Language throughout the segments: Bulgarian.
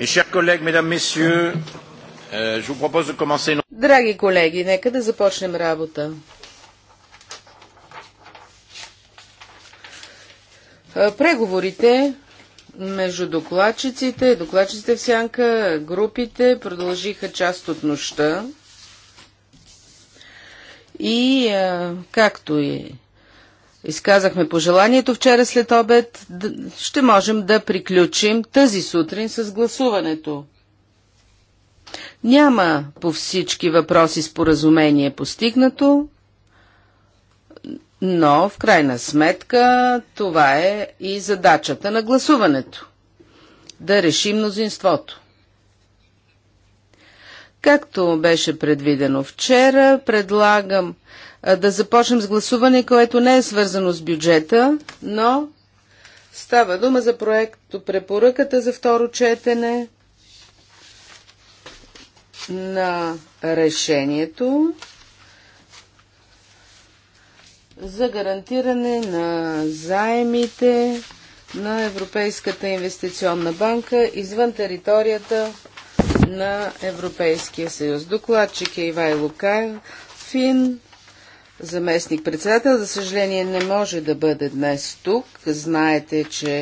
Euh, Драги колеги, нека да започнем работа. Е, преговорите между докладчиците, докладчиците в сянка, групите продължиха част от нощта. И е, както и изказахме пожеланието вчера след обед, ще можем да приключим тази сутрин с гласуването. Няма по всички въпроси споразумение постигнато, но в крайна сметка това е и задачата на гласуването – да реши мнозинството. Както беше предвидено вчера, предлагам да започнем с гласуване, което не е свързано с бюджета, но става дума за проекто препоръката за второ четене на решението за гарантиране на заемите на Европейската инвестиционна банка извън територията на Европейския съюз. Докладчик е Ивайло Фин заместник-председател. За съжаление не може да бъде днес тук. Знаете, че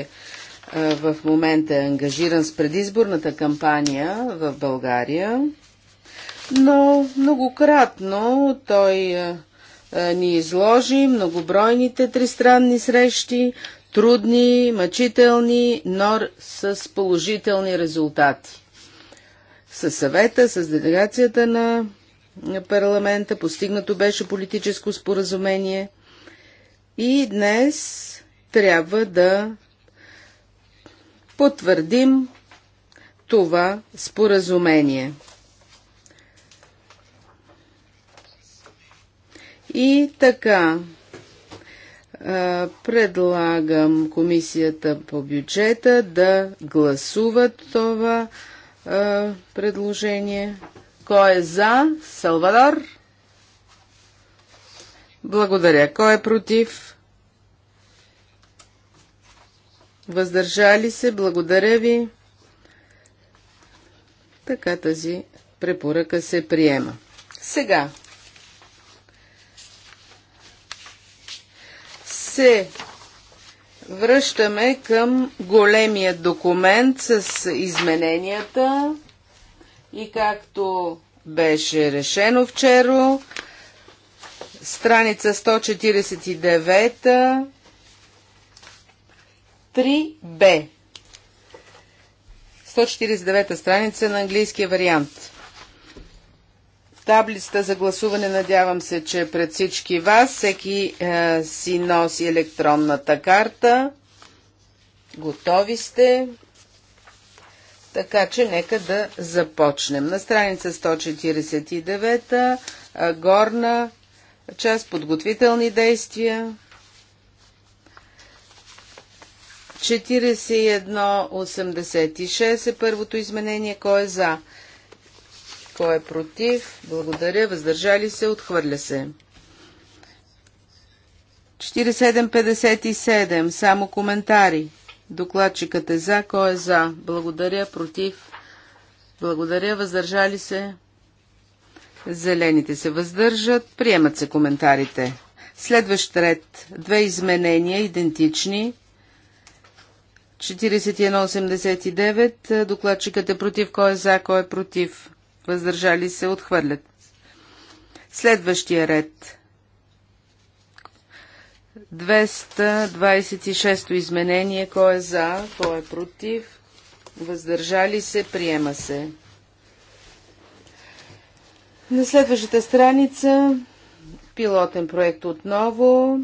е, в момента е ангажиран с предизборната кампания в България, но многократно той е, е, ни изложи многобройните тристранни срещи, трудни, мъчителни, но с положителни резултати. С съвета, с делегацията на парламента, постигнато беше политическо споразумение и днес трябва да потвърдим това споразумение. И така, предлагам комисията по бюджета да гласува това предложение кой е за? Салвадор. Благодаря. Кой е против? Въздържали се. Благодаря ви. Така тази препоръка се приема. Сега се връщаме към големия документ с измененията. И както беше решено вчера, страница 149, 3b. 149-та страница на английския вариант. Таблицата за гласуване, надявам се, че пред всички вас. Всеки е, си носи електронната карта. Готови сте. Така че нека да започнем. На страница 149, горна част, подготвителни действия. 41.86 е първото изменение. Кой е за? Кой е против? Благодаря. Въздържали се? Отхвърля се. 47.57. Само коментари. Докладчикът е за. Кой е за? Благодаря. Против? Благодаря. Въздържали се? Зелените се въздържат. Приемат се коментарите. Следващ ред. Две изменения, идентични. 4189. Докладчикът е против. Кой е за? Кой е против? Въздържали се? Отхвърлят. Следващия ред. 226-то изменение. Кой е за? Кой е против? Въздържали се? Приема се. На следващата страница пилотен проект отново.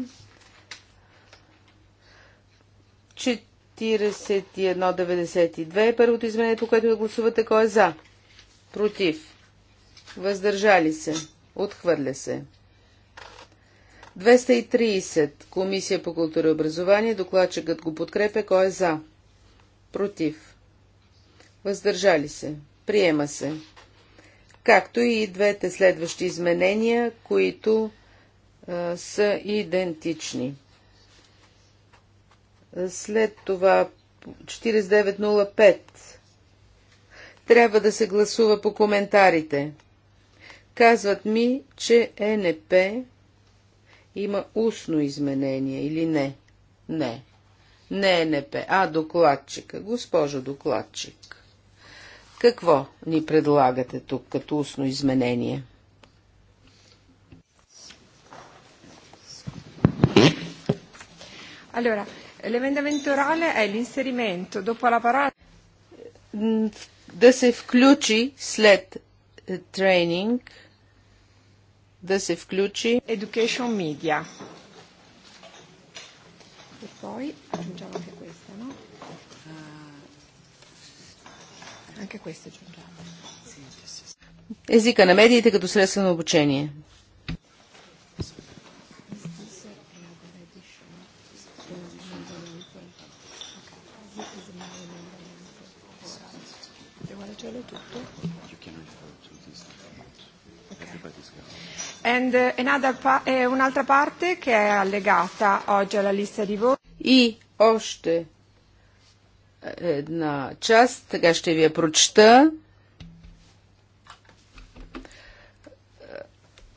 41.92. Първото изменение, по което да гласувате, кой е за? Против. Въздържали се. Отхвърля се. 230. Комисия по култура и образование. Докладчикът го подкрепя. Кой е за? Против. Въздържали се. Приема се. Както и двете следващи изменения, които а, са идентични. След това 4905. Трябва да се гласува по коментарите. Казват ми, че е НП има устно изменение или не? Не. Не е НП, а докладчика. Госпожо докладчик, какво ни предлагате тук като устно изменение? Allora, l'emendamento orale è l'inserimento dopo la parola да се включи след е, тренинг да се включи Education Media. E poi aggiungiamo anche questa, no? Uh, anche questa aggiungiamo. Езика на медиите като средство на обучение. tutto. un'altra parte che è allegata oggi alla lista di voti. И още една част, така ще ви я прочета.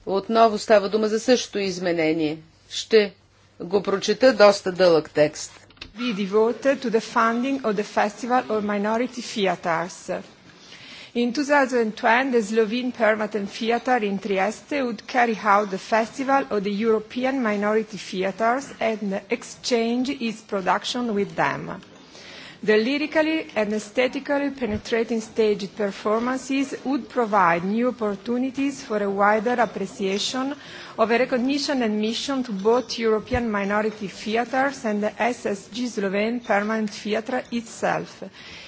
Отново става дума за същото изменение. Ще го прочета доста дълъг текст. Be devoted to the funding of the festival or minority theaters In 2020, the Slovene Permanent Theatre in Trieste would carry out the Festival of the European Minority Theatres and exchange its production with them. The lyrically and aesthetically penetrating stage performances would provide new opportunities for a wider appreciation of a recognition and mission to both European minority theatres and the SSG Slovene Permanent Theatre itself.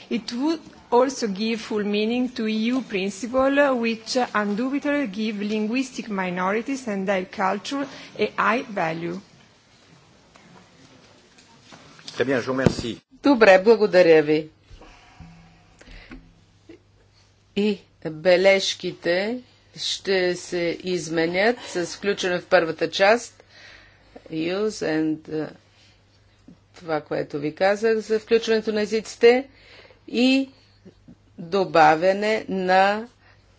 It would also give full meaning to EU principle, which undoubtedly give linguistic minorities and their culture a high value. Добре, благодаря ви. И бележките ще се изменят с включване в първата част. Use and това, което ви казах за включването на езиците и добавяне на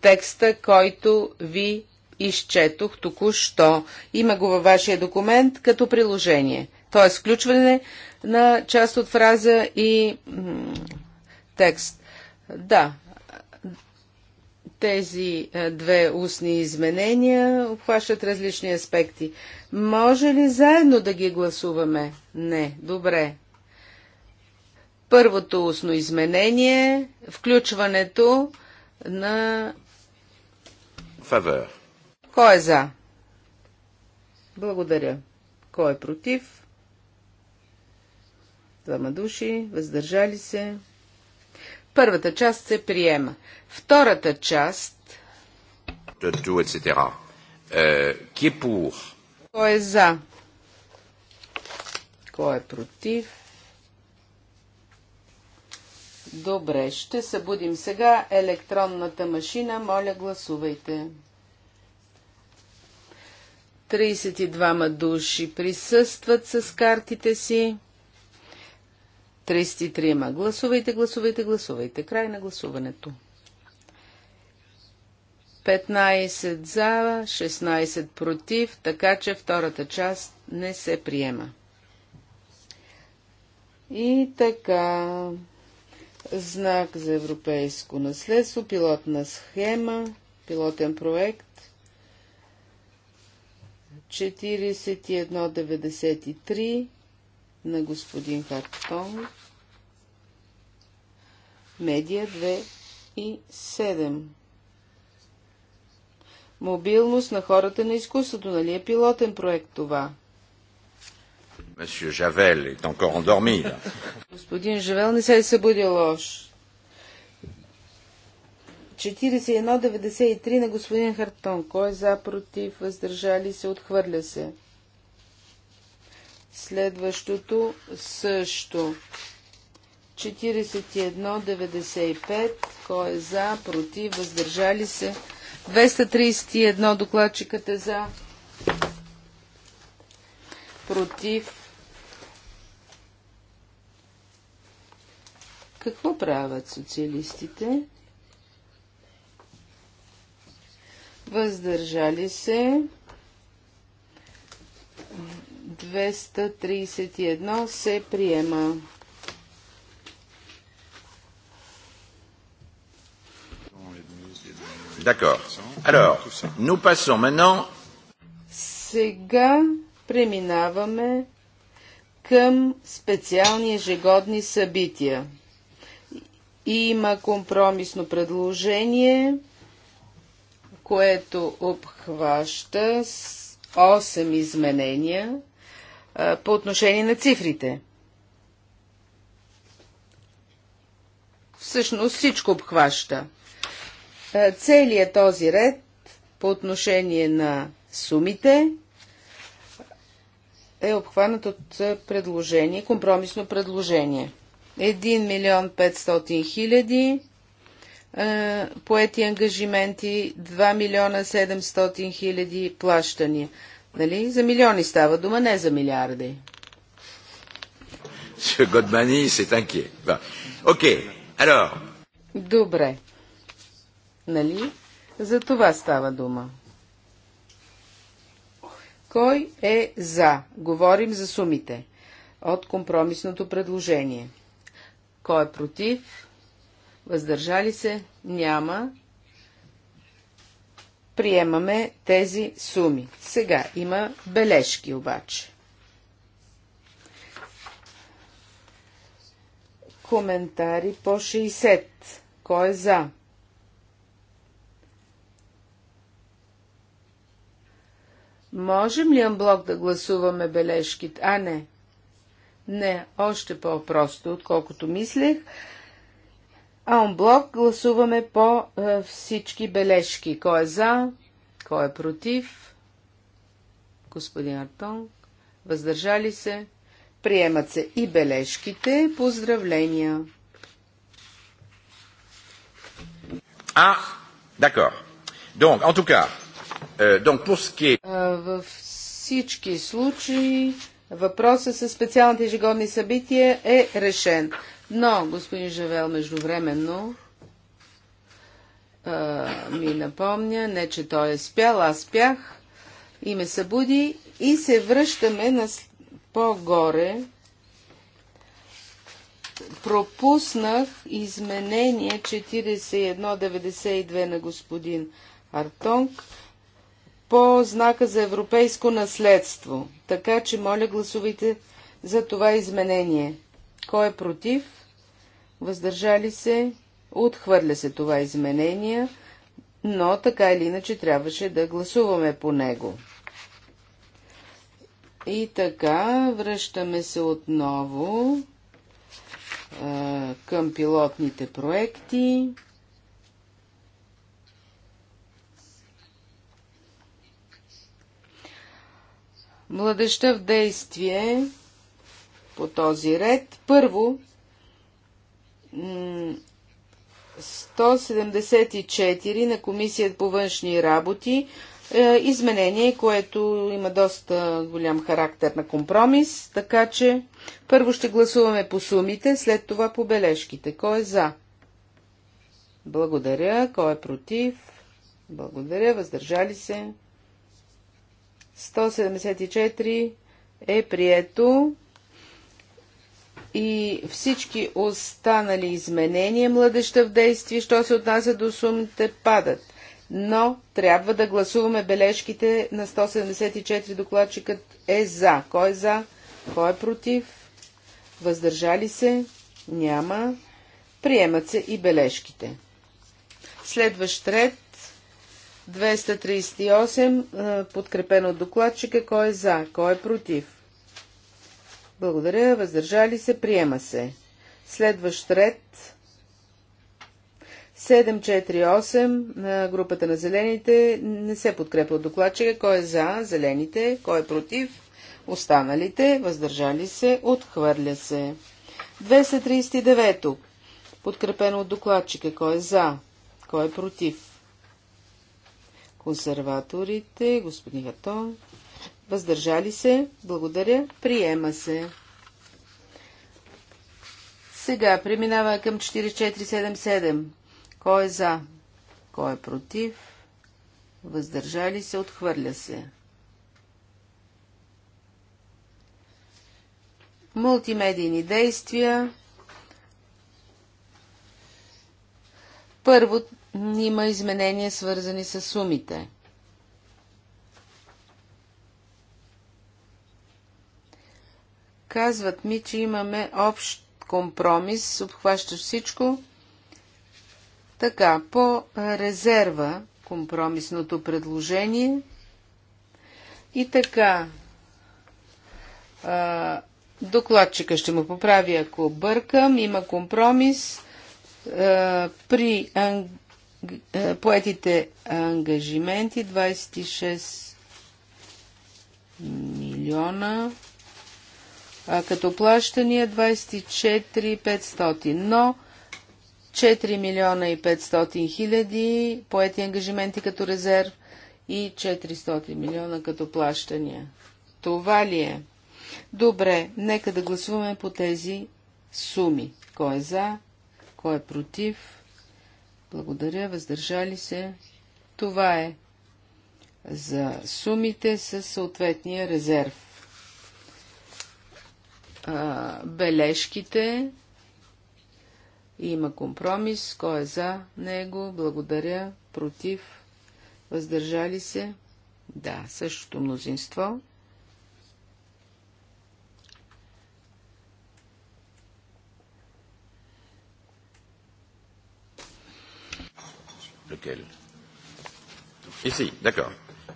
текста, който ви изчетох току-що. Има го във вашия документ като приложение. Т.е. включване на част от фраза и текст. Да, тези две устни изменения обхващат различни аспекти. Може ли заедно да ги гласуваме? Не. Добре. Първото устно изменение – включването на... Фавер. Кой е за? Благодаря. Кой е против? Двама души, въздържали се. Първата част се приема. Втората част... Euh, Кой е за? Кой е против? Добре, ще събудим сега електронната машина. Моля, гласувайте. 32 души присъстват с картите си. 33-ма. Гласувайте, гласувайте, гласувайте. Край на гласуването. 15 за, 16 против, така че втората част не се приема. И така, знак за европейско наследство, пилотна схема, пилотен проект 4193 на господин Хартон, медия 2 и 7. Мобилност на хората на изкуството, нали е пилотен проект това? Господин Жавел не се е събудил лош. 41.93 на господин Хартон. Кой е за, против, въздържали се, отхвърля се. Следващото също. 41.95. Кой е за, против, въздържали се. 231 докладчикът е за. Против, Какво правят социалистите? Въздържали се 231 се приема. D'accord. Alors, nous passons maintenant. Сега преминаваме към специални ежегодни събития. Има компромисно предложение, което обхваща 8 изменения по отношение на цифрите. Всъщност всичко обхваща. Целият този ред по отношение на сумите е обхванат от предложение, компромисно предложение. 1 милион 500 хиляди поети ангажименти, 2 милиона 700 хиляди плащания. Нали? За милиони става дума, не за милиарди. Годмани се танки. Окей, Добре. Нали? За това става дума. Кой е за? Говорим за сумите от компромисното предложение. Кой е против? Въздържали се? Няма. Приемаме тези суми. Сега има бележки обаче. Коментари по 60. Кой е за? Можем ли анблок да гласуваме бележките? А, не. Не, още по-просто, отколкото мислех. А блок гласуваме по е, всички бележки. Кой е за, кой е против? Господин Артон. Въздържали се? Приемат се и бележките. Поздравления! А, ah, d'accord. Donc, en tout cas, euh, donc pour ce qui est... Е, във всички случаи въпроса с специалните ежегодни събития е решен. Но господин Жавел междувременно а, ми напомня, не че той е спял, аз спях и ме събуди и се връщаме на по-горе. Пропуснах изменение 4192 на господин Артонг по знака за европейско наследство. Така че, моля, гласувайте за това изменение. Кой е против? Въздържали се? Отхвърля се това изменение, но така или иначе трябваше да гласуваме по него. И така, връщаме се отново а, към пилотните проекти. Младеща в действие по този ред. Първо, 174 на Комисията по външни работи. Е, изменение, което има доста голям характер на компромис, така че първо ще гласуваме по сумите, след това по бележките. Кой е за? Благодаря. Кой е против? Благодаря. Въздържали се? 174 е прието и всички останали изменения младеща в действие, що се отнася до сумите, падат. Но трябва да гласуваме бележките на 174 докладчикът е за. Кой е за? Кой е против? Въздържали се? Няма. Приемат се и бележките. Следващ ред 238, подкрепено от докладчика, кой е за, кой е против. Благодаря, въздържали се, приема се. Следващ ред 748 на групата на зелените не се подкрепя от докладчика. Кой е за зелените, кой е против, останалите, въздържали се, отхвърля се. 239 подкрепено от докладчика. Кой е за, кой е против, консерваторите, господин Гатон. Въздържали се. Благодаря. Приема се. Сега преминава към 4477. Кой е за? Кой е против? Въздържали се. Отхвърля се. Мултимедийни действия. Първо има изменения свързани с сумите. Казват ми, че имаме общ компромис, обхващащ всичко. Така, по резерва, компромисното предложение. И така, докладчика ще му поправи, ако бъркам. Има компромис при е, поетите ангажименти 26 милиона, а като плащания 24 500, но 4 милиона и 500 хиляди поети ангажименти като резерв и 400 милиона като плащания. Това ли е? Добре, нека да гласуваме по тези суми. Кой е за, кой е против? Благодаря. Въздържали се. Това е за сумите с съответния резерв. А, бележките. Има компромис. Кой е за него? Благодаря. Против. Въздържали се. Да, същото мнозинство. Lequel Ici, d'accord.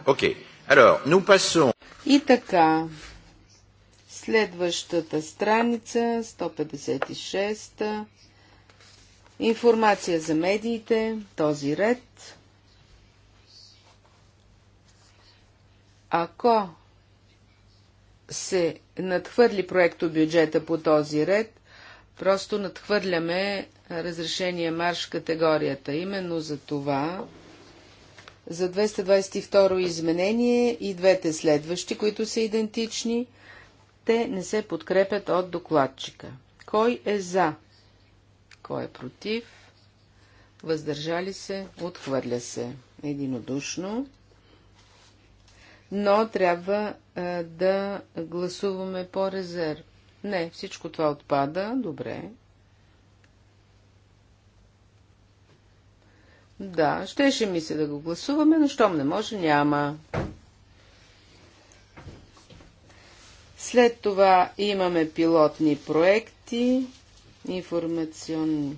OK. Alors, nous passons... И така, следващата страница, 156-та, информация за медиите, този ред. Ако се надхвърли проекто бюджета по този ред, Просто надхвърляме разрешение марш категорията. Именно за това, за 222 изменение и двете следващи, които са идентични, те не се подкрепят от докладчика. Кой е за? Кой е против? Въздържали се? Отхвърля се. Единодушно. Но трябва а, да гласуваме по резерв. Не, всичко това отпада. Добре. Да, щеше ми се да го гласуваме, но щом не може, няма. След това имаме пилотни проекти, информационни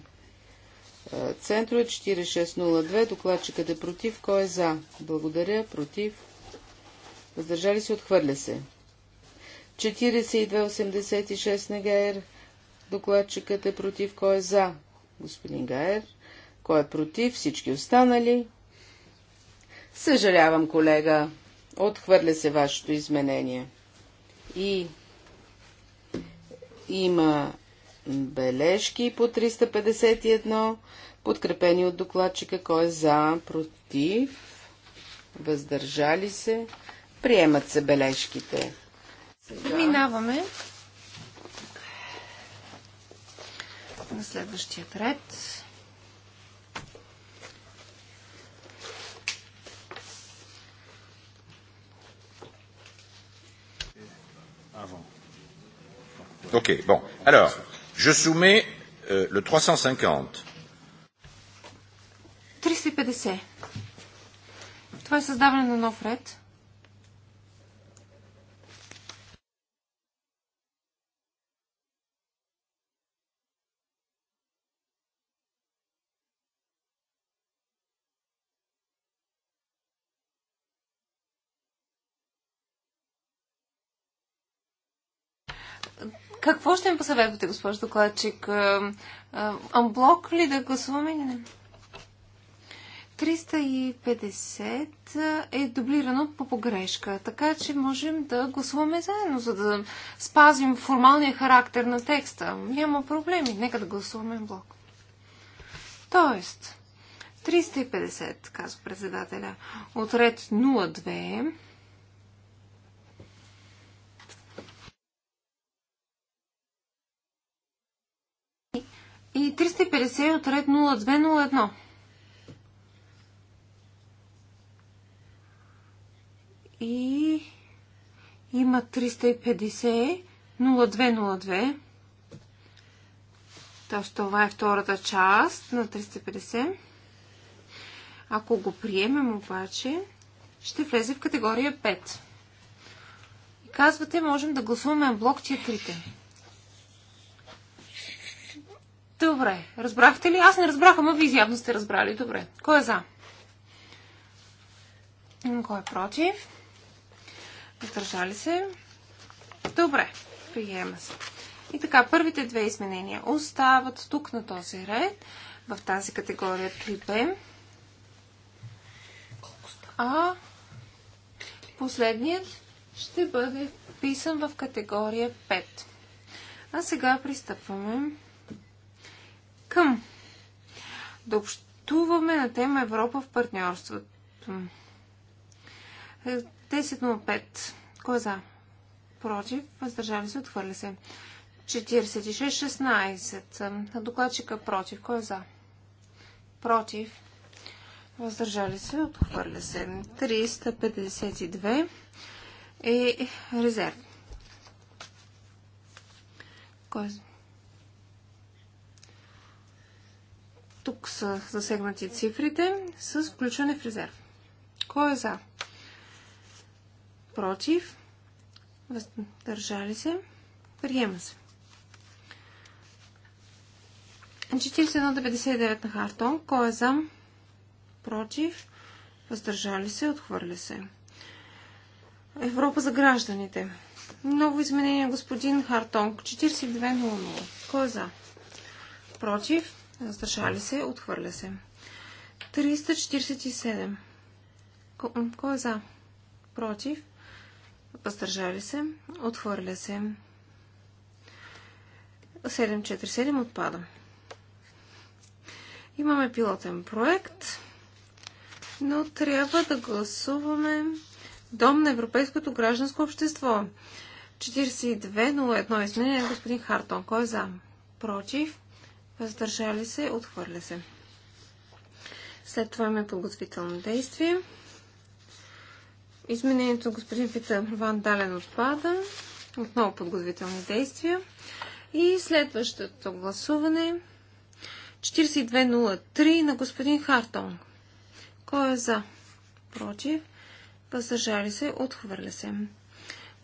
центрове 4602, докладчикът е против, кой е за? Благодаря, против. Въздържали се, отхвърля се. 4286 на Гайер. Докладчикът е против. Кой е за? Господин Гайер. Кой е против? Всички останали. Съжалявам, колега. Отхвърля се вашето изменение. И има бележки по 351, подкрепени от докладчика, кой е за, против, въздържали се, приемат се бележките. Сега... Минаваме на следващия ред. Ok, bon. Alors, je soumets euh, le 350. 350. Това е създаване на нов ред. Какво ще ми посъветвате, госпожо докладчик? Е, е, Амблок ли да гласуваме или не? 350 е дублирано по погрешка, така че можем да гласуваме заедно, за да спазим формалния характер на текста. Няма проблеми, нека да гласуваме блок. Тоест, 350, казва председателя, от ред 02 и 350 от ред 0201. И има 350 0202. Тоест това е втората част на 350. Ако го приемем обаче, ще влезе в категория 5. И казвате, можем да гласуваме блок 4. Добре, разбрахте ли? Аз не разбрах, ама ви изявно сте разбрали. Добре. Кой е за? Кой е против? Задържали се? Добре, приема се. И така, първите две изменения остават тук на този ред, в тази категория 3B. А последният ще бъде вписан в категория 5. А сега пристъпваме към да общуваме на тема Европа в партньорството. 10.05. Е, Кой е за? Против. Въздържали се. Отхвърля се. 46.16. докладчика против. Кой е за? Против. Въздържали се. Отхвърля се. 352 и резерв. Кой е за? Тук са засегнати цифрите с включване в резерв. Кой е за? Против? Въздържали се? Приема се. 41.99 на Хартон. Кой е за? Против? Въздържали се? Отхвърля се. Европа за гражданите. Много изменения, господин Хартонг. 42.00. Кой е за? Против? Въздържали се. Отхвърля се. 347. Кой е за? Против. Въздържали се. Отхвърля се. 747 отпада. Имаме пилотен проект, но трябва да гласуваме Дом на Европейското гражданско общество. 4201 изменение господин Хартон. Кой е за? Против? въздържали се, отхвърля се. След това имаме подготвително действие. Изменението господин Пита Ван Дален отпада. Отново подготвителни действия. И следващото гласуване 4203 на господин Хартонг. Кой е за? Против. Въздържали се, отхвърля се.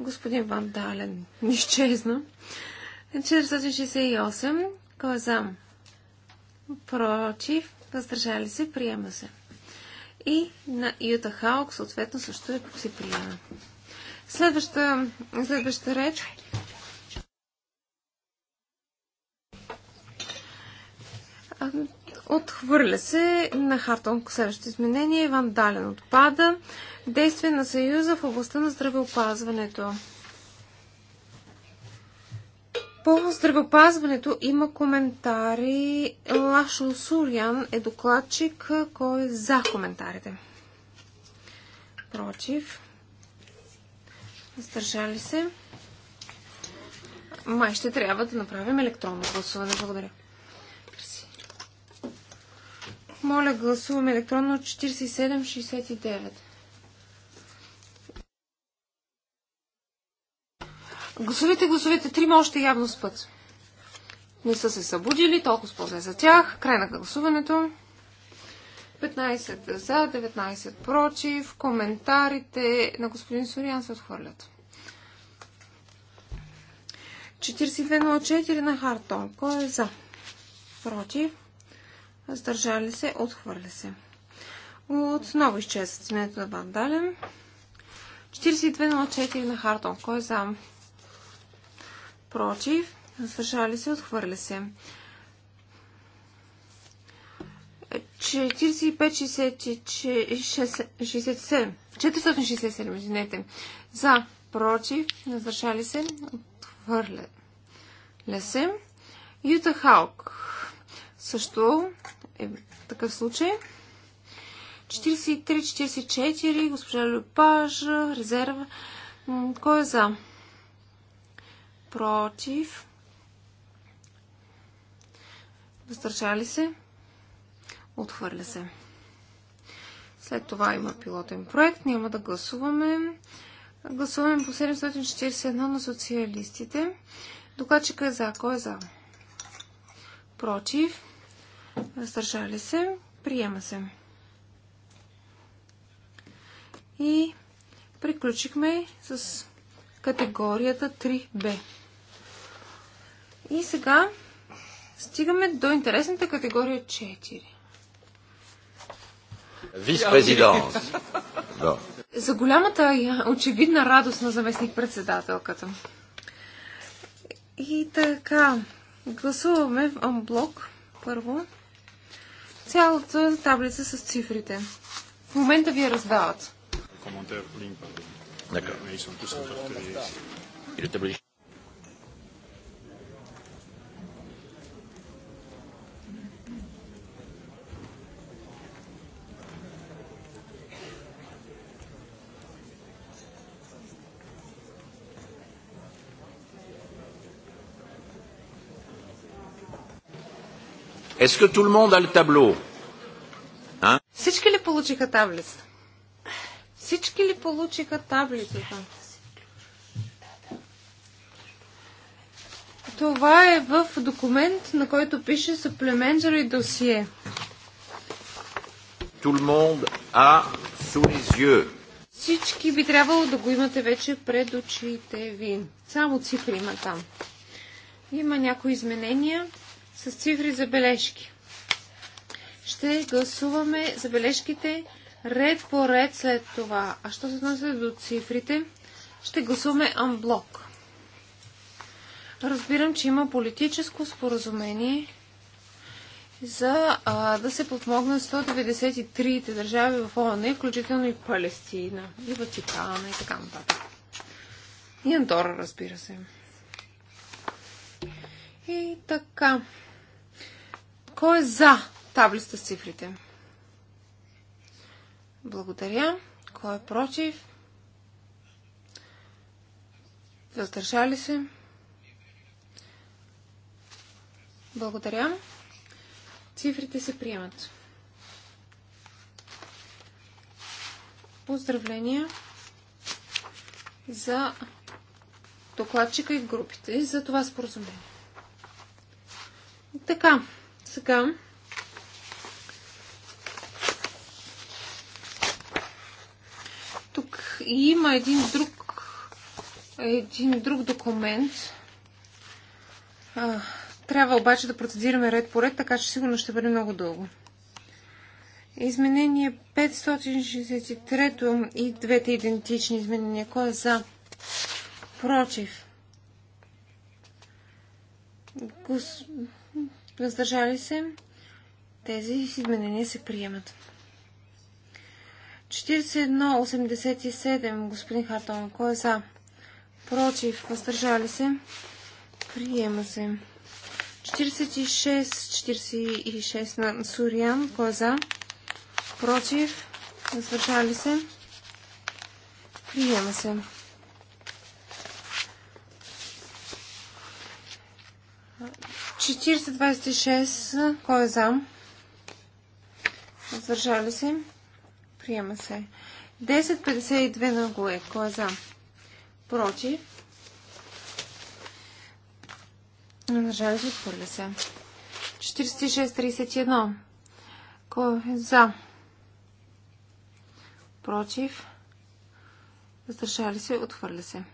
Господин Ван Дален изчезна. 468. Кой е за? против, въздържали се, приема се. И на Юта Хаук, съответно също е, се приема. Следваща, следваща реч. Отхвърля се на Хартон следващото изменение. Вандален отпада. Действие на Съюза в областта на здравеопазването. По здравеопазването има коментари. Лашо Сурян е докладчик, кой е за коментарите. Против. Въздържали се. Май ще трябва да направим електронно гласуване. Благодаря. Моля, гласуваме електронно 4769. Гласовете, гласовете, трима още явно спът. Не са се събудили, толкова спозна е за тях. Край на гласуването. 15 за, 19 против. Коментарите на господин Сориан се отхвърлят. 4204 на Хартон. Кой е за? Против. Сдържали се, отхвърля се. Отново изчезват сменето на Вандален. 4204 на Хартон. Кой е за? против, въздържали се, отхвърля се. 45-67. 467, извинете. За, против, въздържали се, отхвърля се. Юта Халк също е такъв случай. 43-44, госпожа Люпаж, резерва. Кой е за? против, въздържали се, отхвърля се. След това има пилотен проект, няма да гласуваме. Гласуваме по 741 на социалистите. Докладчика е за. Кой е за? Против. Въздържали се. Приема се. И приключихме с категорията 3B. И сега стигаме до интересната категория 4. вис президент За голямата и очевидна радост на заместник-председателката. И така, гласуваме в блок първо цялата таблица с цифрите. В момента ви я раздават. Коментар, линк, Est-ce que tout le monde a le tableau? Hein? Всички ли получиха таблицата? Всички ли получиха таблицата? Това е в документ, на който пише supplementary досие. Tout le monde a sous les yeux. Всички би трябвало да го имате вече пред очите ви. Само цифри има там. Има някои изменения с цифри забележки. Ще гласуваме забележките ред по ред след това. А що се отнася до цифрите, ще гласуваме амблок. Разбирам, че има политическо споразумение за а, да се подмогнат 193-те държави в ООН, включително и Палестина, и Ватикана и така нататък. И Андора, разбира се. И така. Кой е за таблицата с цифрите? Благодаря. Кой е против? Въздържали се? Благодаря. Цифрите се приемат. Поздравления за докладчика и групите за това споразумение. Така, сега тук има един друг един друг документ. трябва обаче да процедираме ред по ред, така че сигурно ще бъде много дълго. Изменение 563 и двете идентични изменения. Кой е за? Против. Гос... Въздържали се. Тези изменения се приемат. 41.87. Господин Хартон, кой е за? Против. Въздържали се. Приема се. 46, 46 на Сурян. Кой е за? Против. Въздържали се. Приема се. 4026. кой е за? Въздържали се? Приема се. 10,52 на Гуе, е кой е за? Против? Въздържали се? Отхвърля се. 46-31, кой е за? Против? Въздържали се? Отхвърля се.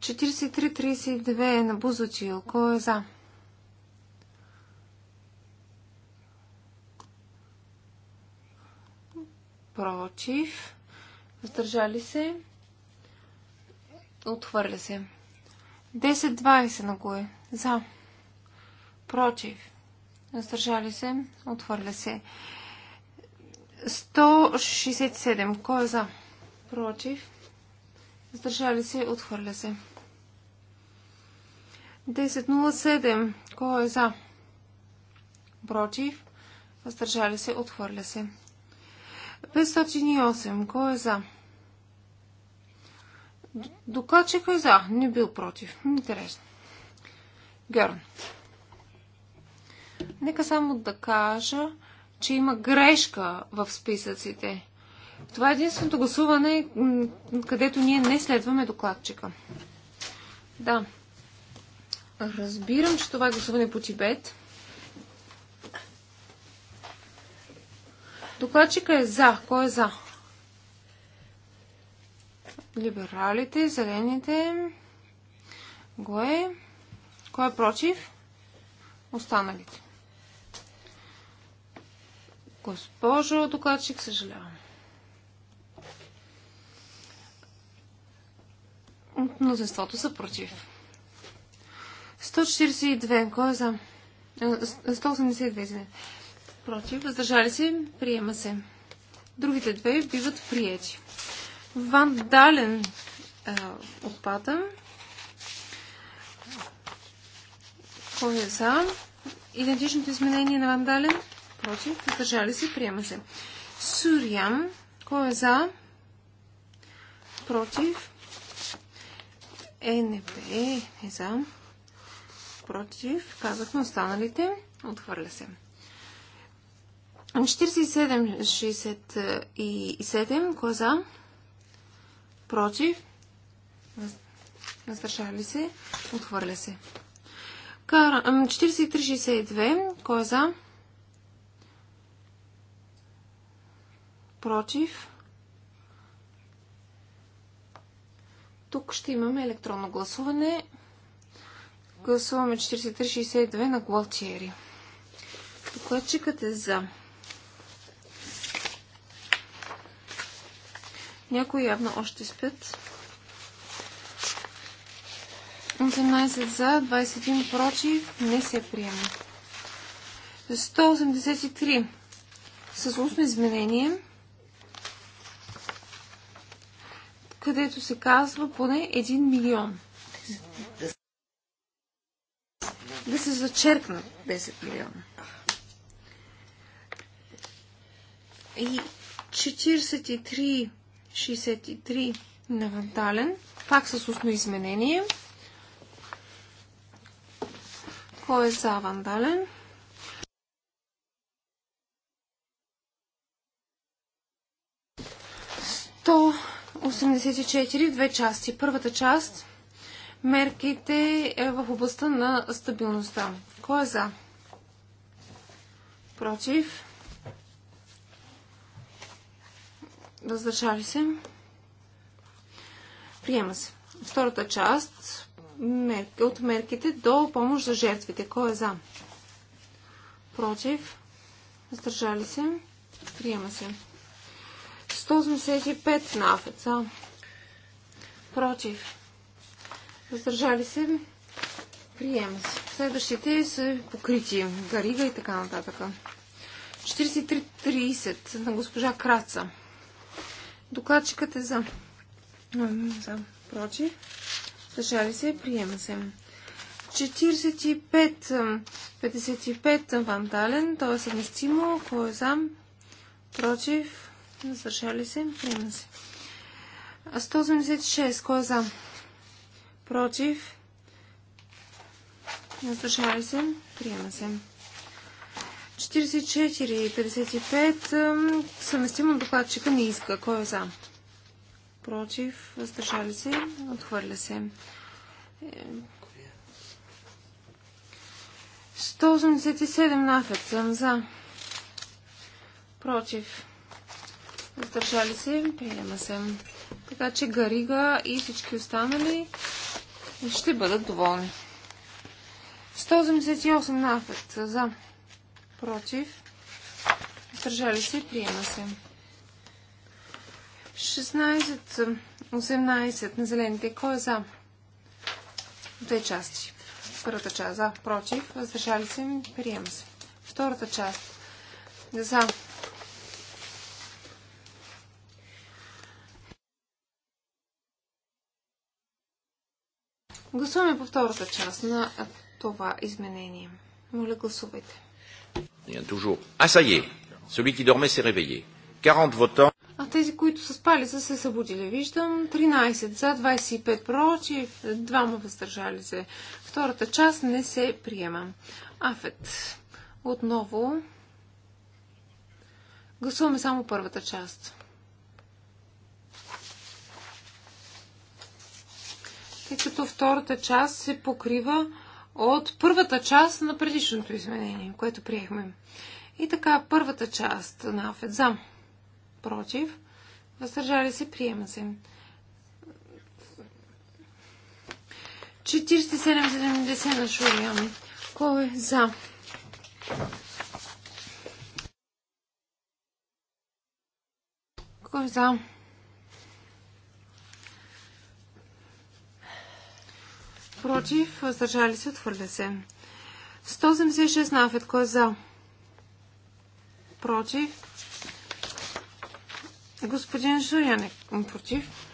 43-32 на Бузочил. кой е за? против, въздържали се, отхвърля се. 10-20 на кое? За. Против. Въздържали се, отхвърля се. 167. Кой е за? Против. Въздържали се, отхвърля се. 10.07. Кой е за? Против. Въздържали се, отхвърля се. 508. Кой е за? Докладчик е за. Не бил против. Интересно. Герн. Нека само да кажа, че има грешка в списъците. Това е единственото гласуване, където ние не следваме докладчика. Да. Разбирам, че това е гласуване по Тибет. Докладчика е за. Кой е за? Либералите, зелените. Кое? Кой е против? Останалите. Госпожо докладчик, съжалявам. Мнозинството са против. 142. Кой е за? 182, е, извинете против, въздържали се, приема се. Другите две биват приети. Вандален е, отпада. Кой е за? Идентичното изменение на Вандален. Против. Въздържали се. Приема се. Сурям. Кой е за? Против. Е, НП е за. Против. Казахме останалите. Отхвърля се. 47-67, коза е Против? Въздържали се? Отхвърля се. 43-62, коза е Против? Тук ще имаме електронно гласуване. Гласуваме 43-62 на Гуалтиери. Докладчикът е за. Някои явно още спят. 18 за, 21 против. Не се приема. 183 с устно изменение, където се казва поне 1 милион. Да се зачеркнат 10 милиона. И 43 63 на Вантален, пак с устно изменение. Кой е за Вандален? То 84 в две части. Първата част мерките е в областта на стабилността. Кой е за? Против? Въздържали се. Приема се. Втората част от мерките до помощ за жертвите. Кой е за? Против. Въздържали се. Приема се. 185 на афеца. Против. Въздържали се. Приема се. Следващите са покрити. Гарига и така нататък. 43.30 на госпожа Краца. Докладчикът е за. За. Прочи. Държали се. Приема се. 45. 55 вандален. Той е съвместимо. Кой е за? Против. Въздържали се. Приема се. 176. Кой е за? Против. Въздържали се. Приема се. 44 съвместимо докладчика не иска. Кой е за? Против, въздържали се, отхвърля се. 187 е, нафет съм за. Против. Въздържали се, приема се. Така че Гарига и всички останали ще бъдат доволни. 188 нафет за против, държали се, приема се. 16-18 на зелените. Кой е за? Две части. Първата част за, против, въздържали се, приема се. Втората част за. Гласуваме по втората част на това изменение. Моля, гласувайте. Ah, а тези, които са спали, са се събудили. Виждам 13 за, 25 против, двама въздържали се. Втората част не се приема. Афет. Отново гласуваме само първата част. Тъй като втората част се покрива от първата част на предишното изменение, което приехме. И така, първата част на Афет за, против, въздържали се, приема се. 47,70 на Шуриан. Кой е за? Кой е за? Против. Въздържали се. Отхвърля се. 176 на Афет. Кой е за? Против. Господин е Против.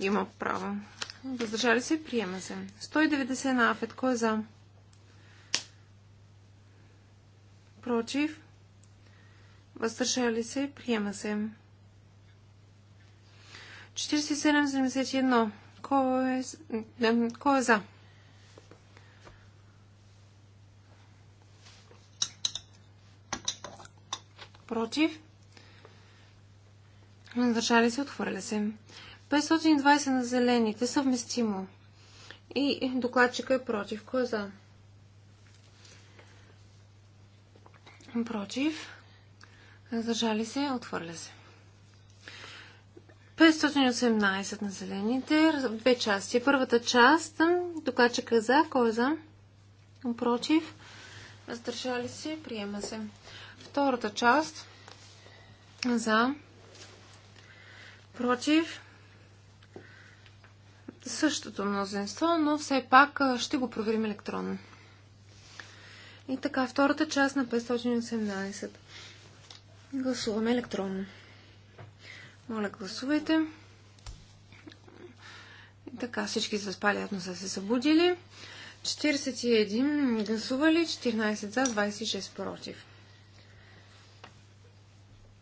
Има право. Въздържали се. Приема се. 190 на Афет. Кой е за? Против. Въздържали се. Приема се. 47 71. Кой е, е за? Против? Въздържали се, отхвърля се. 520 на зелените, съвместимо. И докладчика е против. Кой е за? Против. Задържали се, отхвърля се. 518 на зелените, две части. Първата част, докладчика е за, кой е за? Против. Въздържали се, приема се. Втората част за, против. Същото мнозинство, но все пак ще го проверим електронно. И така, втората част на 518. Гласуваме електронно. Моля, гласувайте. Така, всички са спали, но са се събудили. 41 гласували, 14 за, 26 против.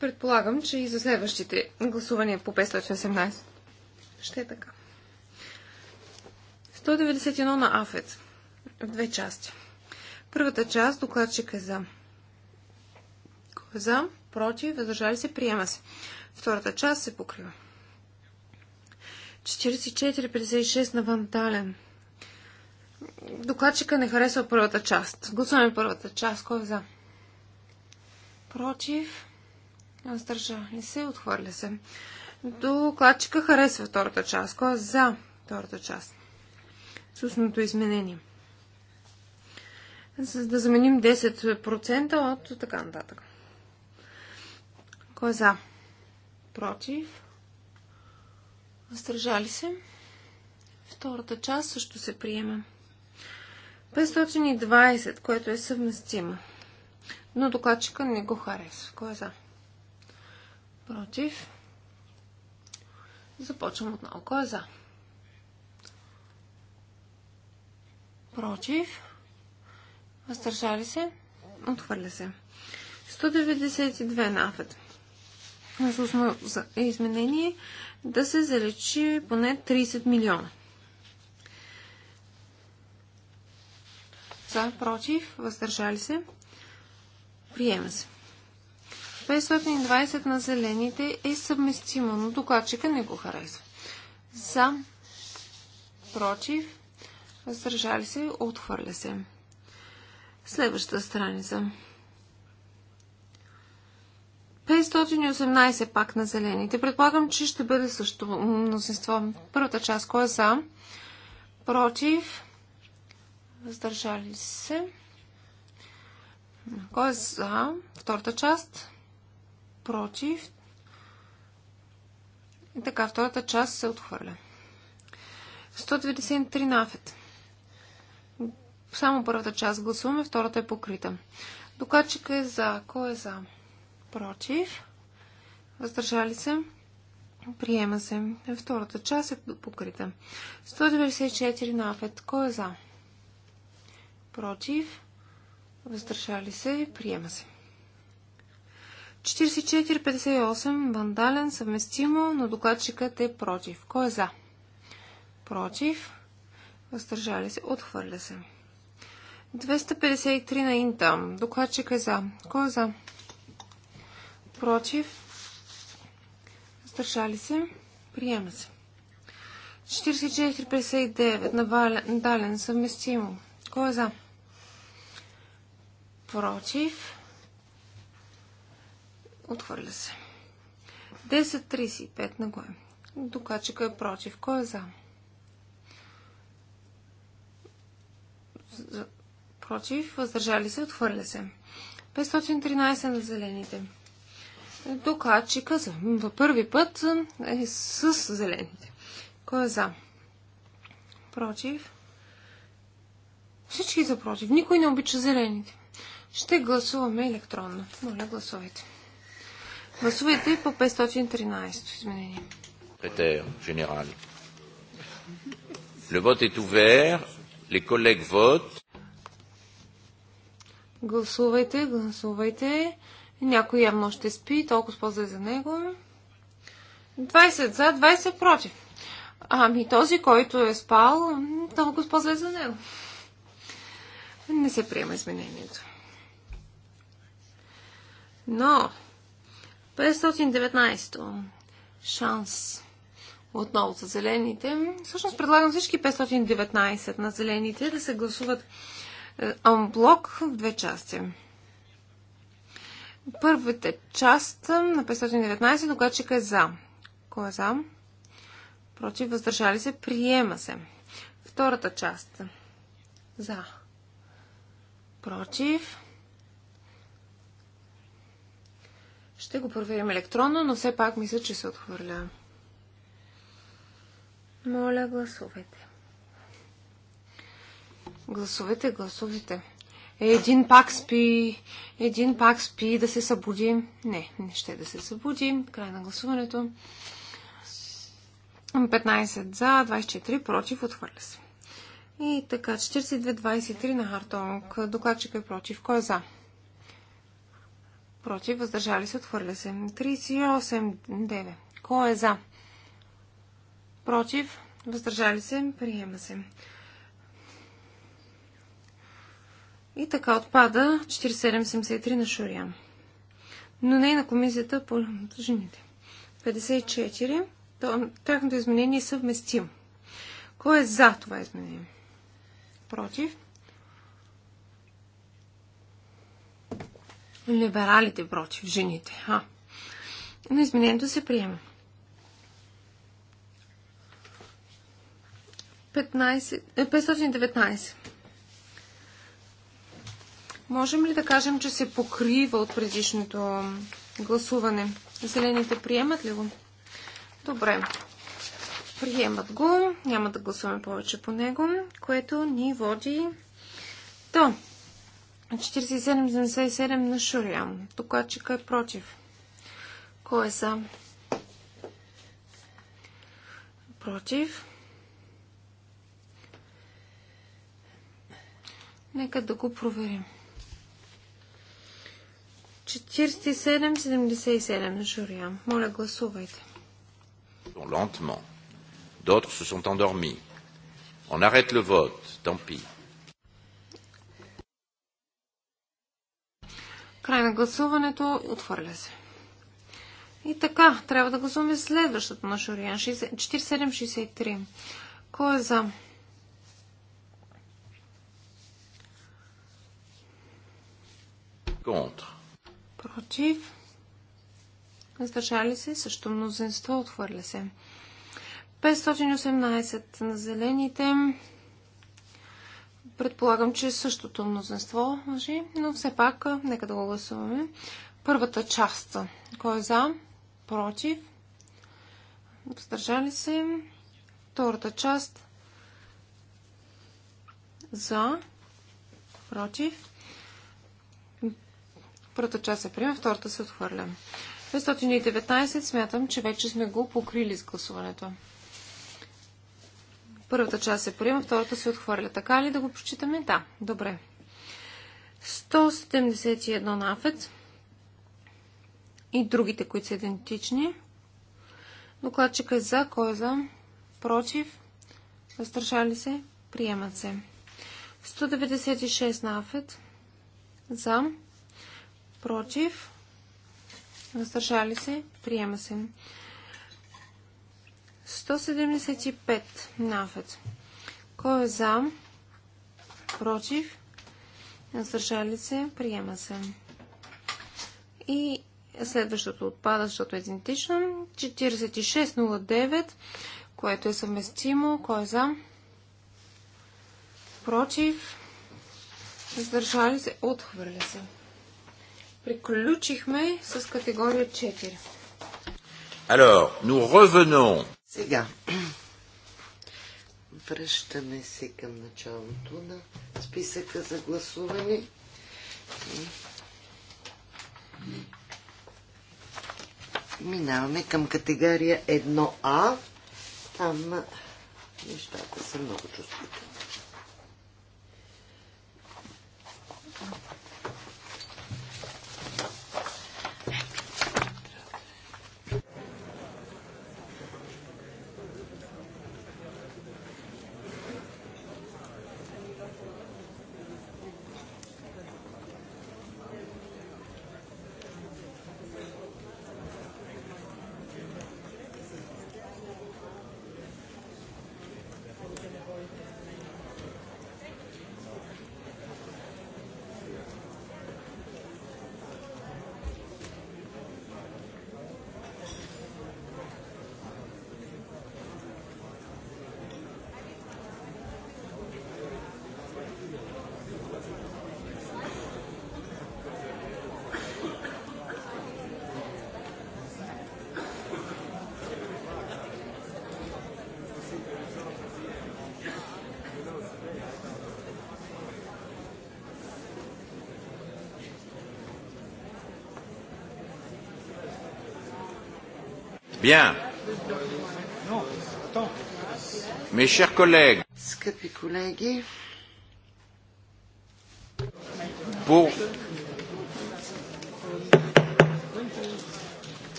Предполагам, че и за следващите гласувания по 518 ще е така. 191 на Афет в две части. Първата част докладчик е за. Е за, против, въздържали се, приема се. Втората част се покрива. 44-56 на Вантален. Докладчика не харесва първата част. Гласуваме първата част. Кой е за? Против. не се. Отхвърля се. Докладчика харесва втората част. Кой е за втората част? Сусното изменение. За да заменим 10% от така нататък. Кой е за? против, въздържали се. Втората част също се приема. 520, което е съвместимо. Но докладчика не го харесва. Кой е за? Против. Започвам отново. Кой е за? Против. Въздържали се. Отхвърля се. 192 на за изменение да се залечи поне 30 милиона. За, против, въздържали се. Приема се. 520 на зелените е съвместимо, но докладчика не го харесва. За, против, въздържали се, отхвърля се. Следващата страница. 518 пак на зелените. Предполагам, че ще бъде също мнозинство. Първата част, кой е за? Против? Въздържали се? Кой е за? Втората част? Против? И така, втората част се отхвърля. 193 нафет. Само първата част гласуваме, втората е покрита. Докачика е за. Кой е за? против, въздържали се, приема се. Втората част е покрита. 194 на Афет. Кой е за? Против, въздържали се, приема се. 44-58 вандален съвместимо, но докладчикът е против. Кой е за? Против. Въздържали се. Отхвърля се. 253 на Инта. Докладчик е за. Кой е за? против, въздържали се, приема се. 44,59 на Дален съвместимо. Кой е за? Против. Отхвърля се. 10.35 на Гоем. Докачика е против. Кой е за? за? Против. Въздържали се. Отхвърля се. 513 на зелените докладчика за първи път е с зелените. Кой е за? Против? Всички са против. Никой не обича зелените. Ще гласуваме електронно. Моля, гласувайте. Гласувайте по 513 изменение. Петер, генерал. Le vote est ouvert. Les collègues votent. Гласувайте, гласувайте. Някой явно ще спи, толкова спозе за него. 20 за, 20 против. Ами този, който е спал, толкова спозе за него. Не се приема изменението. Но, 519 то шанс отново за зелените. Всъщност предлагам всички 519 на зелените да се гласуват е, амблок в две части. Първата част на 519 чека е за. Кой е за? Против, въздържали се, приема се. Втората част. За. Против. Ще го проверим електронно, но все пак мисля, че се отхвърля. Моля, гласувайте. Гласувайте, гласувайте един пак спи, един пак спи да се събуди. Не, не ще да се събуди. Край на гласуването. 15 за, 24 против, отхвърля се. И така, 42-23 на Хартонг. Докладчик е против. Кой е за? Против, въздържали се, отхвърля се. 38-9. Кой е за? Против, въздържали се, приема се. И така отпада 4773 на Шурия. Но не и на комисията по жените. 54. Тяхното изменение е съвместимо. Кой е за това изменение? Против? Либералите против жените. А. Но изменението се приема. 15, 519. Е, Можем ли да кажем, че се покрива от предишното гласуване? Зелените приемат ли го? Добре. Приемат го. Няма да гласуваме повече по него, което ни води до 4777 на Шурян. Докладчика е против. Кой е за? Против. Нека да го проверим. 47-77 журя. Моля, гласувайте. Lentement. D'autres se sont endormis. On arrête le vote. Tant pis. Край на гласуването отвърля се. И така, трябва да гласуваме следващото на Шориан. 47-63. Кой е за? Контр против, въздържали се, също мнозинство, отхвърля се. 518 на зелените. Предполагам, че същото мнозинство въжи, но все пак нека да го гласуваме. Първата част. Кой е за? Против? Въздържали се? Втората част. За? Против? Първата част се приема, втората се отхвърля. 519 смятам, че вече сме го покрили с гласуването. Първата част се приема, втората се отхвърля. Така ли да го прочитаме? Да, добре. 171 нафет и другите, които са идентични. Докладчика е за, кой е за, против, въздържали се, приемат се. 196 нафет, за, против, въздържали се, приема се. 175 нафет. Кой е за? Против? Въздържали се? Приема се. И следващото отпада, защото е идентично. 4609, което е съвместимо. Кой е за? Против? Въздържали се? Отхвърля се. Приключихме с категория 4. Alors, nous revenons. Сега. Връщаме се към началото на списъка за гласуване. Минаваме към категория 1А. Там нещата са много чувствителни. Bien. Mes chers collègues, pour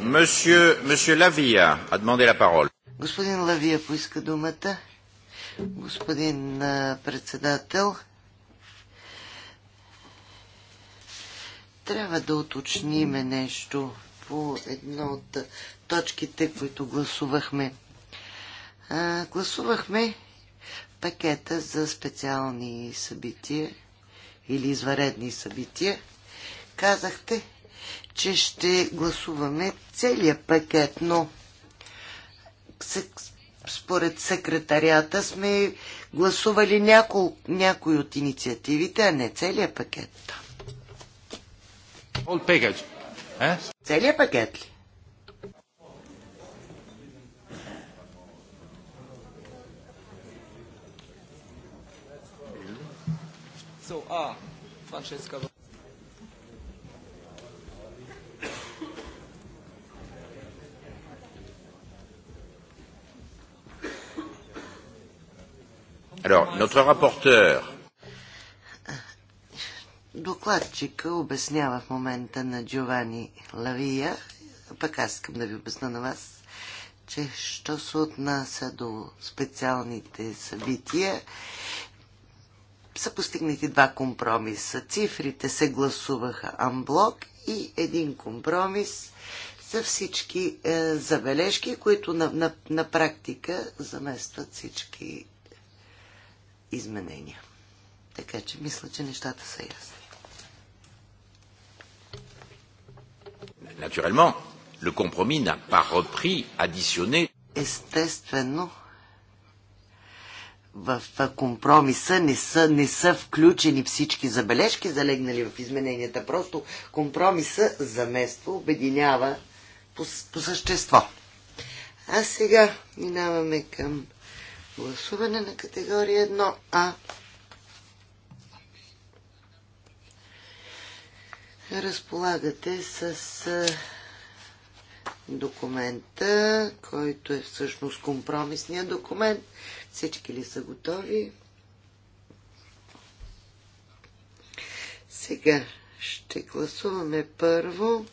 Monsieur, Monsieur Lavia a demandé la parole. Господин Лавия поиска думата. Господин а, председател, трябва да уточниме нещо по една от точките, които гласувахме. А, гласувахме пакета за специални събития или изваредни събития. Казахте, че ще гласуваме целият пакет, но според секретарията сме гласували няколко, някои от инициативите, а не целият пакет. All package. А? Целият пакет ли? So, ah, Francesca. Alors, notre rapporteur Докладчика обяснява в момента на Джовани Лавия, пък аз искам да ви обясна на вас, че що се отнася до специалните събития, са постигнати два компромиса. Цифрите се гласуваха амблок и един компромис за всички е, забележки, които на, на, на практика заместват всички изменения. Така че мисля, че нещата са ясни. Naturellement, le compromis n'a pas repris, additionné. Естествено, в компромиса не са, не са включени всички забележки, залегнали в измененията. Просто компромиса замества, обединява по, по същество. А сега минаваме към гласуване на категория 1А. разполагате с документа, който е всъщност компромисния документ. Всички ли са готови? Сега ще гласуваме първо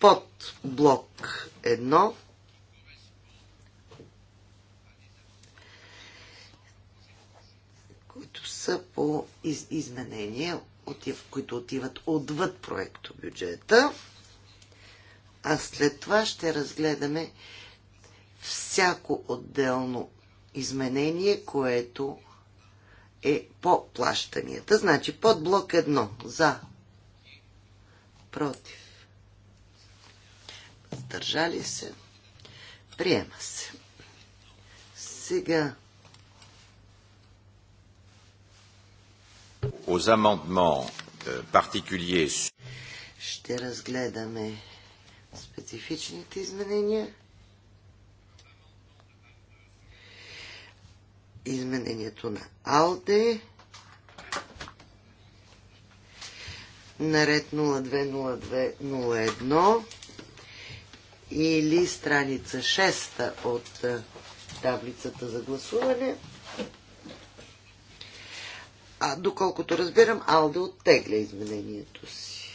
под блок 1 по из, изменения, отив, които отиват отвъд проекто бюджета. А след това ще разгледаме всяко отделно изменение, което е по плащанията. Значи под блок 1 за, против, Сдържали се, приема се. Сега aux amendements euh, particuliers. Ще разгледаме специфичните изменения. Изменението на АЛДЕ. Наред 020201 или страница 6 от е, таблицата за гласуване. А доколкото разбирам, Алде оттегля изменението си.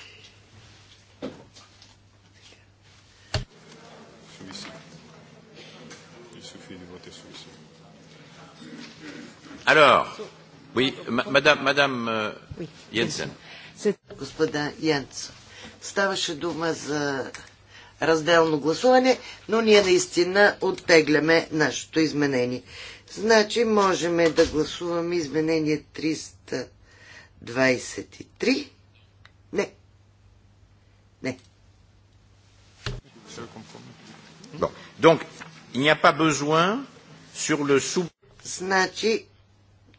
Alors, oui, madame, madame euh, Jensen. Господа Янцо, ставаше дума за разделно гласуване, но ние наистина оттегляме нашето изменение. Значи можем да гласуваме изменение 323. Не. Не. Bon. Donc, il n'y a pas besoin sur le sous... Значи,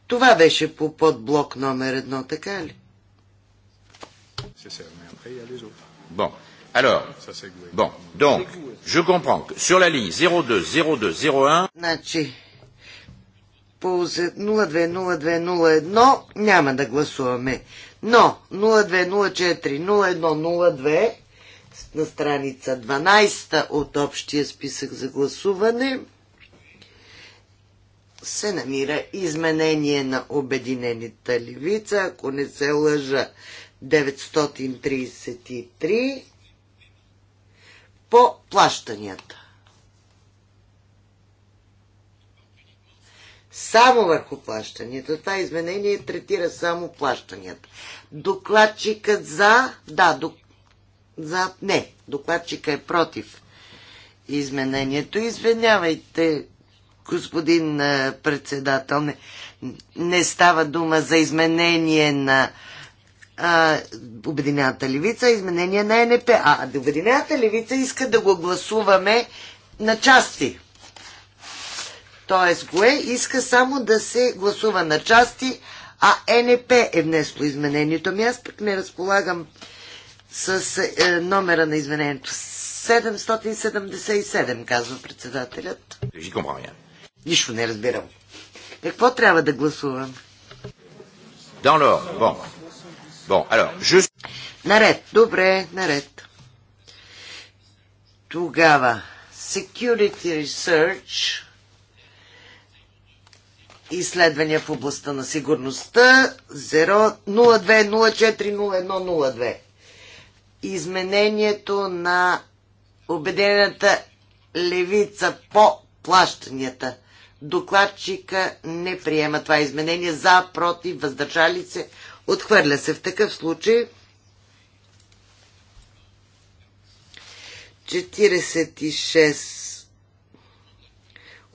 това беше по подблок номер едно, така ли? Bon. Alors, bon, donc, je comprends que sur la ligne 02, 02, 01... Значи, по 020201 няма да гласуваме. Но 0204-0102 на страница 12 от общия списък за гласуване се намира изменение на обединените левица, ако не се лъжа 933 по плащанията. само върху плащанията. Това изменение третира само плащанията. Докладчикът за... Да, до... за... Не, докладчика е против изменението. Извинявайте, господин председател, не, не става дума за изменение на а, Обединената левица, а изменение на НП. А Обединената левица иска да го гласуваме на части. Т.е. ГОЕ иска само да се гласува на части, а НП е внесло изменението ми. Аз пък не разполагам с е, номера на изменението. 777, казва председателят. Е. Нищо не разбирам. Какво трябва да гласувам? Dans l'ordre. Bon, alors, je... Наред, добре, наред. Тогава, Security Research изследвания в областта на сигурността 0102. Изменението на Обединената левица по плащанията. Докладчика не приема това изменение за, против, въздържали се, отхвърля се. В такъв случай 46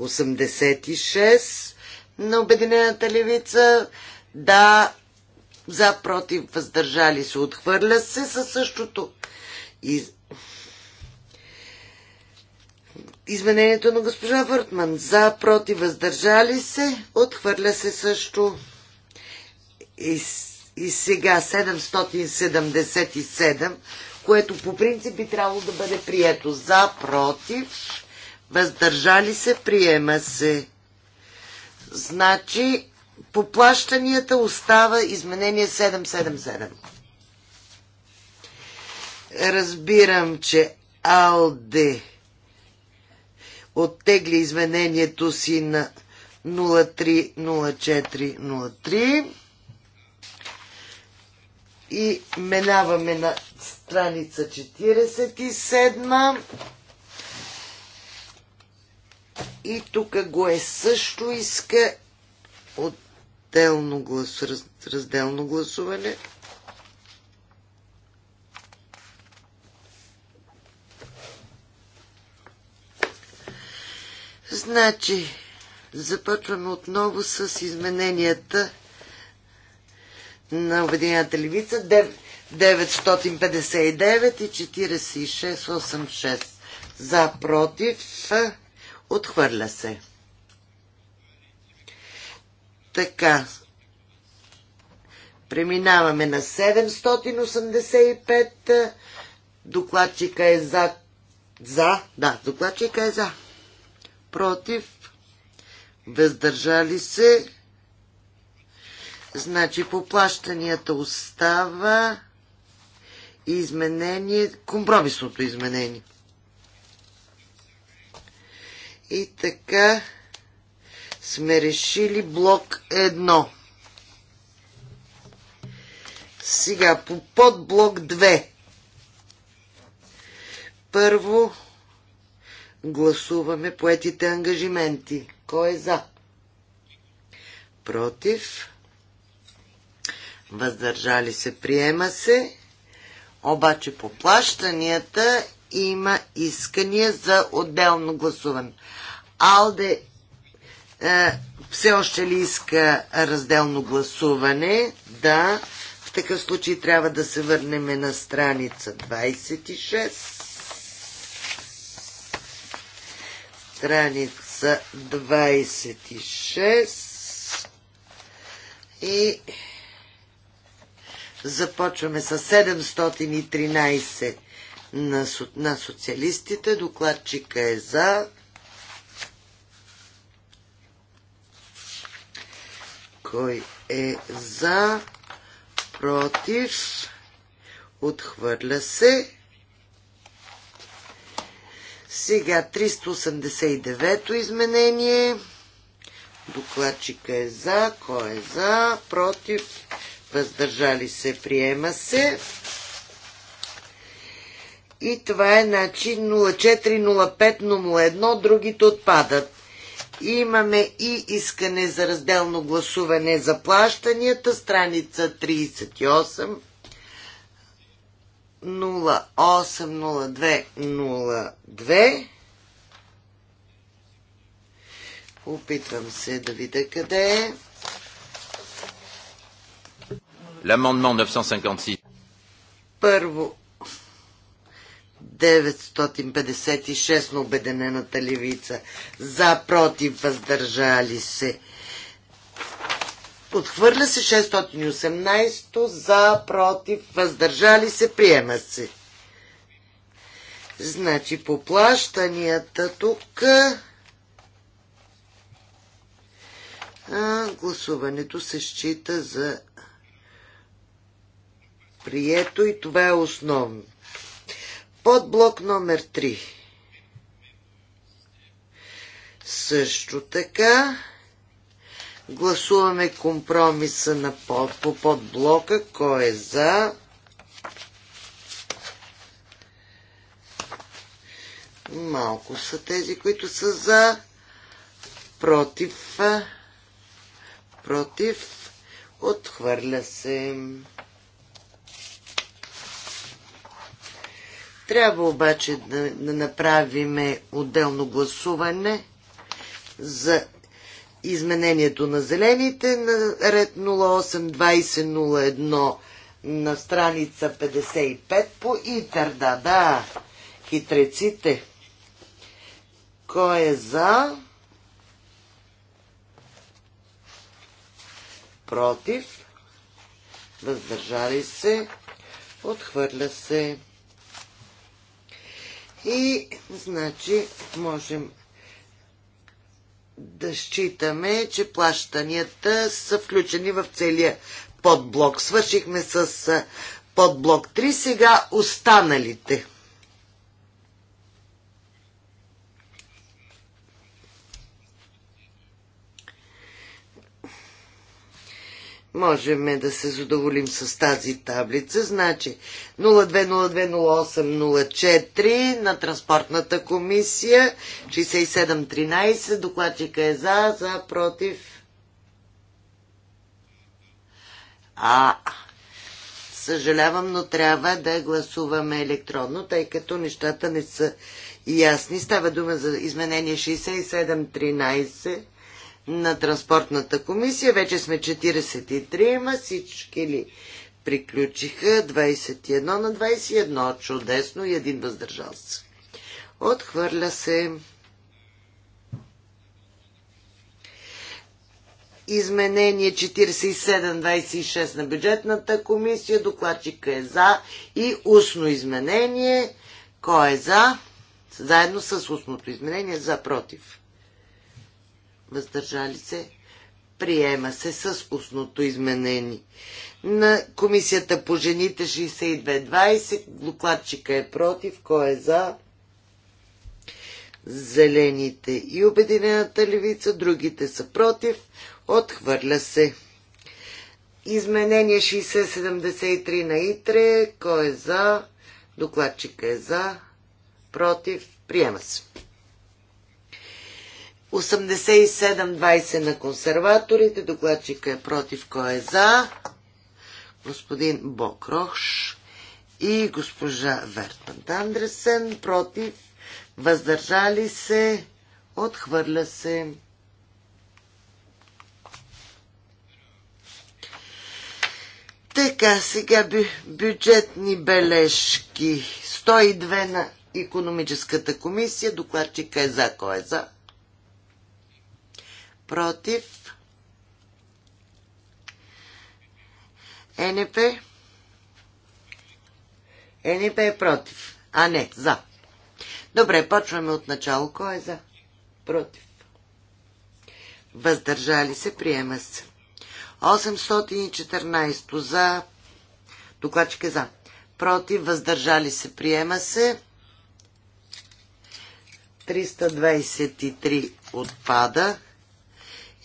86 на Обединената левица, да, за, против, въздържали се, отхвърля се със същото. И... Изменението на госпожа Въртман. За, против, въздържали се, отхвърля се също. И, и сега 777, което по принцип би трябвало да бъде прието. За, против, въздържали се, приема се. Значи, по плащанията остава изменение 777. Разбирам, че Алде оттегли изменението си на 030403 и минаваме на страница 47. И тук го е също иска отделно глас, раз, разделно гласуване. Значи, започваме отново с измененията на Обединената левица 959 и 4686 за против Отхвърля се. Така. Преминаваме на 785. Докладчика е за. За. Да, докладчика е за. Против. Въздържали се. Значи поплащанията остава изменение, компромисното изменение. И така сме решили блок 1. Сега по подблок 2. Първо гласуваме поетите ангажименти. Кой е за? Против? Въздържали се, приема се. Обаче по плащанията има искания за отделно гласуване. Алде е, все още ли иска разделно гласуване? Да. В такъв случай трябва да се върнем на страница 26. Страница 26. И започваме с 713 на, на социалистите. Докладчика е за. Кой е за? Против? Отхвърля се. Сега 389-то изменение. Докладчика е за. Кой е за? Против? Въздържали се? Приема се. И това е начин 040501, другите отпадат. Имаме и искане за разделно гласуване за плащанията, страница 38. 080202. Опитвам се да видя къде е. L'amendement 956. Първо 956 на Обединената левица. За, против, въздържали се. Отхвърля се 618 за, против, въздържали се, приема се. Значи по плащанията тук а, гласуването се счита за прието и това е основно. Под блок номер 3. Също така гласуваме компромиса на под, по подблока, кой е за. Малко са тези, които са за. Против. Против. Отхвърля се. Трябва обаче да, да направим отделно гласуване за изменението на зелените на ред 08 2001 на страница 55 по Итер. Да, да, хитреците. Кой е за? Против? Въздържали се? Отхвърля се. И значи можем да считаме, че плащанията са включени в целия подблок. Свършихме с подблок 3, сега останалите. можем да се задоволим с тази таблица. Значи 02020804 на транспортната комисия 6713. Докладчика е за, за, против. А, съжалявам, но трябва да гласуваме електронно, тъй като нещата не са ясни. Става дума за изменение 6713 на транспортната комисия. Вече сме 43-ма, всички ли приключиха 21 на 21, чудесно и един въздържал се. Отхвърля се изменение 47-26 на бюджетната комисия. Докладчика е за и устно изменение. Кой е за? Заедно с устното изменение за против въздържали се, приема се с устното изменение. На комисията по жените 62-20, докладчика е против, кой е за? Зелените и Обединената левица, другите са против, отхвърля се. Изменение 6073 на ИТРЕ, кой е за? Докладчика е за, против, приема се. 87-20 на консерваторите. Докладчика е против. Кой е за? Господин Бокрош и госпожа Вертмант Андресен. Против. Въздържали се. Отхвърля се. Така, сега бю, бюджетни бележки. 102 на економическата комисия. Докладчика е за. Кой е за? против НП е, НП е, е против. А не, за. Добре, почваме от начало. Кой е за? Против. Въздържали се, приема се. 814 за. Докладчик е за. Против, въздържали се, приема се. 323 отпада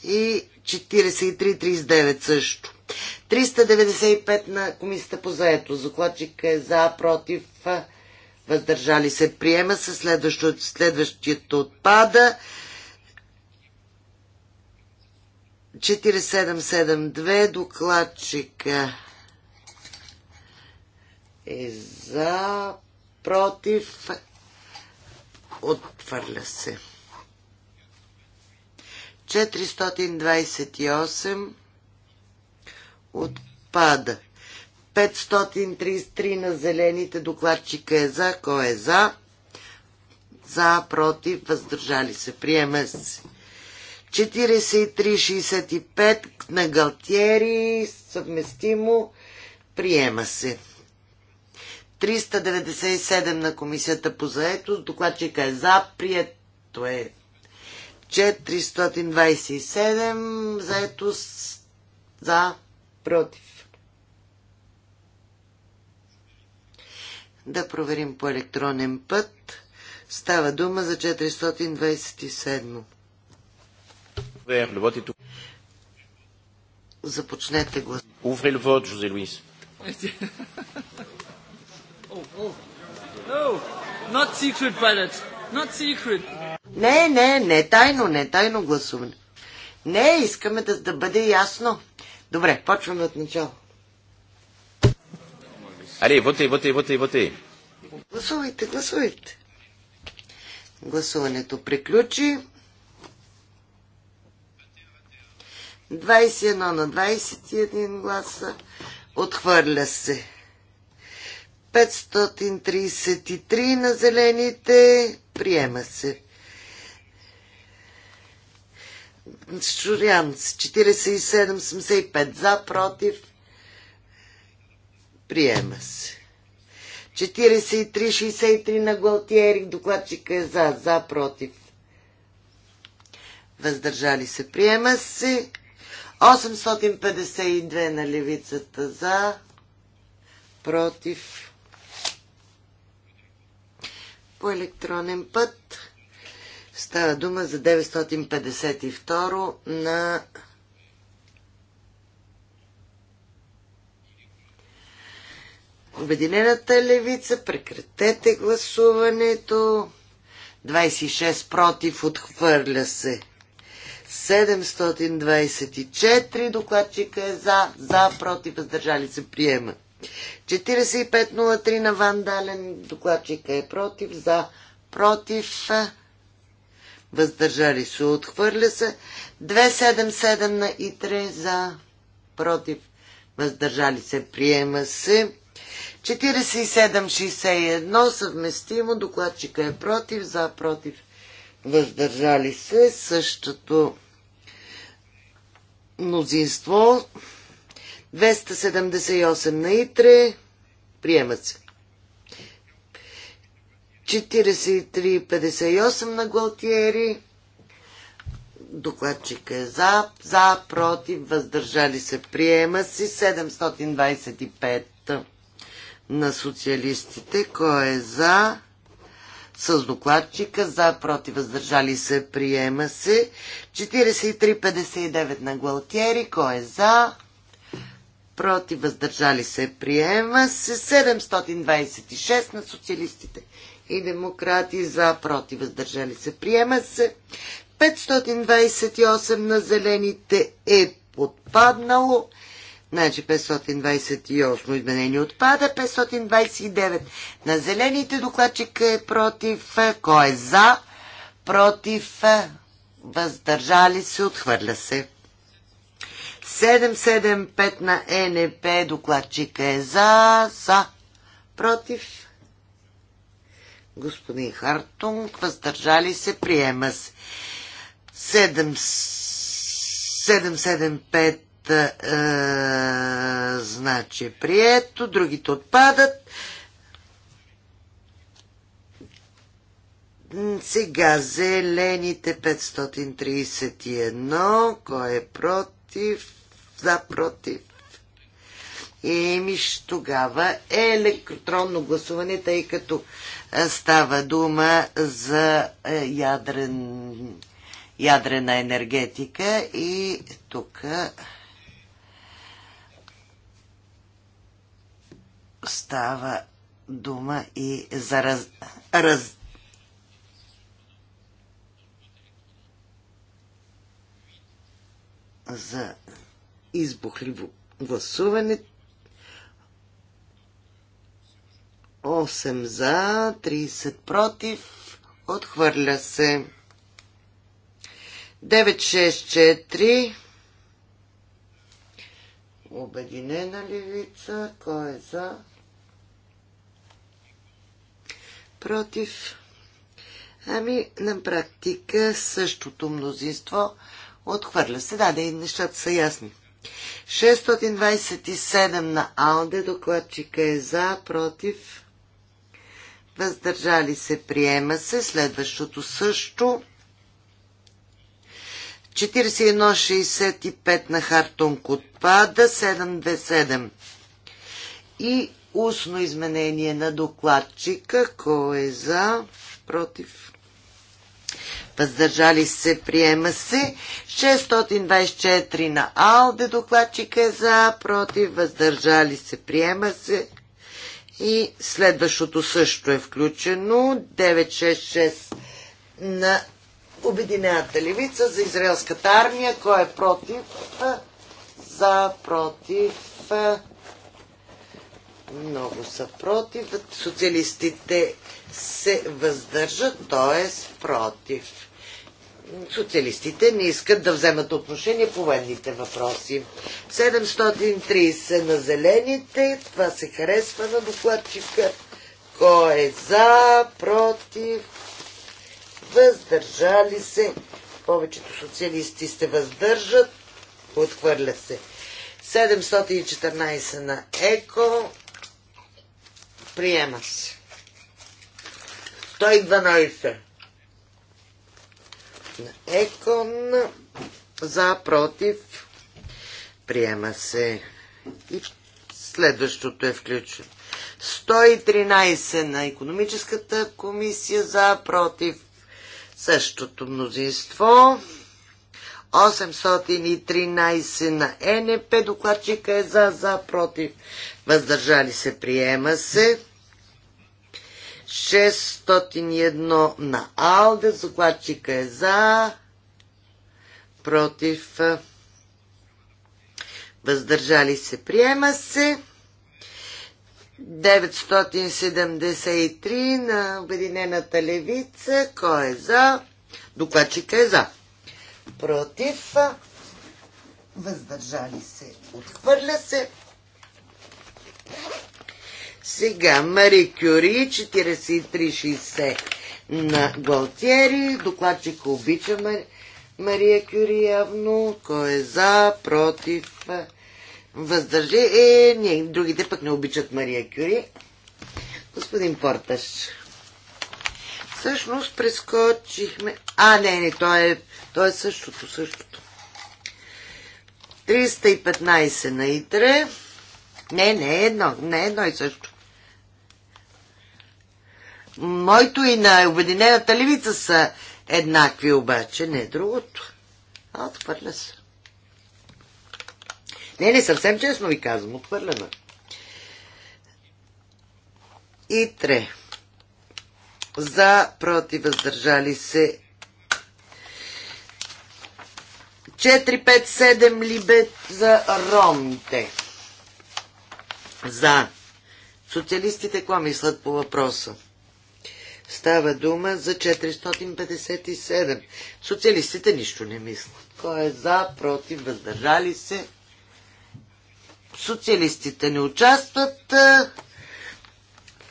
и 43-39 също. 395 на комисията по заето. Закладчик е за, против, въздържали се. Приема се. Следващото, следващото отпада. 4772 докладчик е за, против, отвърля се. 428 отпада. 533 на зелените докладчика е за. Кой е за? За, против, въздържали се. Приема се. 4365 на Галтиери, съвместимо, приема се. 397 на комисията по заетост, докладчика е за, прието е. 427 заето с... за против. Да проверим по електронен път. Става дума за 427. Започнете глас. Ouvrez le Жозе José oh, oh. No, not secret ballot. Not secret. Не, не, не тайно, не тайно гласуване. Не, искаме да, да бъде ясно. Добре, почваме от начало. Али, вътре, вътре, вътре, вътре. Гласувайте, гласувайте. Гласуването приключи. 21 на 21 гласа. Отхвърля се. 533 на зелените. Приема се. Шурян с 47-75 за, против. Приема се. 43-63 на Галтиерик. Докладчика е за, за, против. Въздържали се. Приема се. 852 на левицата за, против по електронен път. Става дума за 952 на Обединената левица. Прекратете гласуването. 26 против отхвърля се. 724 докладчика е за, за, против, въздържали се, приема. 4503 на Вандален. Докладчика е против. За. Против. Въздържали се. Отхвърля се. 277 на Итре. За. Против. Въздържали се. Приема се. 4761 съвместимо. Докладчика е против. За. Против. Въздържали се. Същото мнозинство. 278 на ИТРЕ. Приемат се. 43,58 на Галтиери. Докладчик е за, за, против, въздържали се, приема си 725 на социалистите. Кой е за? С докладчика за, против, въздържали се, приема се 43,59 на Галтиери. Кой е за? против, въздържали се, приема се 726 на социалистите и демократи за, против, въздържали се, приема се 528 на зелените е подпаднало. Значи 528 изменение отпада, 529 на зелените докладчика е против, кой е за, против, въздържали се, отхвърля се. 775 на НП. Докладчика е за, за, против. Господин Хартунг, въздържали се, приема се. 775 е, значи е прието, другите отпадат. Сега зелените 531, кой е против? за против. миш, тогава е електронно гласуване, тъй като става дума за ядрен, ядрена енергетика и тук става дума и за раз, раз, за избухливо гласуване. 8 за, 30 против. Отхвърля се. 964. Обединена левица. Кой е за? Против. Ами, на практика същото мнозинство отхвърля се. Да, да и нещата са ясни. 627 на Алде, докладчика е за, против, въздържали се, приема се, следващото също. 4165 на Хартунг отпада, 727. И устно изменение на докладчика, кой е за, против, въздържали се, приема се. 624 на Алде докладчик е за, против, въздържали се, приема се. И следващото също е включено. 966 на Обединената левица за израелската армия. Кой е против? За, против. Много са против. Социалистите се въздържат, т.е. против социалистите не искат да вземат отношение по военните въпроси. 730 на зелените, това се харесва на докладчика. Кой е за, против, въздържали се. Повечето социалисти се въздържат, отхвърля се. 714 на ЕКО, приема се. 112 на Екон. За, против. Приема се. И следващото е включено. 113 на економическата комисия за, против. Същото мнозинство. 813 на НП. Докладчика е за, за, против. Въздържали се. Приема се. 601 на Алде. Закладчика е за. Против. Въздържали се. Приема се. 973 на Обединената левица. Кой е за? Докладчика е за. Против. Въздържали се. Отхвърля се. Сега Мари Кюри 4360 на Галтиери. Докладчик обича Мари... Мария Кюри явно. Кой е за, против, въздържи. Е, не, другите пък не обичат Мария Кюри. Господин Порташ. Всъщност прескочихме... А, не, не, то е, то е същото, същото. 315 на Итре. Не, не е едно, не е едно и също моето и на Обединената левица са еднакви, обаче не другото. А, отхвърля се. Не, не, съвсем честно ви казвам, отхвърляме. И тре. За, против, въздържали се. 4-5-7 либе за ромите. За. Социалистите какво мислят по въпроса? Става дума за 457. Социалистите нищо не мислят. Кой е за, против, въздържали се? Социалистите не участват.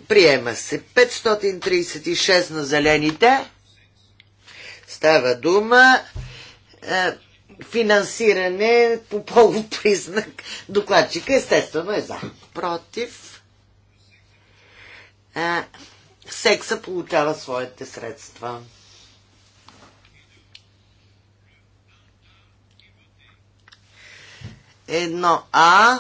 Приема се 536 на зелените. Става дума е, финансиране по полупризнак. Докладчика естествено е за. Против. Е, секса получава своите средства. Едно А.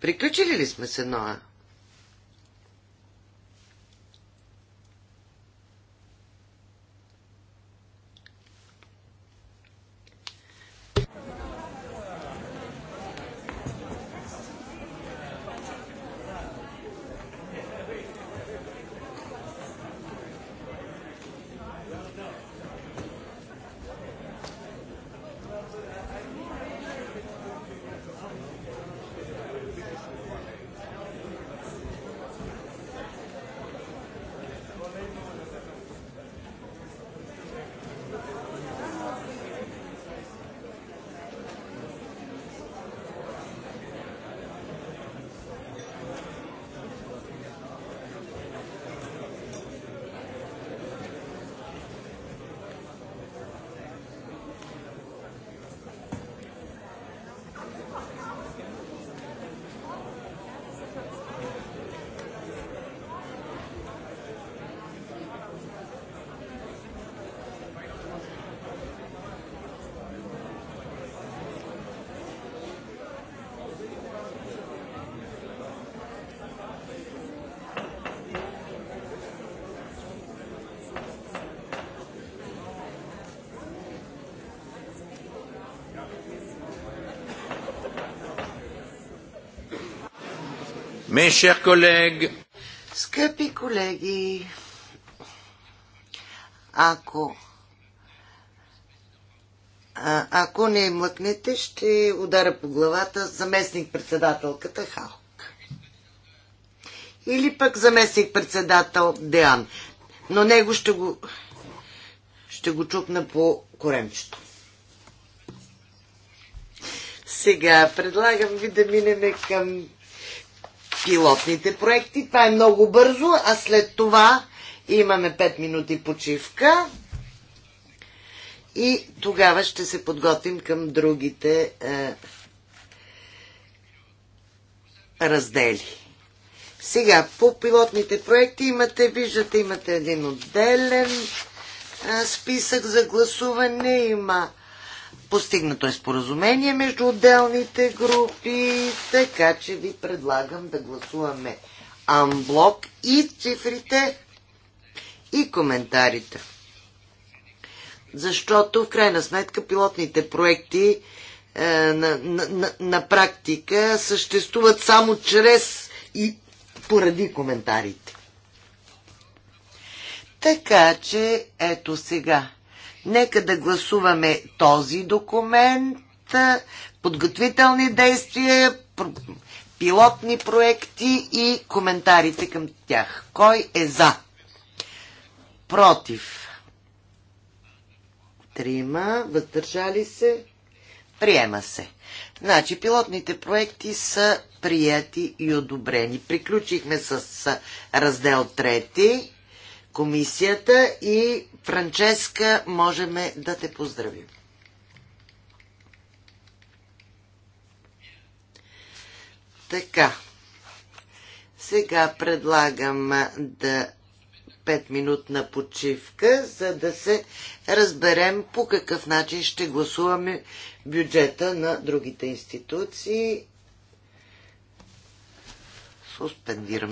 Приключили ли сме с едно А? Mes chers collègues, Скъпи колеги, ако, а, ако не млъкнете, ще ударя по главата заместник-председателката Халк. Или пък заместник-председател Деан. Но него ще го, ще го чукна по коремчето. Сега предлагам ви да минеме към пилотните проекти. Това е много бързо, а след това имаме 5 минути почивка и тогава ще се подготвим към другите е, раздели. Сега, по пилотните проекти имате, виждате, имате един отделен е, списък за гласуване, има Постигнато е споразумение между отделните групи, така че ви предлагам да гласуваме анблок и цифрите и коментарите. Защото в крайна сметка пилотните проекти е, на, на, на, на практика съществуват само чрез и поради коментарите. Така че ето сега Нека да гласуваме този документ, подготвителни действия, пилотни проекти и коментарите към тях. Кой е за? Против? Трима. Въздържали се? Приема се. Значи, пилотните проекти са прияти и одобрени. Приключихме с раздел 3, комисията и Франческа, можем да те поздравим. Така. Сега предлагам да 5-минутна почивка, за да се разберем по какъв начин ще гласуваме бюджета на другите институции. Суспендирам.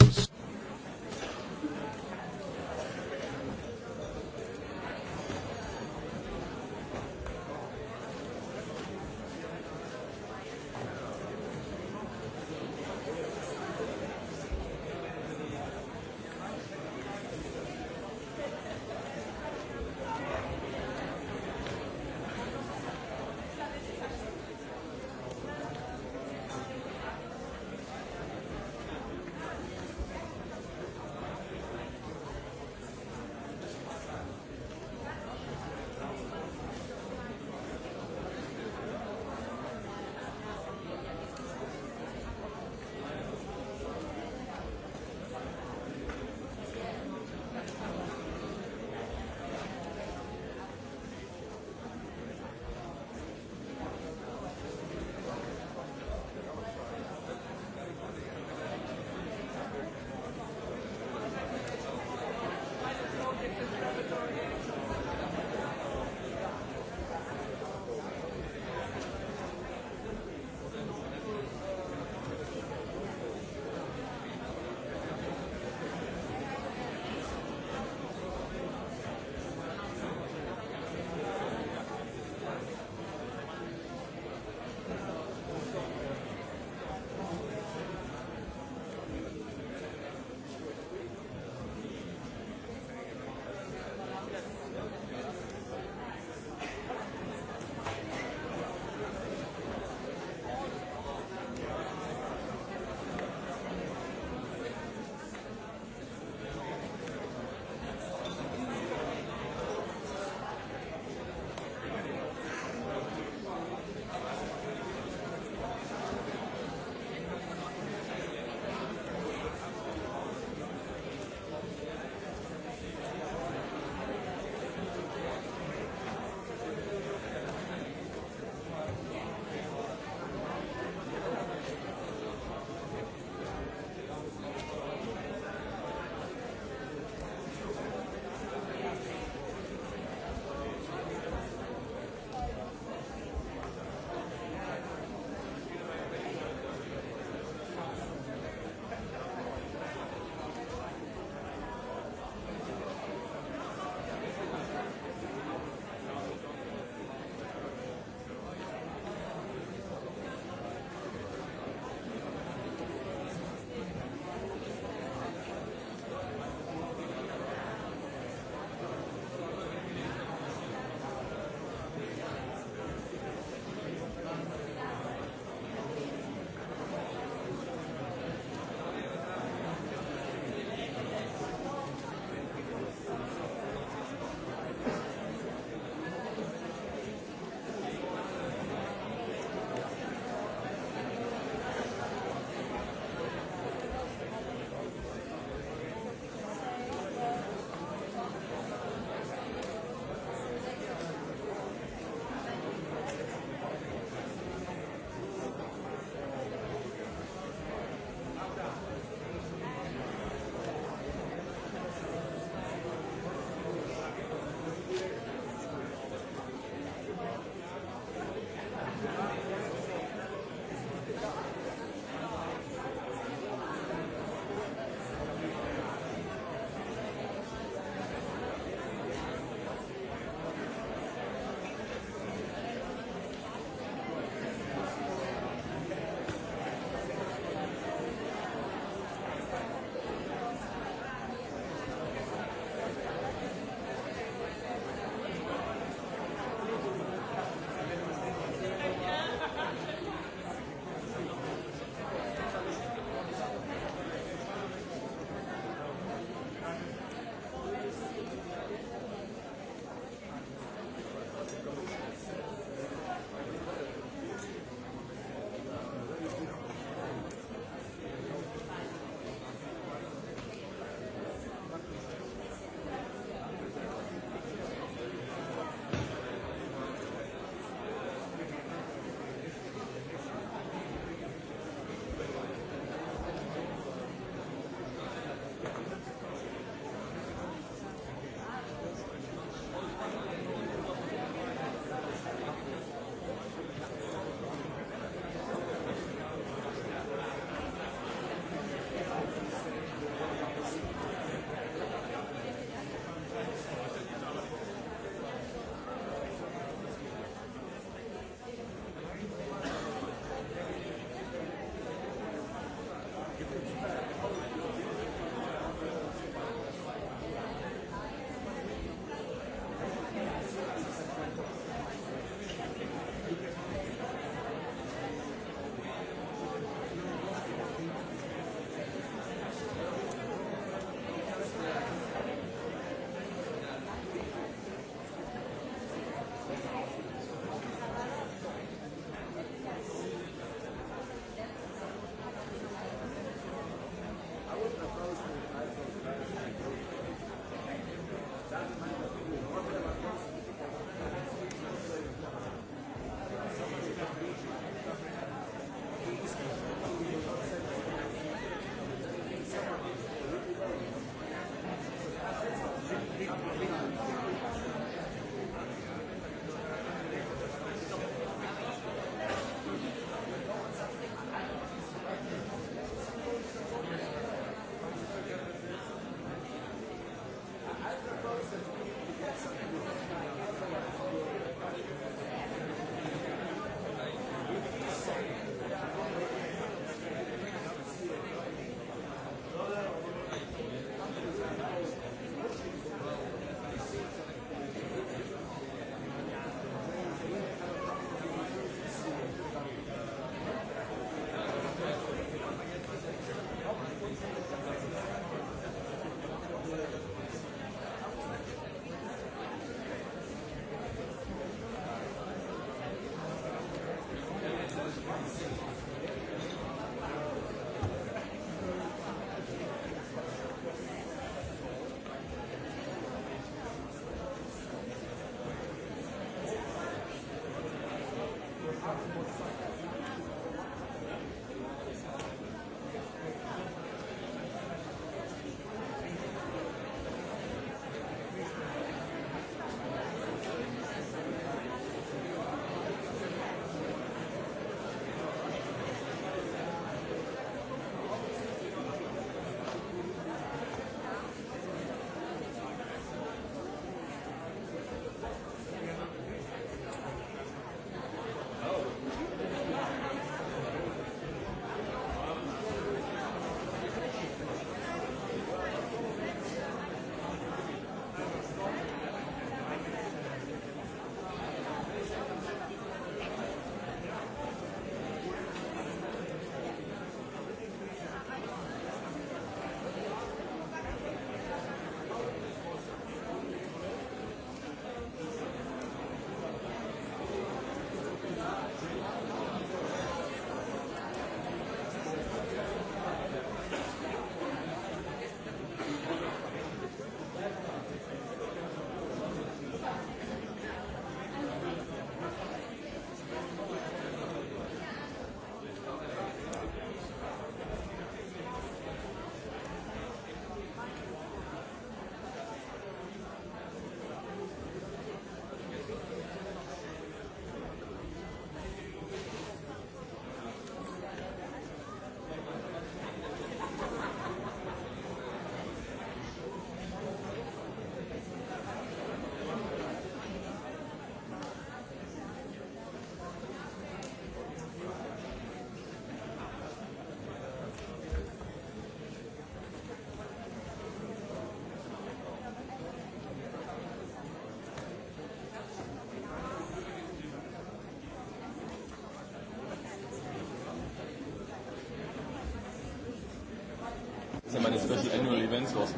and especially annual events was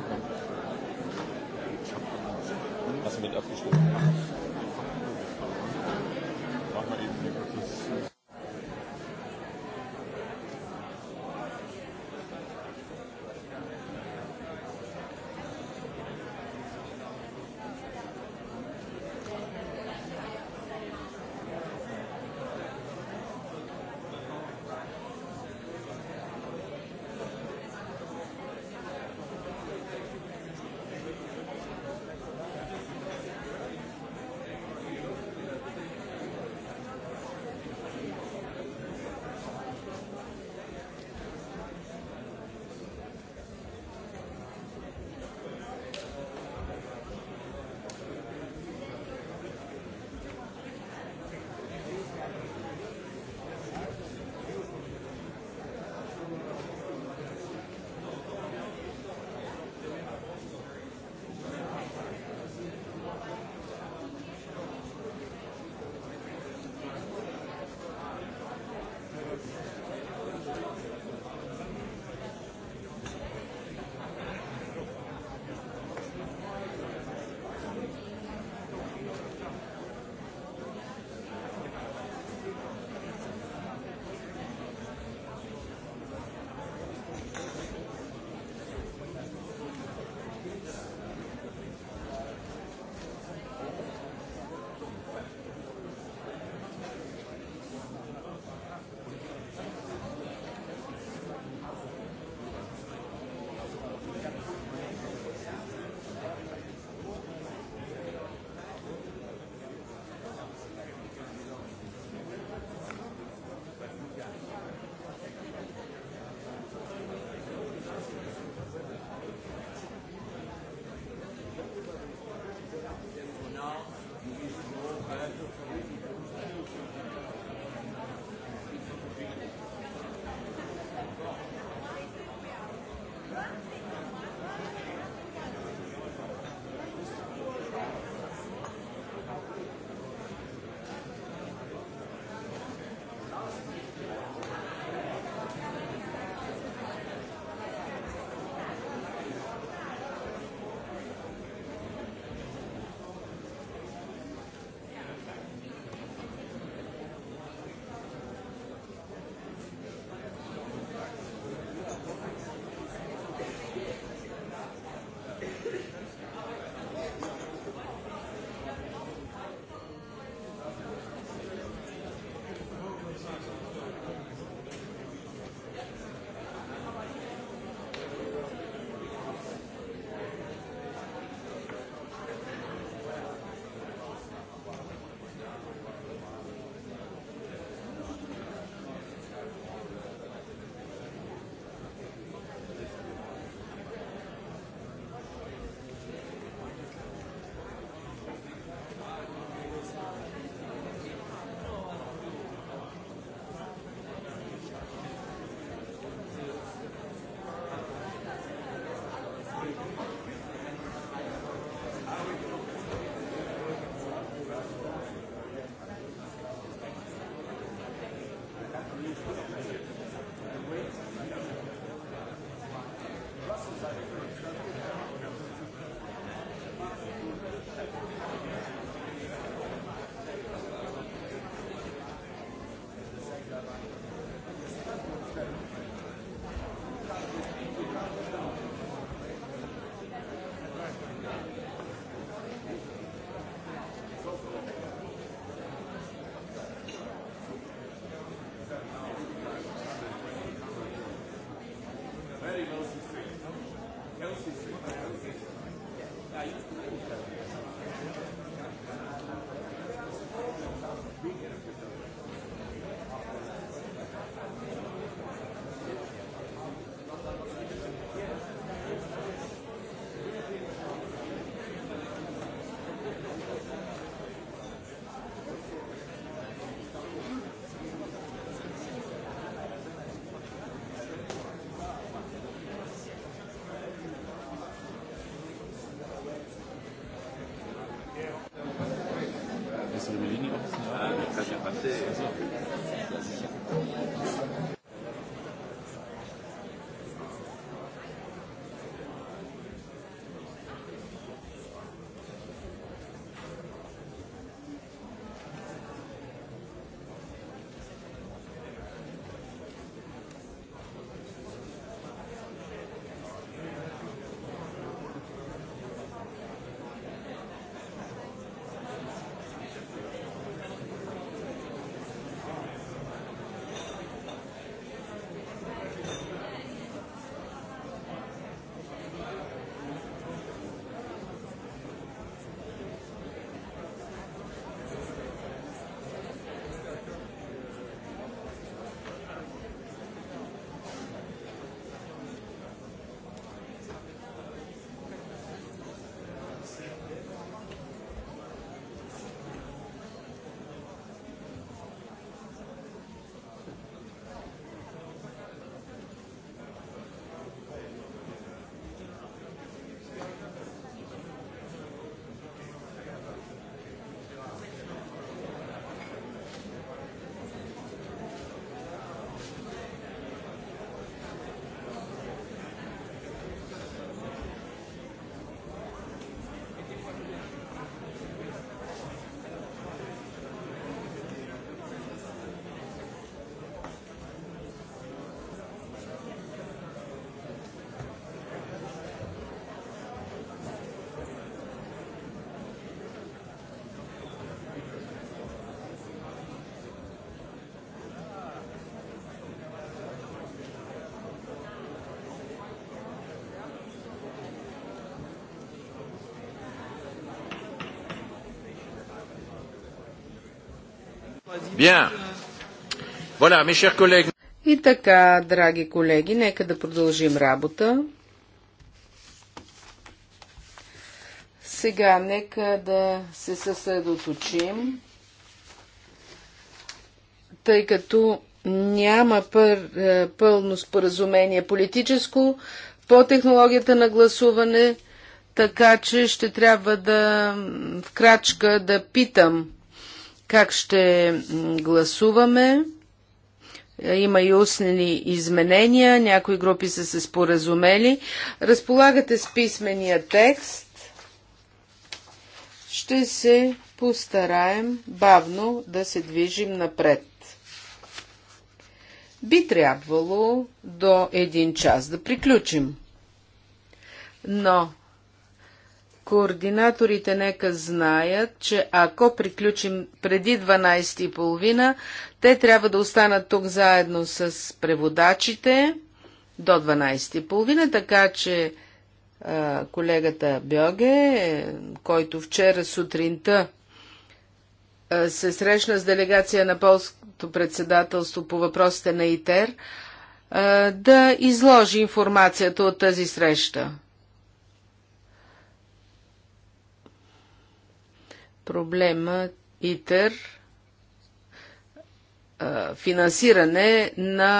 Bien. Voilà, mes chers collègues. И така, драги колеги, нека да продължим работа. Сега нека да се съсредоточим, тъй като няма пър, е, пълно споразумение политическо по технологията на гласуване, така че ще трябва да в крачка да питам как ще гласуваме? Има и устнени изменения, някои групи са се споразумели. Разполагате с писмения текст. Ще се постараем бавно да се движим напред. Би трябвало до един час да приключим. Но Координаторите нека знаят, че ако приключим преди 12.30, те трябва да останат тук заедно с преводачите до 12.30, така че а, колегата Бьоге, който вчера сутринта а, се срещна с делегация на полското председателство по въпросите на ИТЕР, а, да изложи информацията от тази среща. проблема ИТЕР финансиране на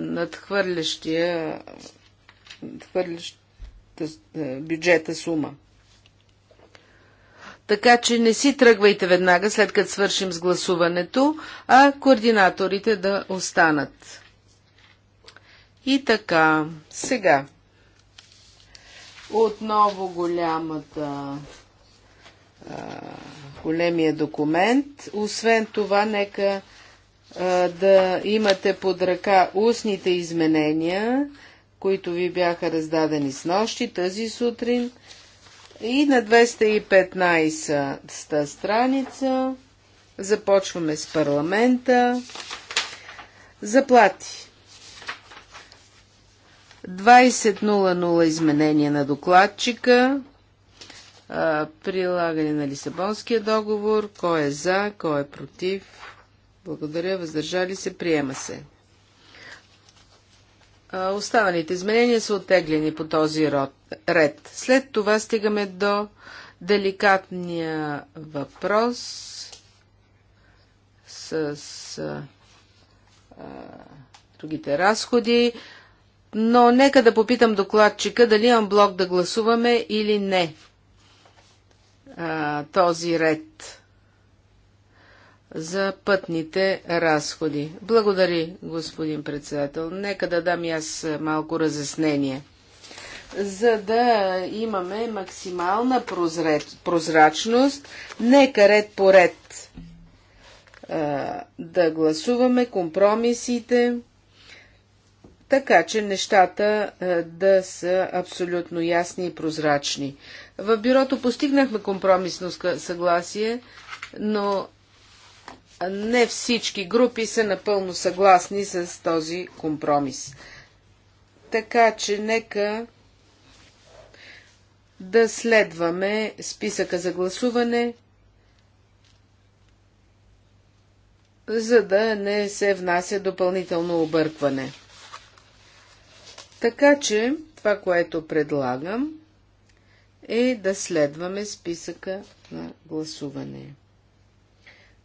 надхвърлящия бюджета сума. Така че не си тръгвайте веднага, след като свършим с гласуването, а координаторите да останат. И така, сега. Отново голямата големия документ. Освен това, нека да имате под ръка устните изменения, които ви бяха раздадени с нощи тази сутрин. И на 215-та страница започваме с парламента. Заплати. 20.00 изменения на докладчика прилагане на Лисабонския договор, кой е за, кой е против. Благодаря, въздържали се, приема се. Останалите изменения са оттеглени по този ред. След това стигаме до деликатния въпрос с а, другите разходи, но нека да попитам докладчика дали имам блок да гласуваме или не а, този ред за пътните разходи. Благодари, господин председател. Нека да дам и аз малко разяснение. За да имаме максимална прозрачност, нека ред по ред да гласуваме компромисите така че нещата е, да са абсолютно ясни и прозрачни. В бюрото постигнахме компромисно съгласие, но не всички групи са напълно съгласни с този компромис. Така че нека да следваме списъка за гласуване, за да не се внася допълнително объркване. Така че това, което предлагам, е да следваме списъка на гласуване.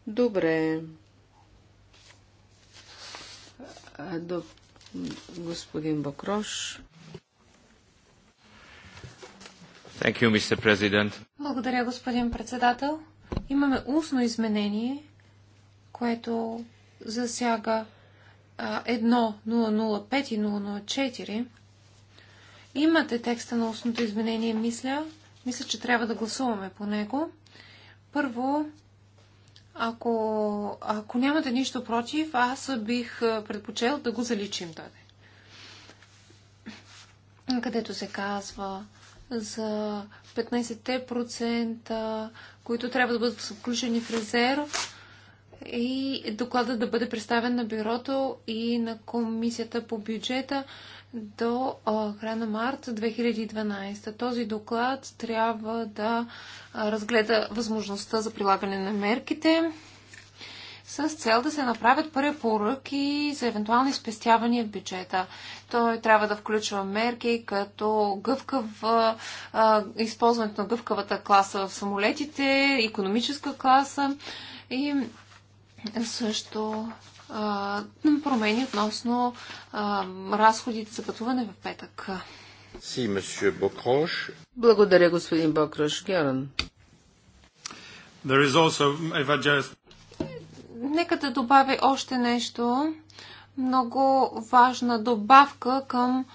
Добре. До господин Бакрош. Thank you, Mr. President. Благодаря, господин председател. Имаме устно изменение, което засяга 1.005 005 и 004. Имате текста на устното изменение, мисля. Мисля, че трябва да гласуваме по него. Първо, ако, ако нямате нищо против, аз бих предпочел да го заличим даде. Където се казва за 15% които трябва да бъдат включени в резерв и докладът да бъде представен на бюрото и на комисията по бюджета до края на март 2012. Този доклад трябва да разгледа възможността за прилагане на мерките с цел да се направят препоръки за евентуални спестявания в бюджета. Той трябва да включва мерки като гъвкав, а, използването на гъвкавата класа в самолетите, економическа класа и също а, промени относно а, разходите за пътуване в петък. Си, месье Бокрош. Благодаря, господин Бокрош. Геран. Just... Нека да добавя още нещо. Много важна добавка към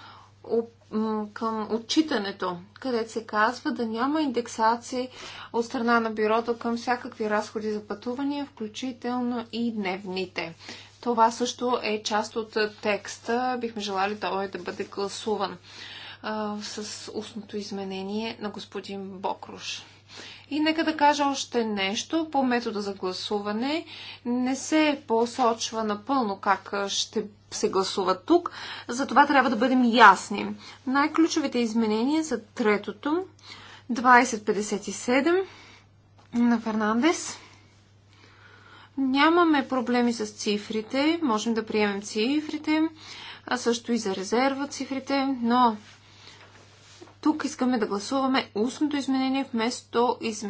към отчитането, където се казва да няма индексации от страна на бюрото към всякакви разходи за пътувания, включително и дневните. Това също е част от текста. Бихме желали той да бъде гласуван а, с устното изменение на господин Бокруш. И нека да кажа още нещо по метода за гласуване. Не се посочва напълно как ще се гласува тук. Затова трябва да бъдем ясни. Най-ключовите изменения за третото, 2057 на Фернандес. Нямаме проблеми с цифрите, можем да приемем цифрите, а също и за резерва цифрите, но тук искаме да гласуваме устното изменение вместо из...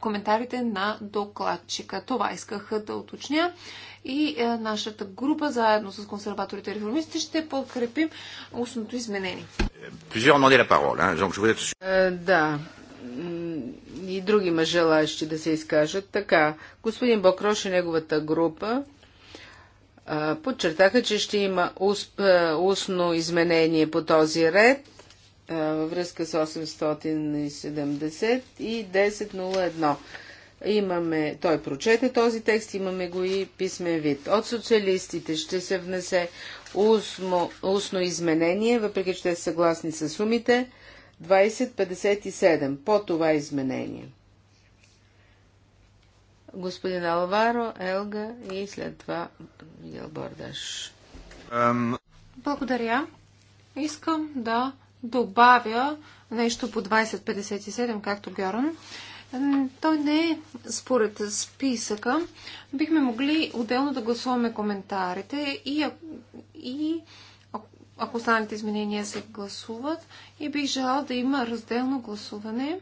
коментарите на докладчика. Това исках да уточня. И е, нашата група, заедно с консерваторите и реформистите, ще подкрепим устното изменение. Е, да, и други ме желаящи да се изкажат. Така, господин Бокрош и неговата група е, подчертаха, че ще има е, устно изменение по този ред във връзка с 870 и 1001. Имаме, той прочете този текст, имаме го и писмен вид. От социалистите ще се внесе устно, устно изменение, въпреки че те са съгласни с сумите, 2057 по това изменение. Господин Алваро, Елга и след това Елбордаш. Бордаш. Благодаря. Искам да добавя нещо по 2057, както Гьоран. Той не е според списъка. Бихме могли отделно да гласуваме коментарите и, и ако останалите изменения се гласуват и бих желал да има разделно гласуване,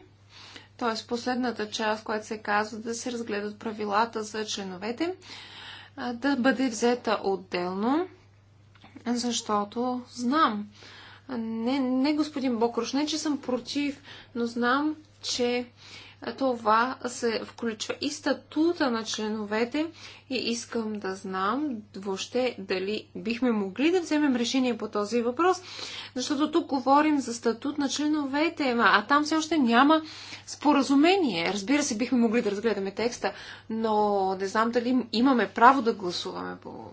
т.е. последната част, която се казва да се разгледат правилата за членовете, да бъде взета отделно, защото знам, не, не господин Бокруш, не че съм против, но знам, че това се включва и статута на членовете и искам да знам въобще дали бихме могли да вземем решение по този въпрос, защото тук говорим за статут на членовете, а там все още няма споразумение. Разбира се, бихме могли да разгледаме текста, но не знам дали имаме право да гласуваме по...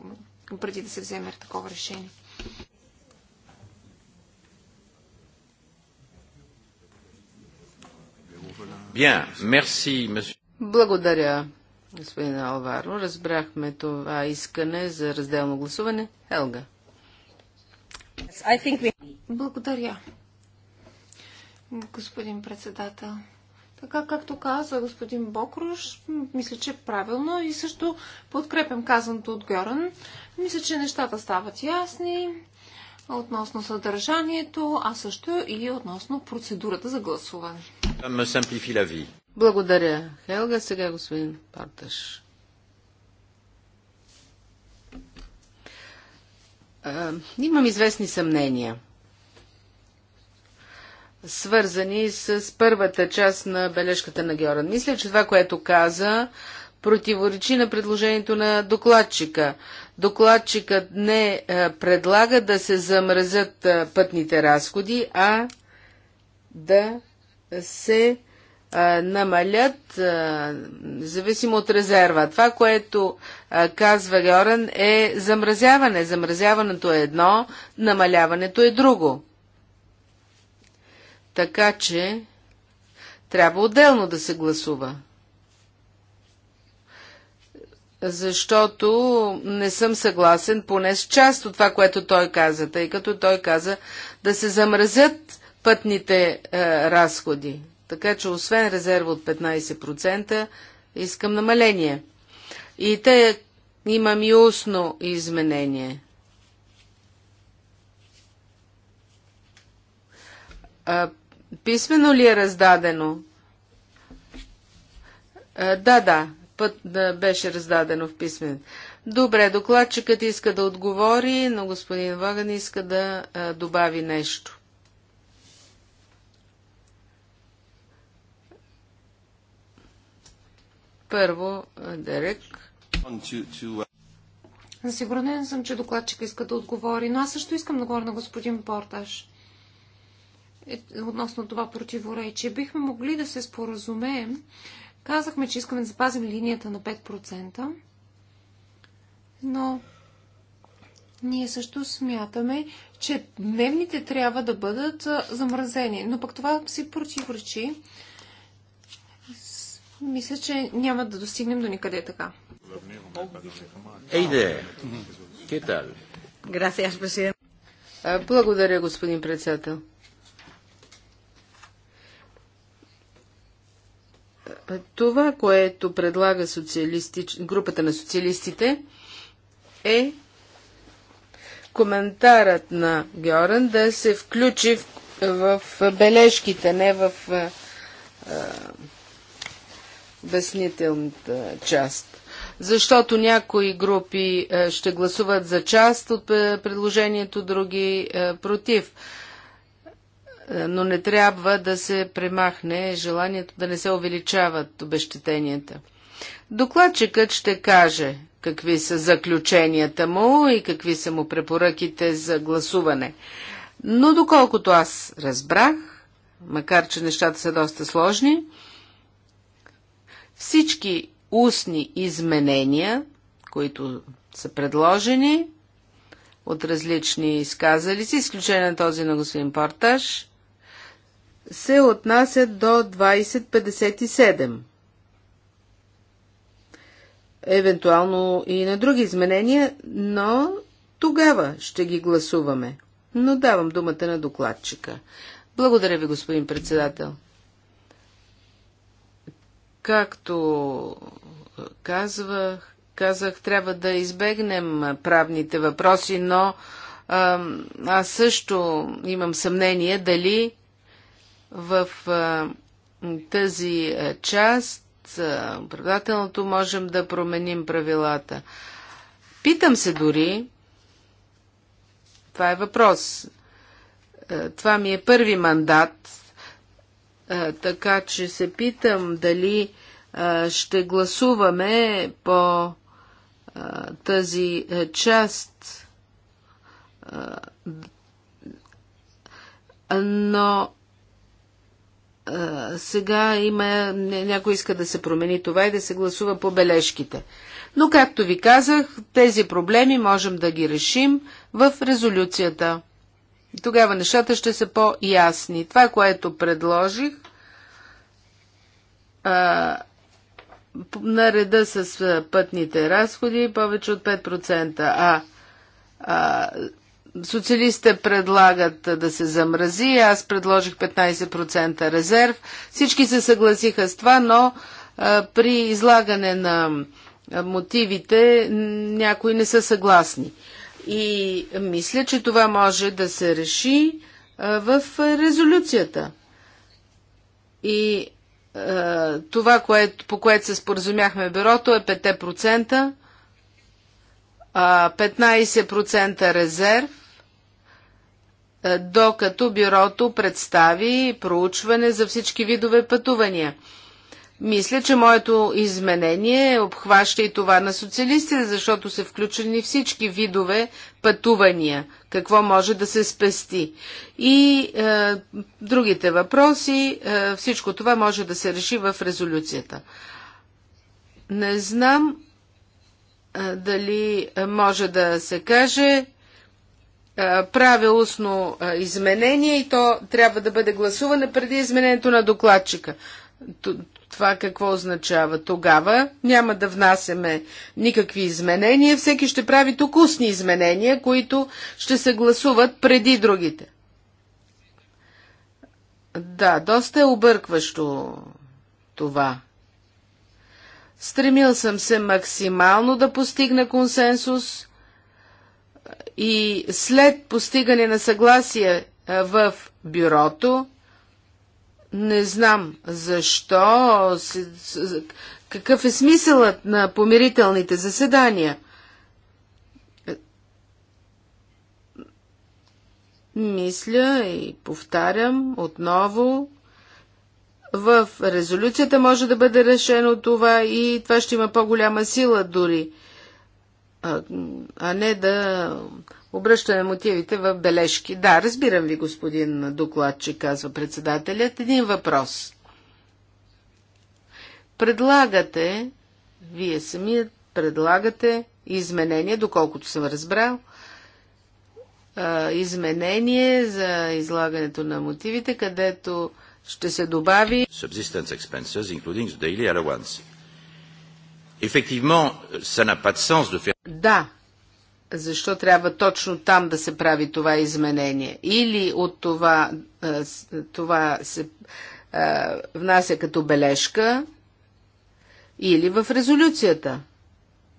преди да се вземе такова решение. Bien, merci, monsieur. Благодаря, господин Алваро. Разбрахме това искане за разделно гласуване. Елга. Благодаря. Господин председател, така както каза господин Бокруш, мисля, че правилно и също подкрепям казаното от Гьорън. Мисля, че нещата стават ясни относно съдържанието, а също и относно процедурата за гласуване. Благодаря. Хелга, сега господин Парташ. имам известни съмнения, свързани с първата част на бележката на Георан. Мисля, че това, което каза противоречи на предложението на докладчика. Докладчикът не е, предлага да се замразят е, пътните разходи, а да се е, намалят, зависимо от резерва. Това, което казва Георан, е замразяване. Замразяването е едно, намаляването е друго. Така че трябва отделно да се гласува защото не съм съгласен поне с част от това, което той каза, тъй като той каза да се замразят пътните е, разходи. Така че освен резерва от 15%, искам намаление. И те имам и устно изменение. А, писменно ли е раздадено? А, е, да, да път беше раздадено в писмен. Добре, докладчикът иска да отговори, но господин Ваган иска да добави нещо. Първо, Дерек. Засигурен съм, че докладчика иска да отговори, но аз също искам да говоря на господин Порташ. Е, относно това противоречие. Бихме могли да се споразумеем, Казахме, че искаме да запазим линията на 5%, но ние също смятаме, че дневните трябва да бъдат замразени. Но пък това си противоречи. Мисля, че няма да достигнем до никъде така. Ейде! Благодаря, господин председател. Е, това, което предлага социалистич... групата на социалистите е коментарът на Георан да се включи в, в бележките, не в е, е, обяснителната част. Защото някои групи ще гласуват за част от предложението, други против. Е, но не трябва да се премахне желанието да не се увеличават обещетенията. Докладчикът ще каже какви са заключенията му и какви са му препоръките за гласуване. Но доколкото аз разбрах, макар че нещата са доста сложни, всички устни изменения, които са предложени от различни изказали, с изключение на този на господин Порташ, се отнасят до 2057. Евентуално и на други изменения, но тогава ще ги гласуваме. Но давам думата на докладчика. Благодаря ви, господин председател. Както казвах, казах, трябва да избегнем правните въпроси, но аз също имам съмнение дали в тази част, предателното, можем да променим правилата. Питам се дори, това е въпрос, това ми е първи мандат, така че се питам дали ще гласуваме по тази част, но сега има, някой иска да се промени това и да се гласува по бележките. Но, както ви казах, тези проблеми можем да ги решим в резолюцията. Тогава нещата ще са по-ясни. Това, което предложих нареда на реда с пътните разходи, повече от 5%, а, а Социалистите предлагат да се замрази, аз предложих 15% резерв. Всички се съгласиха с това, но а, при излагане на мотивите някои не са съгласни. И мисля, че това може да се реши а, в резолюцията. И а, това, което, по което се споразумяхме бюрото е 5%. 15% резерв е, докато бюрото представи проучване за всички видове пътувания. Мисля, че моето изменение обхваща и това на социалистите, защото са включени всички видове пътувания, какво може да се спести. И е, другите въпроси, е, всичко това може да се реши в резолюцията. Не знам е, дали може да се каже, е, правя устно е, изменение и то трябва да бъде гласуване преди изменението на докладчика. Това какво означава? Тогава няма да внасяме никакви изменения, всеки ще прави тук устни изменения, които ще се гласуват преди другите. Да, доста е объркващо това. Стремил съм се максимално да постигна консенсус – и след постигане на съгласие в бюрото, не знам защо, какъв е смисълът на помирителните заседания. Мисля и повтарям отново, в резолюцията може да бъде решено това и това ще има по-голяма сила дори а, не да обръщаме мотивите в бележки. Да, разбирам ви, господин докладчик, казва председателят. Един въпрос. Предлагате, вие самият предлагате изменение, доколкото съм разбрал, изменение за излагането на мотивите, където ще се добави Subsistence expenses, including daily allowance. Да, защо трябва точно там да се прави това изменение? Или от това, е, това се е, внася като бележка, или в резолюцията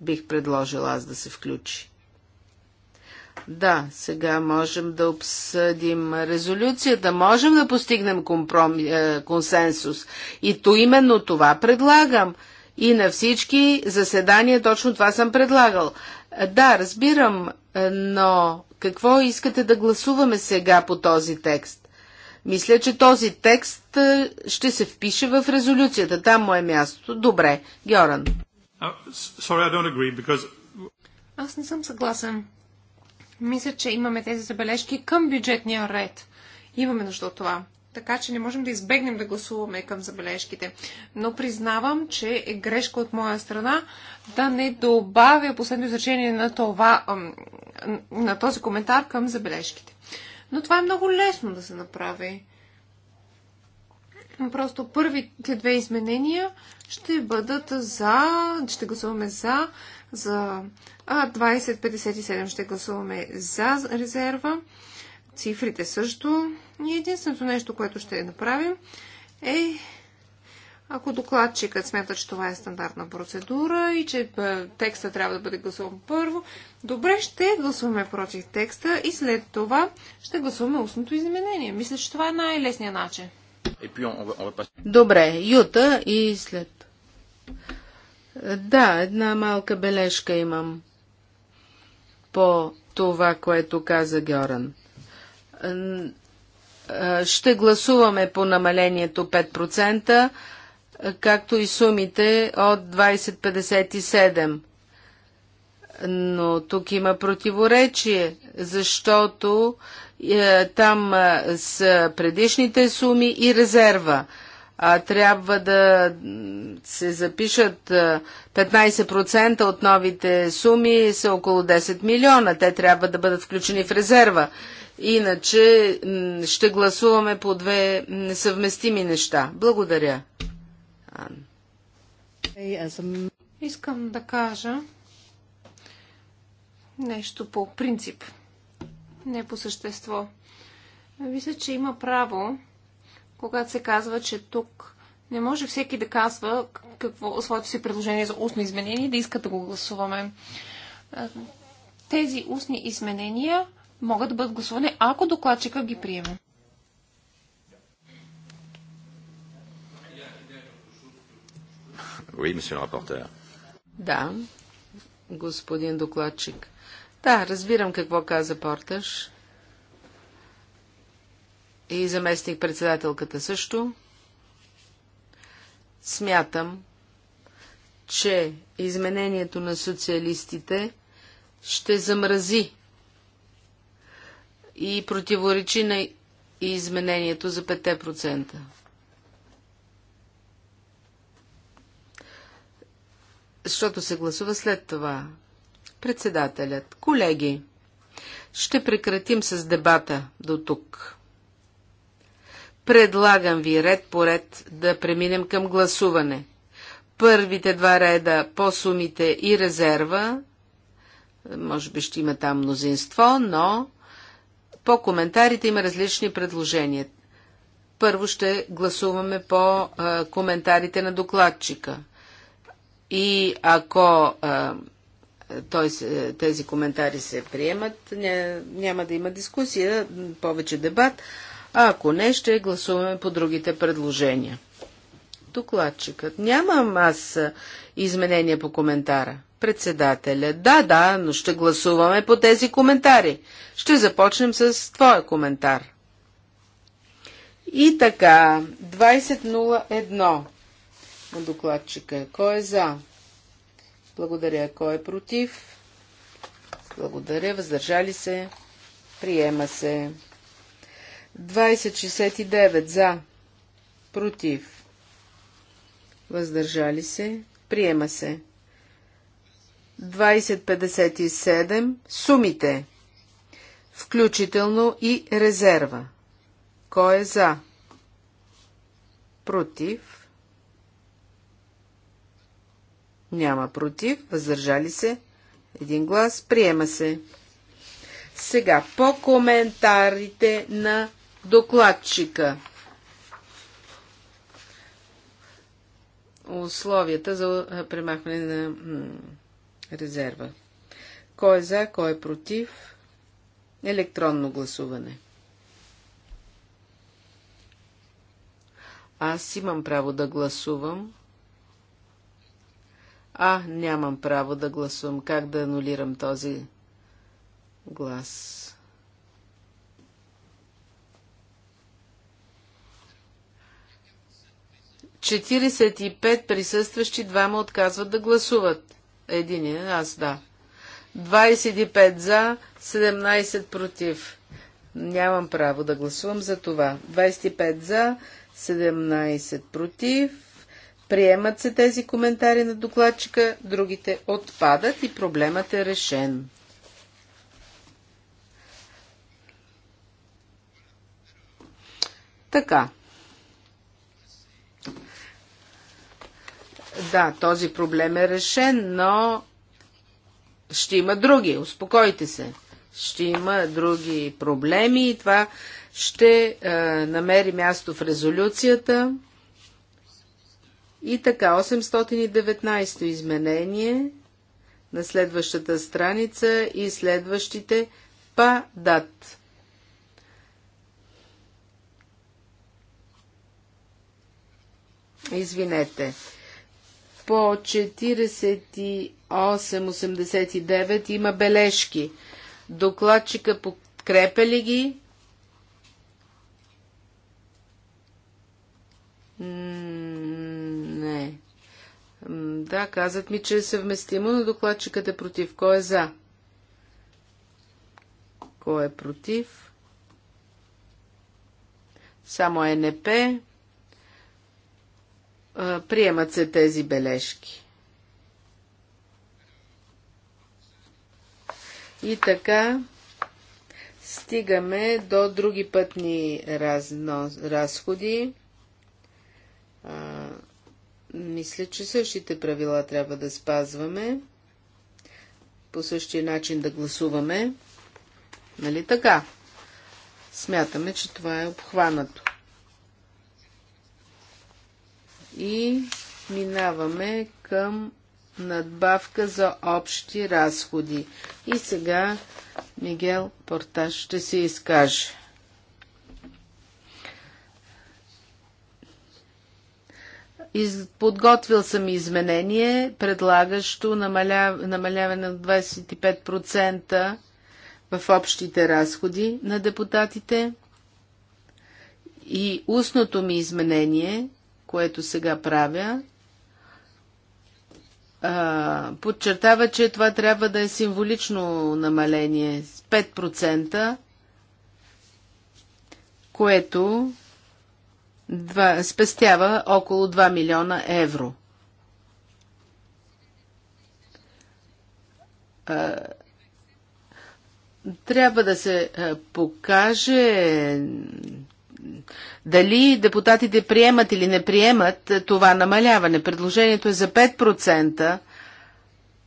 бих предложил аз да се включи. Да, сега можем да обсъдим резолюцията, можем да постигнем компром... Е, консенсус. И то именно това предлагам – и на всички заседания точно това съм предлагал. Да, разбирам, е, но какво искате да гласуваме сега по този текст? Мисля, че този текст е, ще се впише в резолюцията. Там му е мястото. Добре, Георан. Аз не съм съгласен. Мисля, че имаме тези забележки към бюджетния ред. Имаме нужда от това така че не можем да избегнем да гласуваме към забележките. Но признавам, че е грешка от моя страна да не добавя последно изречение на, това, на този коментар към забележките. Но това е много лесно да се направи. Просто първите две изменения ще бъдат за, ще гласуваме за, за 2057 ще гласуваме за резерва, цифрите също, и единственото нещо, което ще направим е ако докладчикът смята, че това е стандартна процедура и че е, текста трябва да бъде гласуван първо, добре, ще гласуваме против текста и след това ще гласуваме устното изменение. Мисля, че това е най-лесният начин. Добре, Юта и след. Да, една малка бележка имам по това, което каза Гьоран. Е, ще гласуваме по намалението 5%, както и сумите от 2057. Но тук има противоречие, защото е, там е, са предишните суми и резерва. А трябва да се запишат 15% от новите суми са около 10 милиона. Те трябва да бъдат включени в резерва. Иначе ще гласуваме по две несъвместими неща. Благодаря. Искам да кажа нещо по принцип, не по същество. Мисля, че има право, когато се казва, че тук не може всеки да казва какво, своето си предложение за устно изменение и да иска да го гласуваме. Тези устни изменения могат да бъдат гласувани, ако докладчика ги приеме. Oui, monsieur le rapporteur. Да, господин докладчик. Да, разбирам какво каза Порташ. И заместник председателката също. Смятам, че изменението на социалистите ще замрази и противоречи на изменението за 5%. Защото се гласува след това. Председателят, колеги, ще прекратим с дебата до тук. Предлагам ви ред по ред да преминем към гласуване. Първите два реда по сумите и резерва, може би ще има там мнозинство, но по коментарите има различни предложения. Първо ще гласуваме по а, коментарите на докладчика. И ако а, той, тези коментари се приемат, ня, няма да има дискусия, повече дебат, а ако не, ще гласуваме по другите предложения. Докладчикът. Нямам аз изменения по коментара. Председателя. Да, да, но ще гласуваме по тези коментари. Ще започнем с твоя коментар. И така, 20.01 на докладчика. Кой е за? Благодаря. Кой е против? Благодаря. Въздържали се? Приема се. 20.69 за. Против. Въздържали се? Приема се. 2057 сумите, включително и резерва. Кой е за? Против? Няма против. Въздържали се? Един глас. Приема се. Сега по коментарите на докладчика. Условията за премахване на резерва. Кой е за, кой е против? Електронно гласуване. Аз имам право да гласувам. А, нямам право да гласувам. Как да анулирам този глас? Четиридесет и пет присъстващи двама отказват да гласуват. Един е аз да. 25 за, 17 против. Нямам право да гласувам за това. 25 за, 17 против. Приемат се тези коментари на докладчика, другите отпадат и проблемът е решен. Така. Да, този проблем е решен, но ще има други. Успокойте се. Ще има други проблеми и това ще е, намери място в резолюцията. И така, 819 изменение на следващата страница и следващите падат. Извинете по 4889 има бележки. Докладчика подкрепя ли ги? Не. Да, казват ми, че е съвместимо, но докладчикът е против. Кой е за? Кой е против? Само ЕНП. Приемат се тези бележки. И така стигаме до други пътни разно, разходи. А, мисля, че същите правила трябва да спазваме. По същия начин да гласуваме. Нали така? Смятаме, че това е обхванато. И минаваме към надбавка за общи разходи. И сега Мигел Порташ ще се изкаже. Из... Подготвил съм изменение, предлагащо намаля... намаляване на 25% в общите разходи на депутатите. И устното ми изменение – което сега правя, подчертава, че това трябва да е символично намаление с 5%, което два, спестява около 2 милиона евро. Трябва да се покаже дали депутатите приемат или не приемат е, това намаляване. Предложението е за 5%.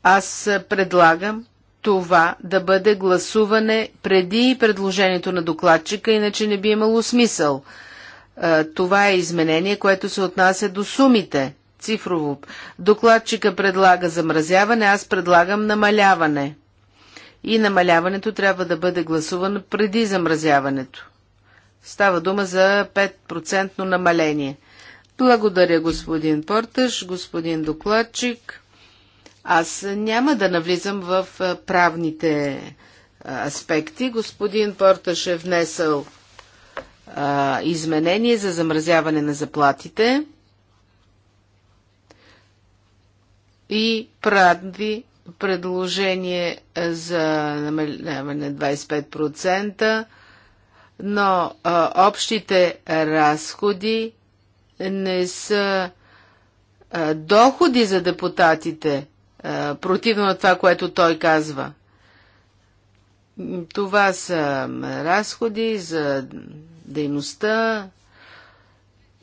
Аз предлагам това да бъде гласуване преди предложението на докладчика, иначе не би имало смисъл. Е, това е изменение, което се отнася до сумите. Цифрово. Докладчика предлага замразяване, аз предлагам намаляване. И намаляването трябва да бъде гласувано преди замразяването. Става дума за 5% намаление. Благодаря, господин Портъш, господин докладчик. Аз няма да навлизам в правните аспекти. Господин Порташ е внесъл а, изменение за замразяване на заплатите и прави предложение за намаляване на 25% но а, общите разходи не са а, доходи за депутатите, а, противно на това, което той казва. Това са разходи за дейността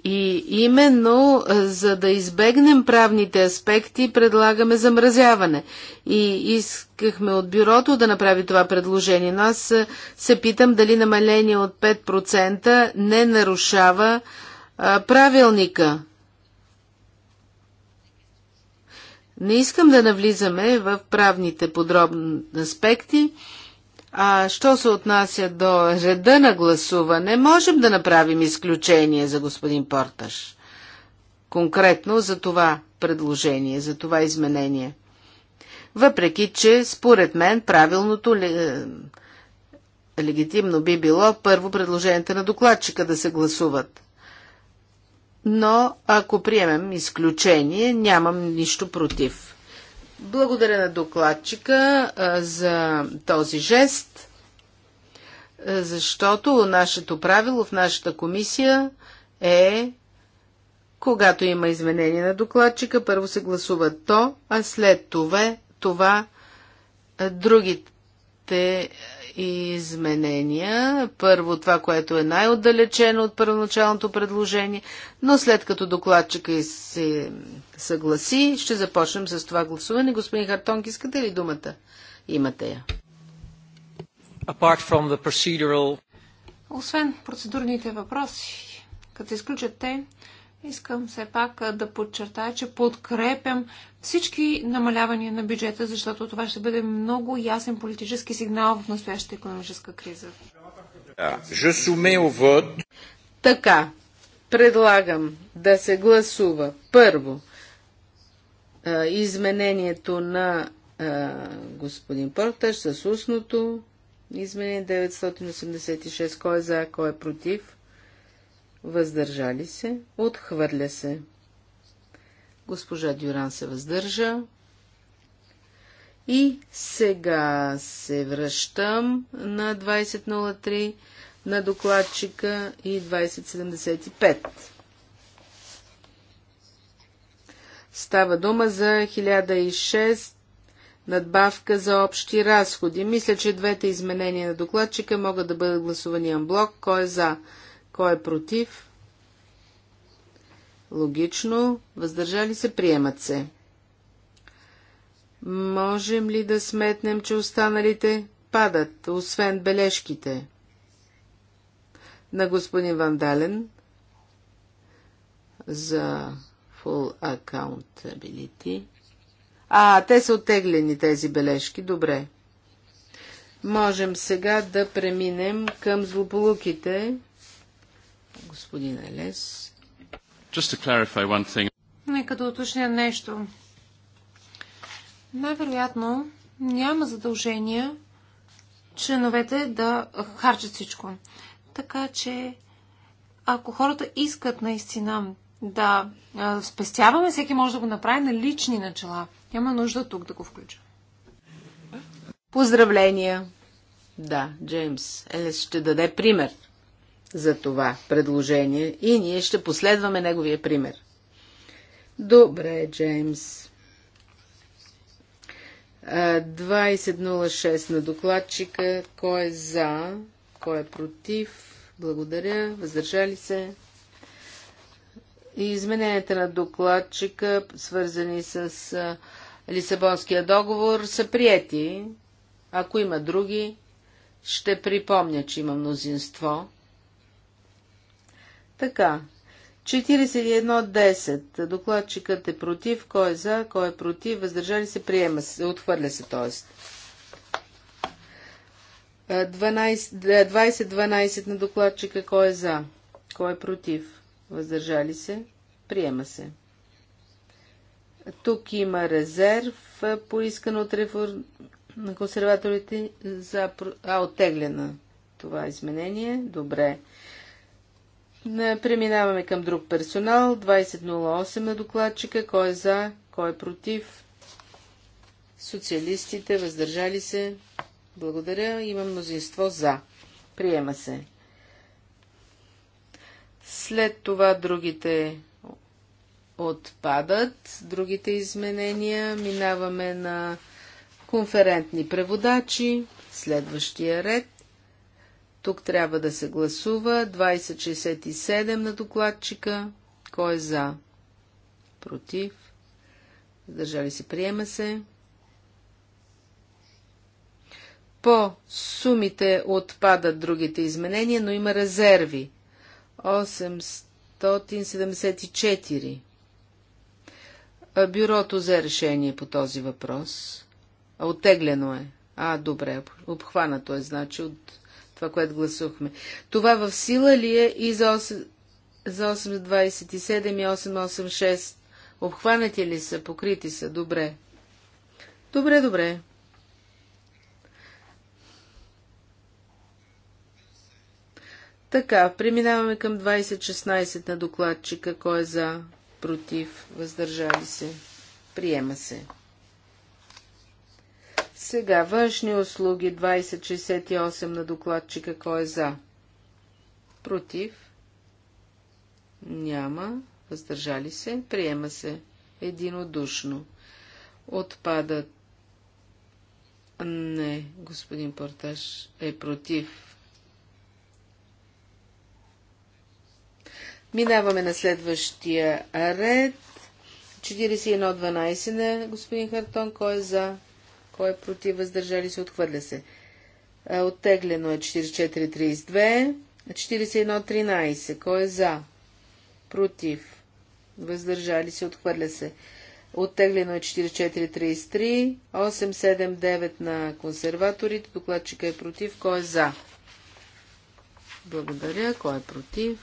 и именно е, за да избегнем правните аспекти предлагаме замразяване. И искахме от бюрото да направи това предложение, но аз е, се питам дали намаление от 5% не нарушава е, правилника. Не искам да навлизаме в правните подробни аспекти. А що се отнася до реда на гласуване, можем да направим изключение за господин Порташ. Конкретно за това предложение, за това изменение. Въпреки, че според мен правилното е, легитимно би било първо предложенията на докладчика да се гласуват. Но ако приемем изключение, нямам нищо против. Благодаря на докладчика за този жест, защото нашето правило в нашата комисия е, когато има изменение на докладчика, първо се гласува то, а след това, това другите изменения. Първо това, което е най-отдалечено от първоначалното предложение, но след като докладчика се съгласи, ще започнем с това гласуване. Господин Хартонг, искате ли думата? Имате я. Procedural... Освен процедурните въпроси, като изключат те, Искам все пак да подчертая, че подкрепям всички намалявания на бюджета, защото това ще бъде много ясен политически сигнал в настоящата економическа криза. Така, предлагам да се гласува първо изменението на господин Порташ с устното изменение 986. Кой е за, кой е против? въздържали се, отхвърля се. Госпожа Дюран се въздържа. И сега се връщам на 20.03 на докладчика и 2075. Става дума за 1006 надбавка за общи разходи. Мисля, че двете изменения на докладчика могат да бъдат гласувани блок. Кой е за? Кой е против? Логично. Въздържали се, приемат се. Можем ли да сметнем, че останалите падат, освен бележките? На господин Вандален за Full Accountability. А, те са оттеглени тези бележки, добре. Можем сега да преминем към злополуките. Господин Елес. Нека да уточня нещо. Най-вероятно няма задължения членовете да харчат всичко. Така че, ако хората искат наистина да спестяваме, всеки може да го направи на лични начала. Няма нужда тук да го включа. Поздравления! Да, Джеймс Елес ще даде пример за това предложение и ние ще последваме неговия пример. Добре, Джеймс. 20.06 на докладчика. Кой е за? Кой е против? Благодаря. Въздържали се? И измененията на докладчика, свързани с Лисабонския договор, са прияти. Ако има други, ще припомня, че има мнозинство. Така. 41.10. Докладчикът е против. Кой е за? Кой е против? Въздържали се? Приема се. Отхвърля се, т.е. 20-12 на докладчика. Кой е за? Кой е против? Въздържали се? Приема се. Тук има резерв, е, поискан от реформ... на консерваторите за... А, оттеглена това изменение. Добре. Е, преминаваме към друг персонал. 2008 на е докладчика. Кой е за? Кой е против? Социалистите въздържали се. Благодаря. Има мнозинство за. Приема се. След това другите отпадат. Другите изменения минаваме на конферентни преводачи. Следващия ред. Тук трябва да се гласува 2067 на докладчика. Кой е за? Против? Въздържали се, приема се. По сумите отпадат другите изменения, но има резерви. 874. Бюрото за решение по този въпрос. Оттеглено е. А, добре, обхванато е, значи, от това, което гласухме. Това в сила ли е и за 8, за 827 и 886? Обхванати ли са, покрити са? Добре. Добре, добре. Така, преминаваме към 2016 на докладчика. Кой е за, против, въздържали се, приема се. Сега, външни услуги 2068 на докладчика. Кой е за? Против? Няма. Въздържали се? Приема се. Единодушно. Отпадат. Не, господин Порташ е против. Минаваме на следващия ред. 41.12 на господин Хартон. Кой е за? Кой е против? Въздържали се? Отхвърля се. Оттеглено е 4432. 4113. Кой е за? Против. Въздържали се? Отхвърля се. Оттеглено е 4433. 879 на консерваторите. Докладчика е против. Кой е за? Благодаря. Кой е против?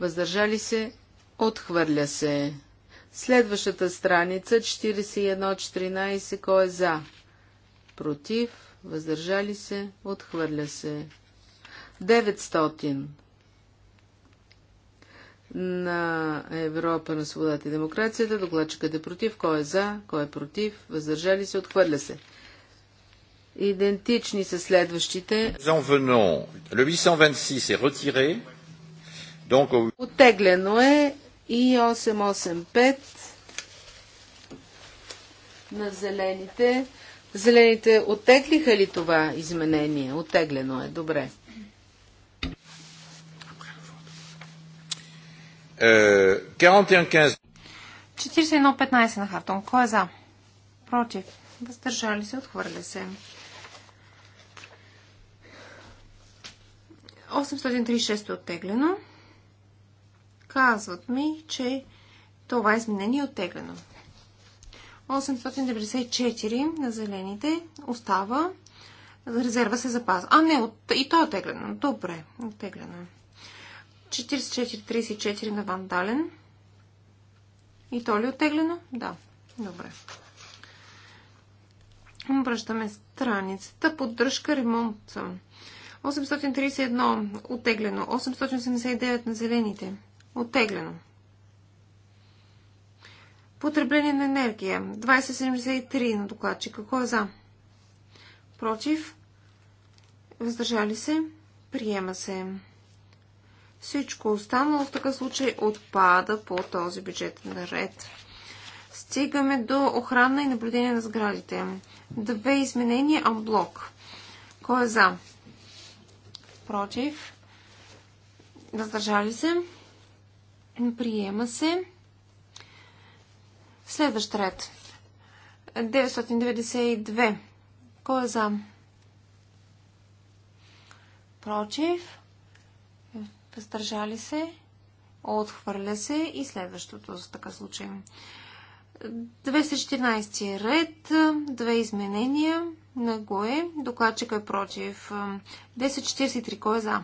Въздържали се? Отхвърля се. Следващата страница 41.14. Кой е за? Против? Въздържали се? Отхвърля се. 900 на Европа на свободата и демокрацията. Докладчикът е против. Кой е за? Кой е против? Въздържали се? Отхвърля се. Идентични са следващите. Оттеглено е и 885 на зелените. Зелените оттеглиха ли това изменение? Оттеглено е, добре. Uh, 41-15 на Хартон. Кой е за? Против. Въздържали се, отхвърля се. 836 е оттеглено. Казват ми, че това изменение е оттеглено. 894 на зелените остава. Резерва се запазва. А, не, от... и то е оттеглено. Добре, оттеглено. 4434 на Вандален. И то ли е оттеглено? Да. Добре. Обръщаме страницата. Поддръжка, ремонт. 831 оттеглено. 889 на зелените. Отеглено. Потребление на енергия. 2073 на докладчика. Кой е за? Против? Въздържали се? Приема се. Всичко останало в такъв случай отпада по този на ред. Стигаме до охрана и наблюдение на сградите. Две изменения амблок. Кой е за? Против? Въздържали се? Приема се. Следващ ред. 992. Кой е за? Против. Въздържали се. Отхвърля се. И следващото за така случай. 214 ред. Две изменения на е. Докладчика е против. 1043. Кой е за?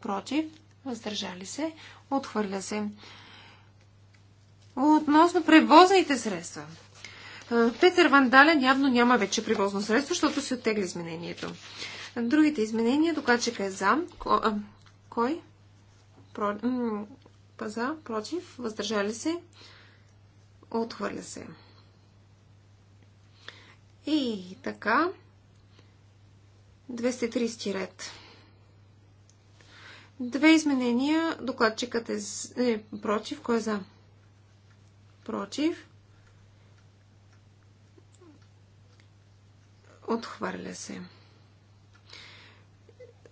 Против въздържали се, отхвърля се. Относно превозните средства. Петър Вандален явно няма вече превозно средство, защото се оттегли изменението. Другите изменения, докладчика е за. Кой? Про... Паза, против, въздържали се, отхвърля се. И така, 230 ред. Две изменения. Докладчикът е, е против. Кой е за? Против. Отхвърля се.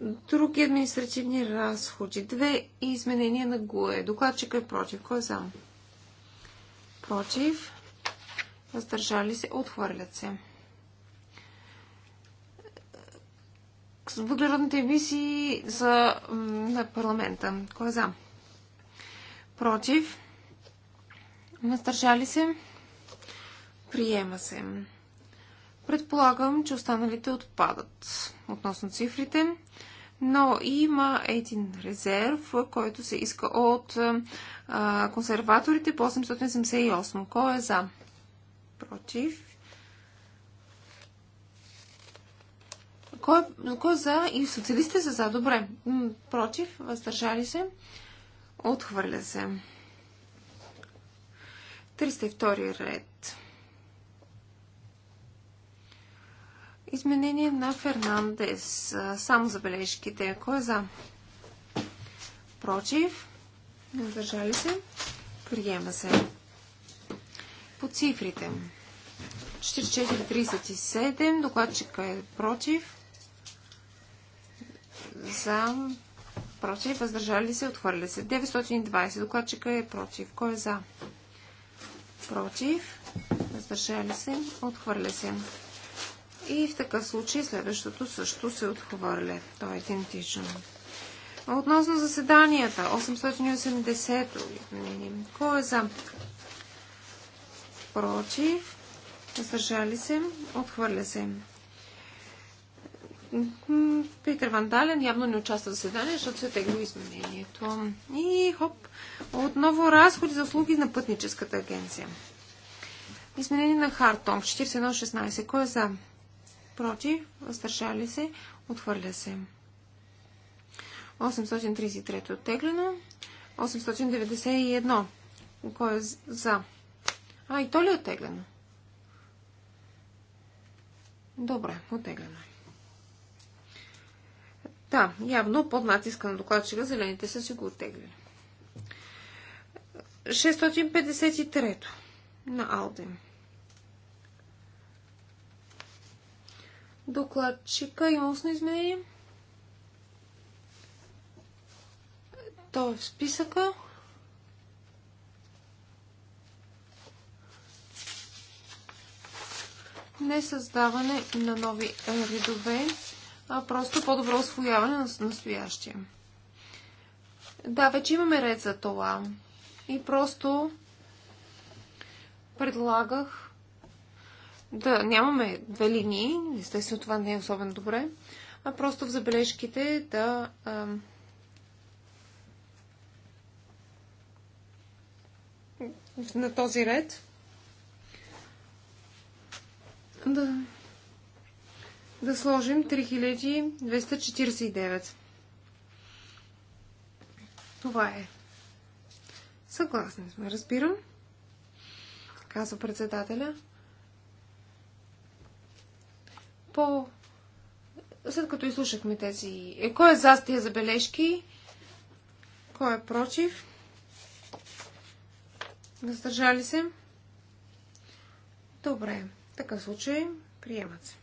Други административни разходи. Две изменения на ГУЕ. Докладчикът е против. Кой е за? Против. Въздържали се. Отхвърлят се. въглеродните емисии за, на парламента. Кой е за? Против? Въздържали се? Приема се. Предполагам, че останалите отпадат относно цифрите, но има един резерв, който се иска от консерваторите по 878. Кой е за? Против? Кой, кой за? И социалистите са за. Добре. Против. Въздържали се. Отхвърля се. 302 ред. Изменение на Фернандес. Само забележките. Кой е за? Против. Въздържали се. Приема се. По цифрите. 4437. Докладчика е против за, против, въздържали се, отхвърля се. 920. Докладчика е против. Кой е за? Против, въздържали се, отхвърля се. И в такъв случай следващото също се отхвърля. То е идентично. Относно заседанията, 880 Кой е за? Против, въздържали се, отхвърля се. Питер Вандален явно не участва в заседание, защото се е тегло изменението. И хоп, отново разходи за услуги на пътническата агенция. Изменение на Хартонг 41.16. Кой е за? Против? Въздържали се? Отхвърля се. 833 оттеглено. 891. Кой е за? А, и то ли е оттеглено? Добре, оттеглено е. Да, явно под натиска на докладчика зелените са си го оттеглили. 653 на Алден. Докладчика има устно изменение. То е в списъка. Не създаване на нови редове а просто по-добро освояване на настоящия. Да, вече имаме ред за това. И просто предлагах да нямаме две линии. Естествено, това не е особено добре. А просто в забележките да. А, на този ред. Да да сложим 3249. Това е. Съгласни сме, разбирам. Казва председателя. По... След като изслушахме тези... Е, кой е за тези забележки? Кой е против? Въздържали се? Добре. В такъв случай приемат се.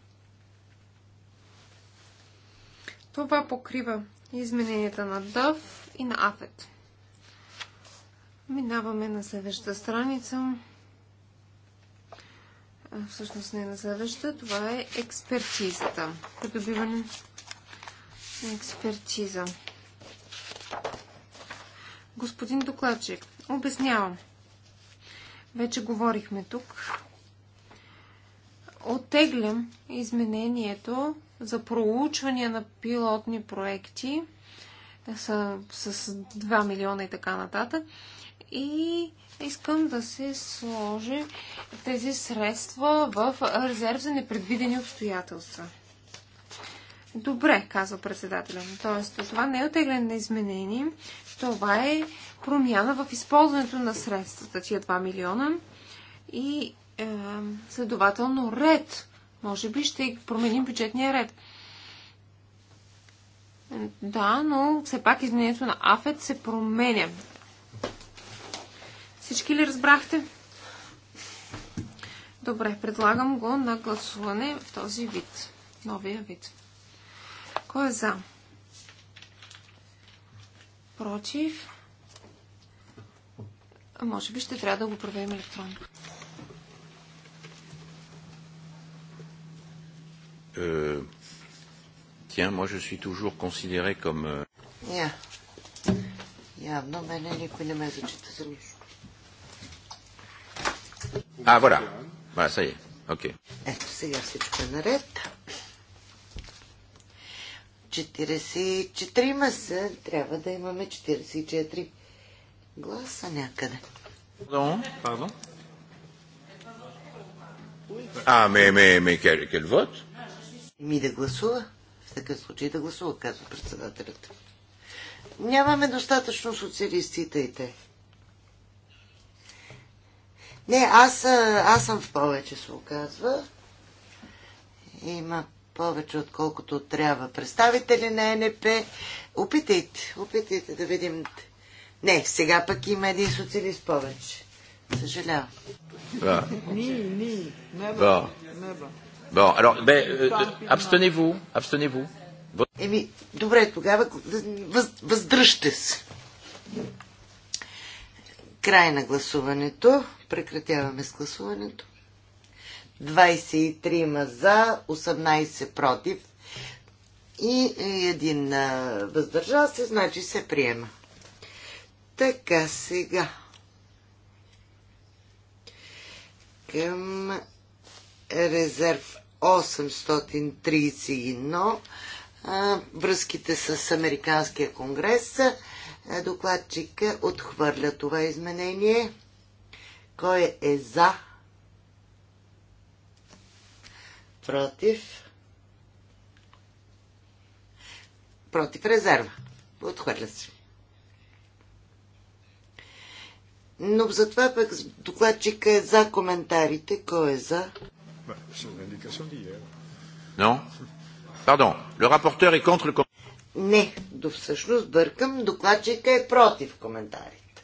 Това покрива измененията на Дъв и на Афет. Минаваме на следващата страница. всъщност не на следващата. Това е експертизата. Придобиване на експертиза. Господин докладчик, обяснявам. Вече говорихме тук. Оттеглям изменението за проучвания на пилотни проекти е, с, с 2 милиона и така нататък. И искам да се сложи тези средства в резерв за непредвидени обстоятелства. Добре, казва председателя. Тоест, това не е отегляне на изменение, това е промяна в използването на средствата, тия 2 милиона. И е, следователно ред може би ще променим бюджетния ред. Да, но все пак изменението на Афет се променя. Всички ли разбрахте? Добре, предлагам го на гласуване в този вид. Новия вид. Кой е за? Против? Може би ще трябва да го проверим електронно. Euh, tiens, moi je suis toujours considéré comme. Euh... Yeah. voilà. Voilà, ça y est. Okay. Ето Pardon? Pardon? Ah, mais, mais, mais quel, quel vote ми да гласува? В такъв случай да гласува, казва председателят. Нямаме достатъчно социалистите и те. Не, аз, аз съм в повече, се оказва. Има повече, отколкото трябва. Представители на НП, опитайте, опитайте да видим. Не, сега пък има един социалист повече. Съжалявам. Да. Ми, ми, неба, да. неба. Bon, alors, ben, euh, euh abstenez-vous, abstenez-vous. Еми, добре, тогава въз, въздържте се. Край на гласуването. Прекратяваме с гласуването. 23 за, 18 против и е, един е, въздържа се, значи се приема. Така, сега. Към резерв 831, връзките с Американския конгрес. Докладчик отхвърля това изменение. Кой е за? Против? Против резерва. Отхвърля се. Но затова пък докладчика е за коментарите. Кой е за? Non Pardon, le rapporteur est contre le... Не, до всъщност бъркам, докладчика е против коментарите.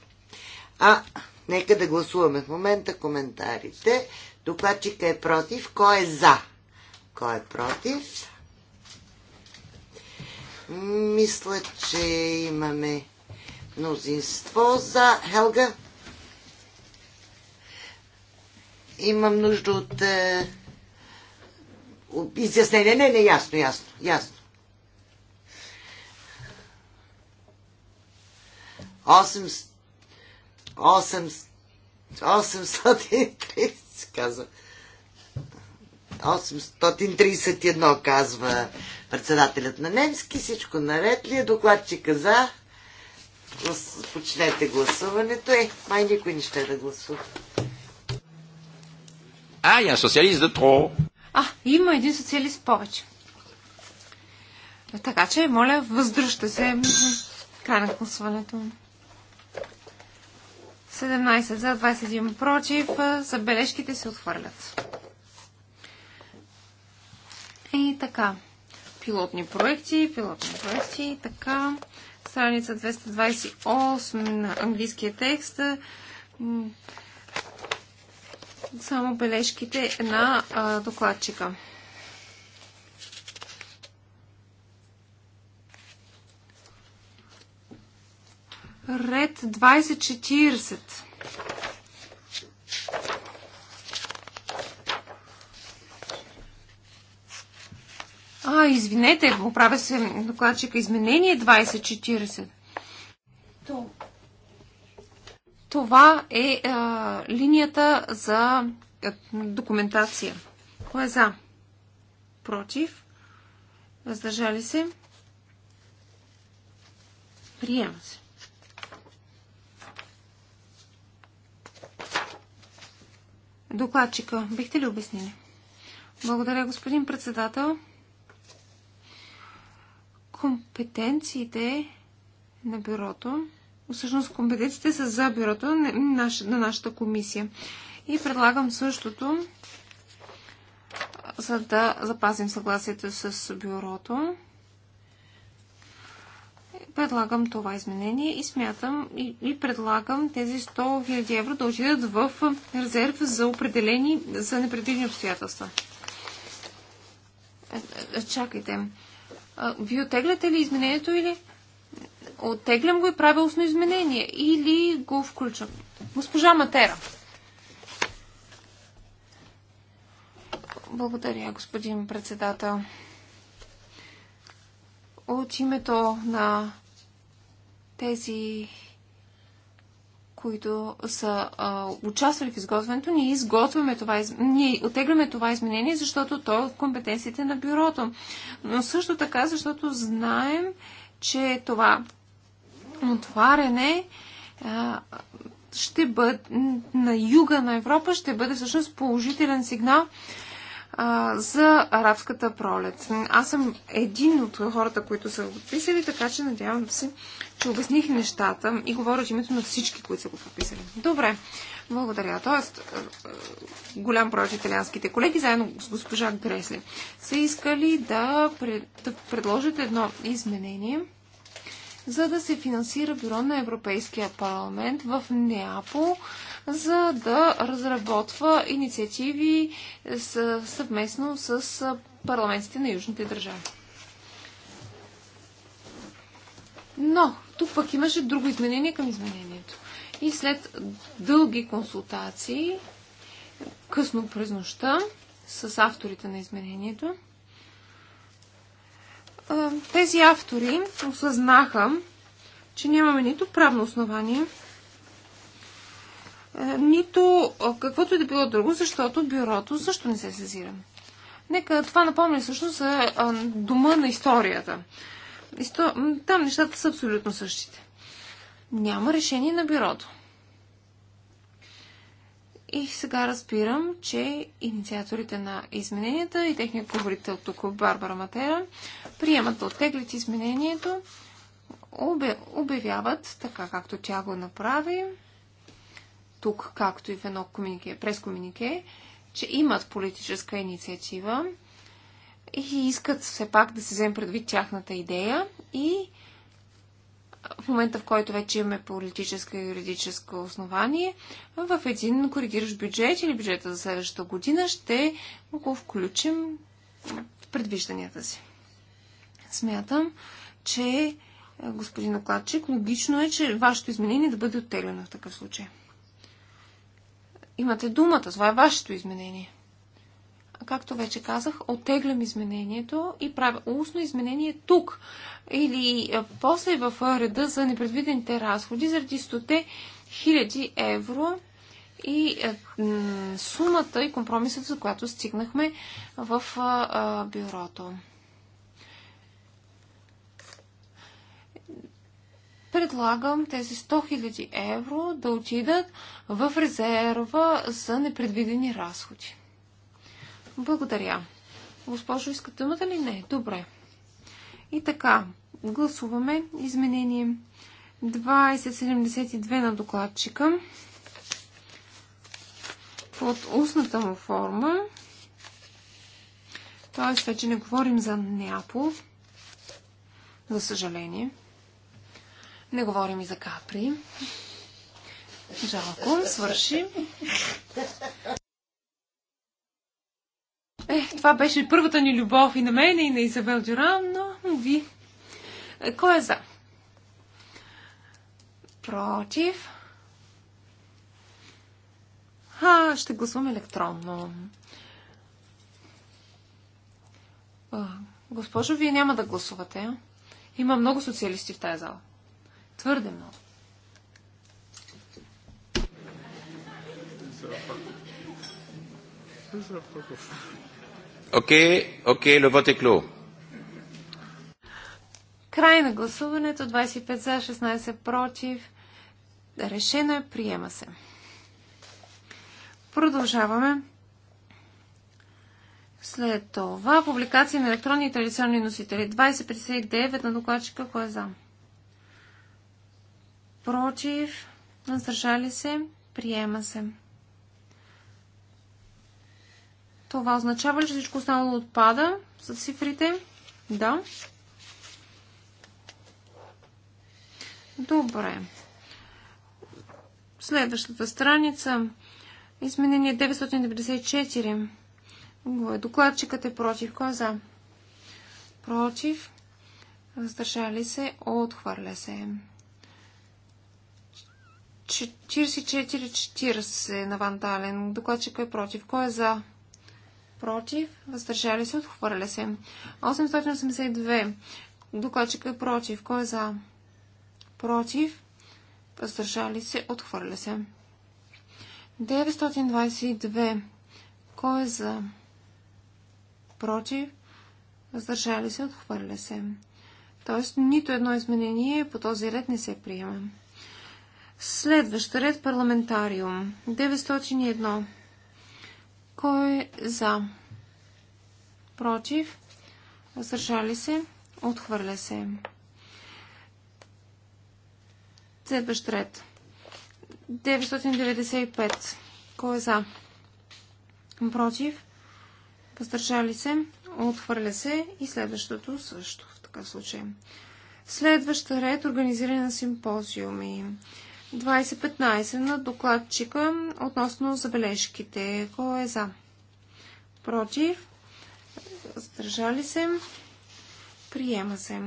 А, нека да гласуваме в момента коментарите. Докладчика е против, кой е за? Кой е против? Мисля, че имаме мнозинство за Хелга. имам нужда от е, изяснение. Не, не, ясно, ясно, ясно. 8, 830, казва. 831, казва председателят на немски. Всичко наред ли е? Докладчика за. Почнете гласуването. Е, май никой не ще е да гласува. А, я социалист да тро. А, има един социалист повече. Е, така че, моля, въздръжте се. Край на гласуването. 17 за, 21 против. Забележките се отхвърлят. И така. Пилотни проекти, пилотни проекти, така. Страница 228 на английския текст само бележките на докладчика. Ред 2040. А, извинете, поправя се докладчика. Изменение 2040. То. Това е а, линията за е, документация. Кой е за? Против? Въздържали се? Приема се. Докладчика, бихте ли обяснили? Благодаря, господин председател. Компетенциите на бюрото всъщност компетенциите са за бюрото на нашата комисия. И предлагам същото, за да запазим съгласието с бюрото. Предлагам това изменение и смятам и, предлагам тези 100 000 евро да отидат в резерв за определени, за непредвидени обстоятелства. Е, е, е, чакайте. Вие отегляте ли изменението или? Оттеглям го и правя устно изменение или го включвам. Госпожа Матера. Благодаря, господин председател. От името на тези, които са а, участвали в изготвянето, ние изготвяме това, из... ние отегляме това изменение, защото то е от компетенциите на бюрото. Но също така, защото знаем, че това отваряне ще бъде, на юга на Европа ще бъде всъщност положителен сигнал а, за арабската пролет. Аз съм един от хората, които са го подписали, така че надявам се, че обясних нещата и говоря от името на всички, които са го подписали. Добре, благодаря. Тоест, голям брой от италианските колеги, заедно с госпожа Гресли, са искали да, пред, да предложат едно изменение – за да се финансира бюро на Европейския парламент в Неапол, за да разработва инициативи съвместно с парламентите на южните държави. Но, тук пък имаше друго изменение към изменението. И след дълги консултации, късно през нощта, с авторите на изменението, тези автори осъзнаха, че нямаме нито правно основание, нито каквото и да било друго, защото бюрото също не се сезира. Нека това напомня всъщност за дома на историята. Там нещата са абсолютно същите. Няма решение на бюрото. И сега разбирам, че инициаторите на измененията и техният говорител тук Барбара Матера приемат да оттеглят изменението, обявяват, така както тя го направи, тук както и в едно комунике, през комунике, че имат политическа инициатива и искат все пак да се вземе предвид тяхната идея и в момента, в който вече имаме политическо и юридическо основание, в един коригиращ бюджет или бюджета за следващата година ще го включим в предвижданията си. Смятам, че е, господин Окладчик, логично е, че вашето изменение да бъде оттеглено в такъв случай. Имате думата, това е вашето изменение както вече казах, оттеглям изменението и правя устно изменение тук. Или е, после в реда за непредвидените разходи заради 100 000 евро и е, сумата и компромисът, за която стигнахме в е, бюрото. предлагам тези 100 000 евро да отидат в резерва за непредвидени разходи. Благодаря. Госпожо, искате думата ли? Не. Добре. И така, гласуваме изменение 2072 на докладчика под устната му форма. Т.е. вече не говорим за Неапол, за съжаление. Не говорим и за Капри. Жалко, свърши. Е, това беше първата ни любов и на мен, и на Изабел Дюран, но ви. Е, кой е за? Против. А, ще гласувам електронно. госпожо, вие няма да гласувате. Има много социалисти в тази зала. Твърде много. Запаков. ОК, ОК, le е клю. Край на гласуването. 25 за, 16 против. Решено е, приема се. Продължаваме. След това публикация на електронни и традиционни носители. 2059 на докладчика. Кой е за? Против. Въздържали се. Приема се. Това означава ли, че всичко останало отпада с цифрите? Да. Добре. Следващата страница. Изменение 994. Е. Докладчикът е против. Кой е за? Против. Въздържали се. Отхвърля се. 44-40 на Вандален. Докладчикът е против. Кой е за? против, въздържали се, отхвърля се. 882. Докладчика е против. Кой е за? Против, въздържали се, отхвърля се. 922. Кой е за? Против, въздържали се, отхвърля се. Тоест, нито едно изменение по този ред не се приема. Следващ ред парламентариум. 901. Кой е за? Против? Въздържали се? Отхвърля се. Следващ ред. 995. Кой е за? Против? Въздържали се? Отхвърля се. И следващото също в така случай. Следващ ред. Организиране на симпозиуми. 2015 на докладчика относно забележките. Кой е за? Против? Задържали се? Приема се.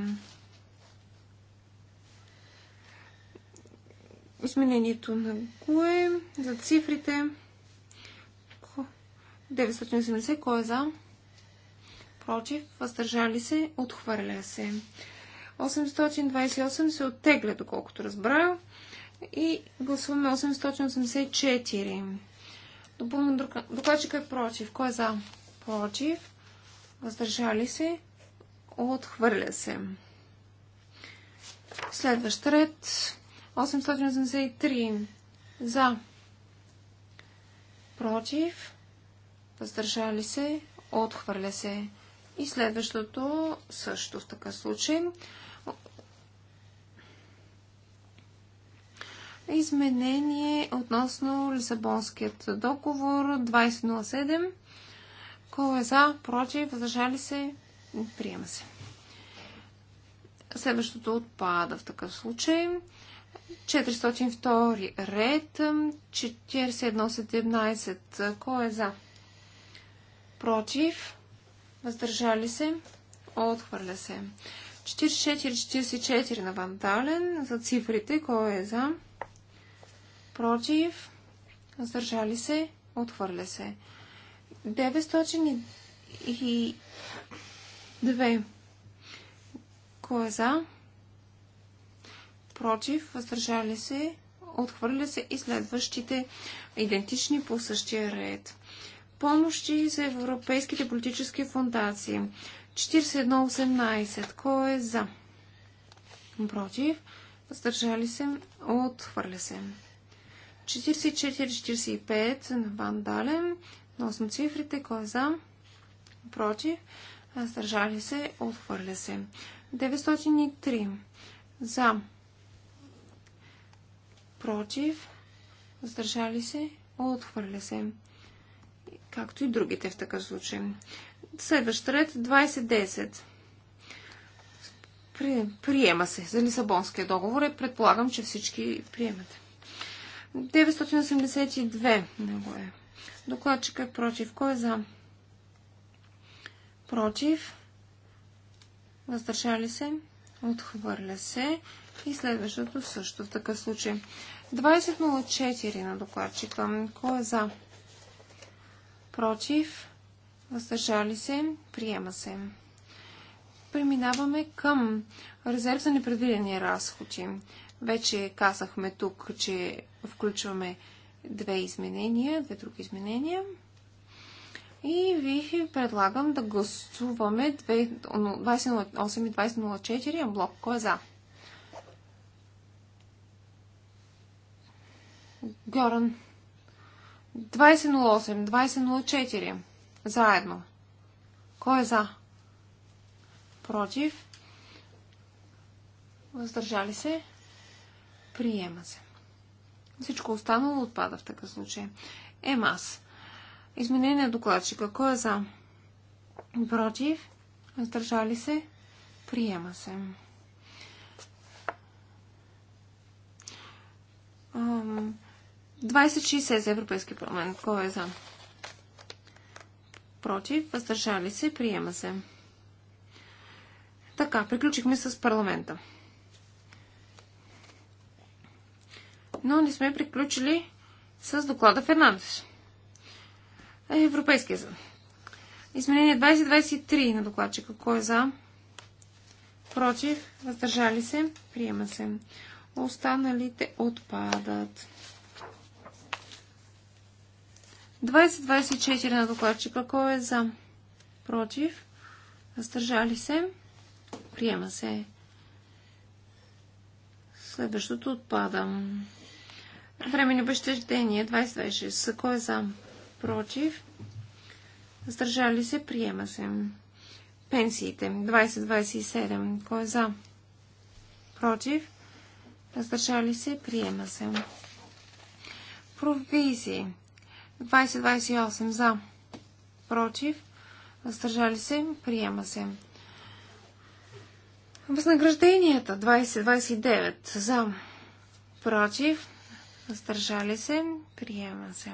Изменението на кое? За цифрите? 980. Кой е за? Против? Въздържали се? Отхвърля се. 828 се оттегля, доколкото разбрах. И гласуваме 884. Допълно докладчик е против. Кой е за? Против. Въздържали се. Отхвърля се. Следващ ред. 883. За. Против. Въздържали се. Отхвърля се. И следващото също в така случай. изменение относно Лисабонският договор 2007. Кой е за, против, въздържали се, приема се. Следващото отпада в такъв случай. 402 ред, 4117. Кой е за? Против, въздържали се, отхвърля се. 44-44 на Вандален за цифрите. Кой е за? против, въздържали се, отхвърля се. 902. Кой е за? Против, въздържали се, отхвърля се и следващите идентични по същия ред. Помощи за европейските политически фундации. 41.18. Кой е за? Против, въздържали се, отхвърля се. 44-45 на Ван Дален. Носно цифрите. Кой е за? Против. Сдържали се. Отхвърля се. 903. За. Против. Сдържали се. Отхвърля се. Както и другите в такъв случай. Следващ ред 2010. Приема се за Лисабонския договор е. предполагам, че всички приемате. 982 него е. Докладчик е против. Кой е за? Против. Въздържали се. Отхвърля се. И следващото също в такъв случай. 20.04 на докладчика. Кой е за? Против. Въздържали се. Приема се. Преминаваме към резерв за непредвидени разходи. Вече казахме тук, че включваме две изменения, две други изменения. И ви предлагам да гласуваме 2008 и 2004 блок. Кой е за? Горан. 2008, 2004. Заедно. Кой е за? Против. Въздържали се. Приема се. Всичко останало отпада в такъв случай. ЕМАС. Изменение на докладчика. Кой е за? Против? Въздържали се? Приема се. Ам... 2060 за Европейски парламент. Кой е за? Против? Въздържали се? Приема се. Така, приключихме с парламента. но не сме приключили с доклада Фернандес. Е, европейския съд. Изменение 2023 на докладчика. Кой е за? Против? Въздържали се? Приема се. Останалите отпадат. 2024 на докладчика. Кой е за? Против? Въздържали се? Приема се. Следващото отпадам. Времени обещеждение 26. За кой е за? Против. Сдържали се, приема се. Пенсиите 20-27. Кой е за? Против. Сдържали се, приема се. Провизии 20-28. За. Против. Сдържали се, приема се. Възнагражденията 20-29. За. Против въздържали се, приема се.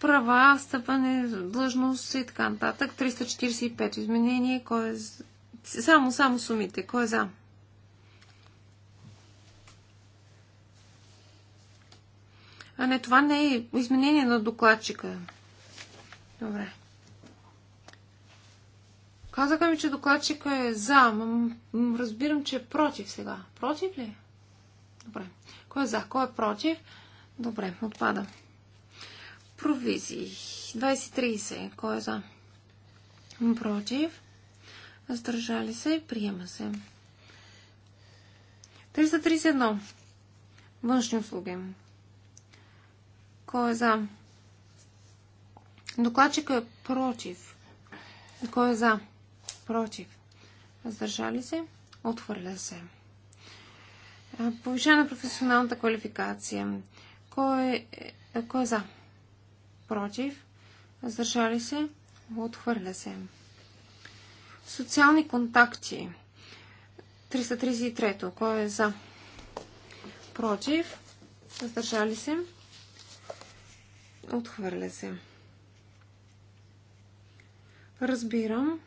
Права, стъпане, длъжност и така нататък. 345 изменение. Кой е... Само, само сумите. Кой е за? А не, това не е изменение на докладчика. Добре. Казаха ми, че докладчика е за. Разбирам, че е против сега. Против ли? Добре. Кой е за? Кой е против? Добре, отпада. Провизии. 20-30. Кой е за? Против. Сдържали се. Приема се. 331. Външни услуги. Кой е за? Докладчикът е против. Кой е за? Против. Сдържали се. Отвърля се. Повишена на професионалната квалификация. Кой е, е, кой е за? Против? Задържали се? Отхвърля се. Социални контакти. 333. Кой е за? Против? Задържали се? Отхвърля се. Разбирам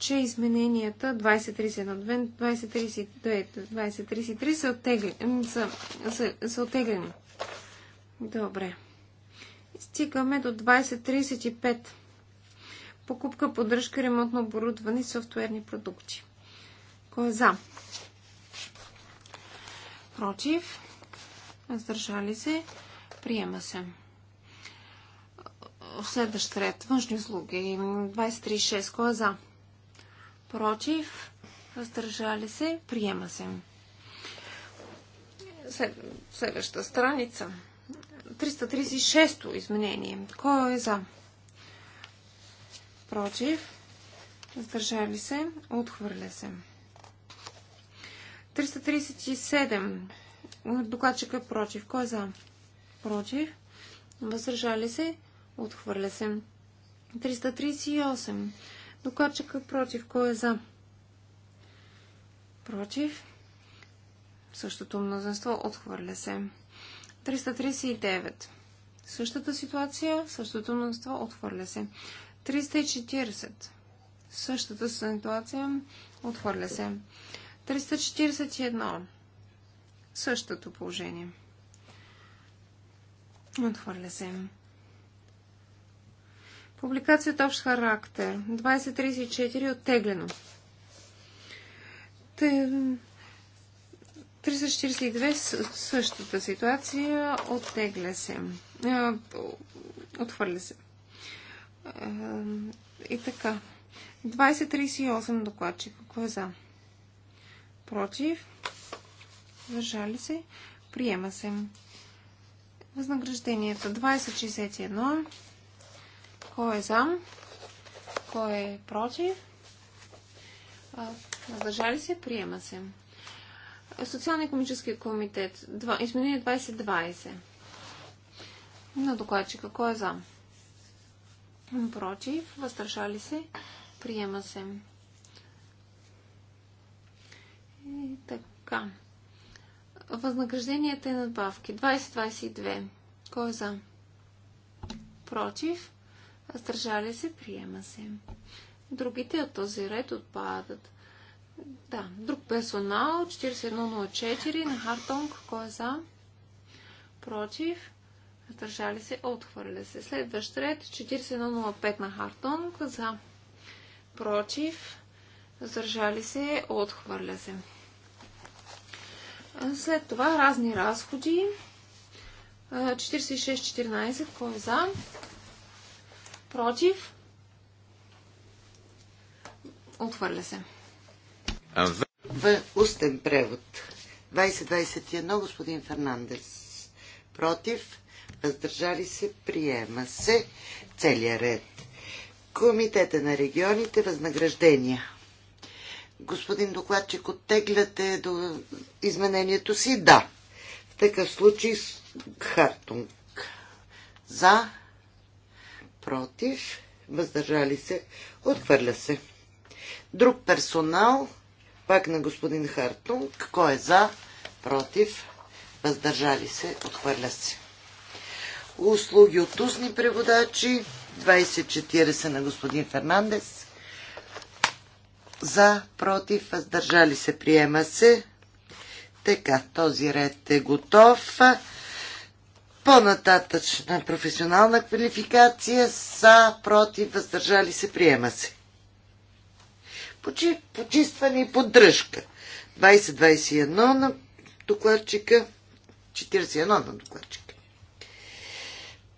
че измененията 2031, 2032, 2033 са, оттегли, са, са, са оттеглени. Добре. Стигаме до 2035. Покупка, поддръжка, ремонтно оборудване и софтуерни продукти. Кой е за? Против? Въздържали се? Приема се. Следващ ред. Външни услуги. 236. Кой е за? против, въздържали се, приема се. След, следваща страница. 336-то изменение. Кой е за? Против, въздържали се, отхвърля се. 337. Докладчик е против. Кой е за? Против. Въздържали се. Отхвърля се. 338. Докладчика против. Кой е за? Против. Същото мнозинство отхвърля се. 339. Същата ситуация, същото мнозинство отхвърля се. 340. Същата ситуация отхвърля се. 341. Същото положение. Отхвърля се. Публикация е от общ характер. 2034 е оттеглено. 342 е същата ситуация оттегля се. Отхвърля се. И така. 2038 докладчик. Какво е за? Против. Въжали се. Приема се. Възнаграждението 2061. Кой е за? Кой е против? Въздържали се? Приема се. Социално-економически комитет. Изменение 2020. На докладчика. Кой е за? Против? Въздържали се? Приема се. И така. Възнагражденията и надбавки. 2022. Кой е за? Против? Сдържали се, приема се. Другите от този ред отпадат. Да, друг персонал, 4104 на Хартонг, кой е за? Против. Въздържали се, отхвърля се. Следващ ред, 4105 на Хартонг, за? Против. Въздържали се, отхвърля се. След това разни разходи. 46-14, кой е за? Против? Отхвърля се. В устен превод. 2021 господин Фернандес. Против? Въздържали се? Приема се целият ред. Комитета на регионите възнаграждения. Господин докладчик, оттегляте до изменението си? Да. В такъв случай Хартунг. За, против, въздържали се, отхвърля се. Друг персонал, пак на господин Хартунг, кой е за, против, въздържали се, отхвърля се. Услуги от устни преводачи, 2040 на господин Фернандес. За, против, въздържали се, приема се. Така, този ред е готов по-нататъчна професионална квалификация са против, въздържали се, приема се. Почи, почистване и поддръжка. 20-21 на докладчика, 41 на докладчика.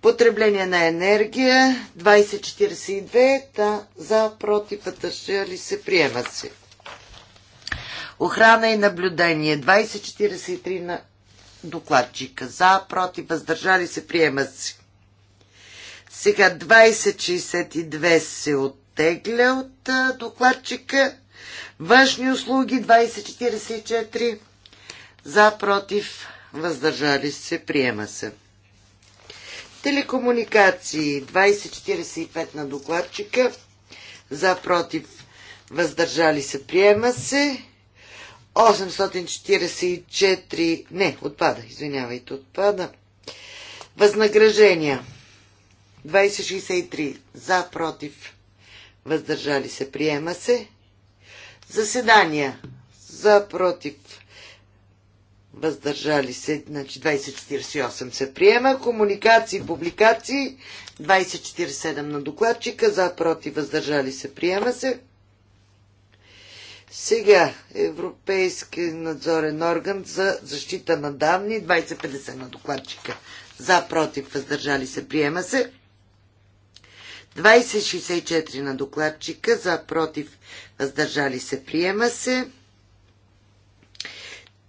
Потребление на енергия 2042, та за, против, въздържали се, приема се. Охрана и наблюдение 2043 на докладчика. За, против, въздържали се, приема се. Сега 2062 се оттегля от докладчика. Външни услуги 2044. За, против, въздържали се, приема се. Телекомуникации 2045 на докладчика. За, против, въздържали се, приема се. 844, не, отпада, извинявайте, отпада. Възнаграждения. 2063. За, против. Въздържали се. Приема се. Заседания. За, против. Въздържали се. Значи 2048 се приема. Комуникации, публикации. 2047 на докладчика. За, против. Въздържали се. Приема се. Сега Европейски надзорен орган за защита на данни 2050 на докладчика. За, против, въздържали се, приема се. 2064 на докладчика. За, против, въздържали се, приема се.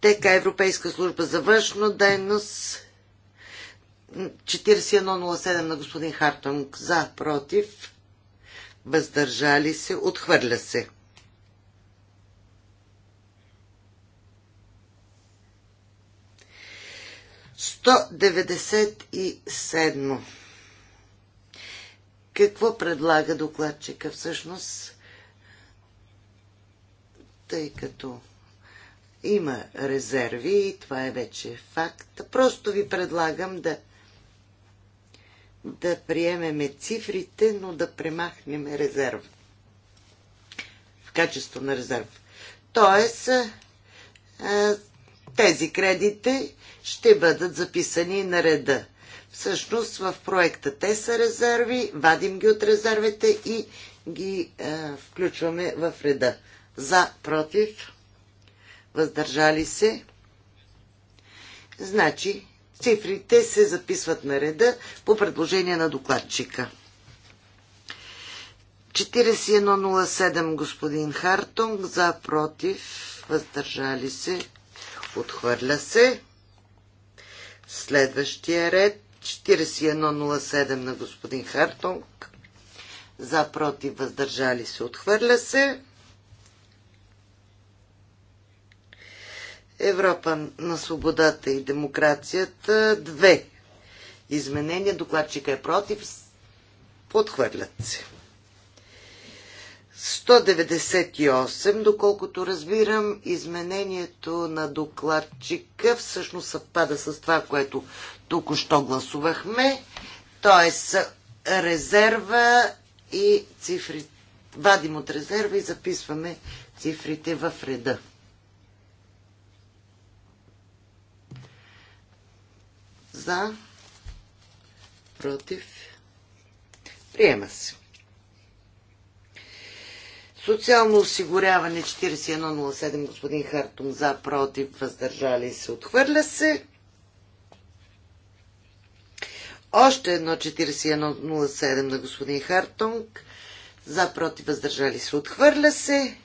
Така Европейска служба за външно дейност 4107 на господин Хартонг. За, против, въздържали се, отхвърля се. 197. Какво предлага докладчика всъщност? Тъй като има резерви и това е вече факт. Просто ви предлагам да да приемеме цифрите, но да премахнем резерв. В качество на резерв. Тоест, тези кредити ще бъдат записани на реда. Всъщност в проекта те са резерви, вадим ги от резервите и ги е, включваме в реда. За, против, въздържали се. Значи, цифрите се записват на реда по предложение на докладчика. 4107 господин Хартунг, за, против, въздържали се, отхвърля се. Следващия ред 4107 на господин Хартонг. За против въздържали се отхвърля се. Европа на свободата и демокрацията две изменения. Докладчика е против. Подхвърлят се. 198, доколкото разбирам, изменението на докладчика всъщност съвпада с това, което току-що гласувахме, т.е. резерва и цифри. Вадим от резерва и записваме цифрите в реда. За, против, приема се. Социално осигуряване 4107, господин Хартум, за, против, въздържали се, отхвърля се. Още едно 4107 на господин Хартунг. За, против, въздържали се, отхвърля се.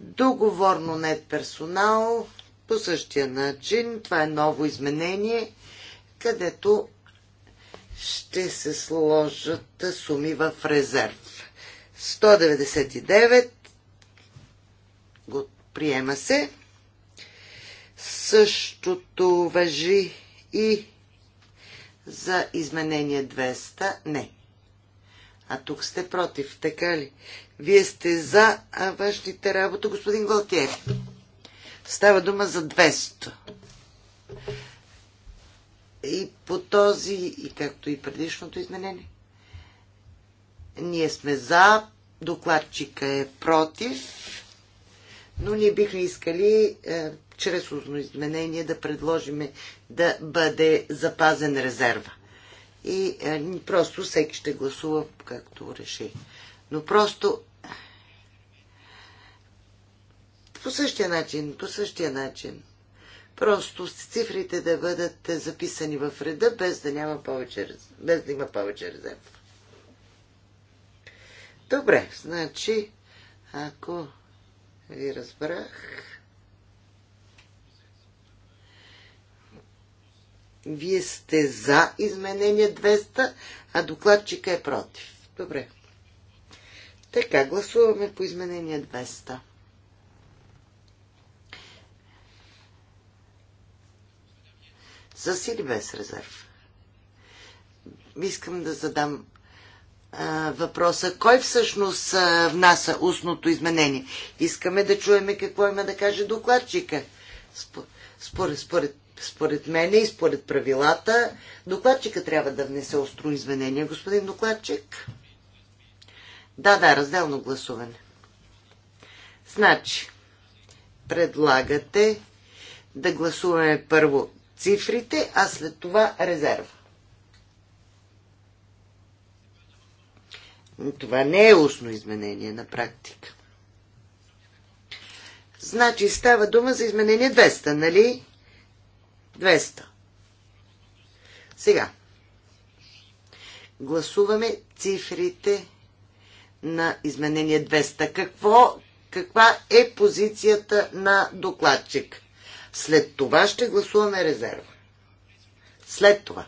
Договорно нет персонал по същия начин. Това е ново изменение, където ще се сложат суми в резерв. 199 го приема се. Същото въжи и за изменение 200. Не. А тук сте против, така ли? Вие сте за външните работи, господин Галтиев. Става дума за 200. И по този, и както и предишното изменение. Ние сме за, докладчика е против, но ние бихме искали е, чрез устно изменение да предложиме да бъде запазен резерва. И е, просто всеки ще гласува както реши. Но просто по същия начин, по същия начин. Просто с цифрите да бъдат записани в реда, без да, няма повече, без да има повече резерва. Добре, значи, ако ви разбрах, вие сте за изменение 200, а докладчика е против. Добре. Така, гласуваме по изменение 200. С или без резерв? Искам да задам въпроса кой всъщност внася устното изменение. Искаме да чуеме какво има да каже докладчика. Според, според, според мене и според правилата, докладчика трябва да внесе остро изменение. Господин докладчик? Да, да, разделно гласуване. Значи, предлагате да гласуваме първо цифрите, а след това резерва. Това не е устно изменение на практика. Значи става дума за изменение 200, нали? 200. Сега. Гласуваме цифрите на изменение 200. Какво, каква е позицията на докладчик? След това ще гласуваме резерва. След това.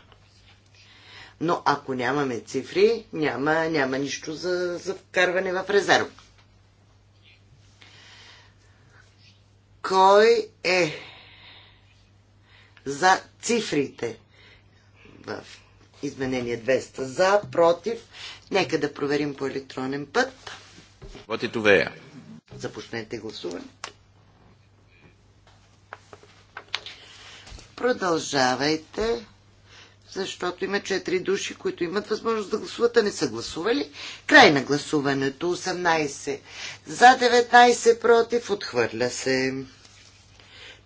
Но ако нямаме цифри, няма, няма нищо за, за вкарване в резерв. Кой е за цифрите в изменение 200? За, против? Нека да проверим по електронен път. Вот и това Започнете гласуване. Продължавайте защото има четири души, които имат възможност да гласуват, а не са гласували. Край на гласуването 18 за 19 против отхвърля се.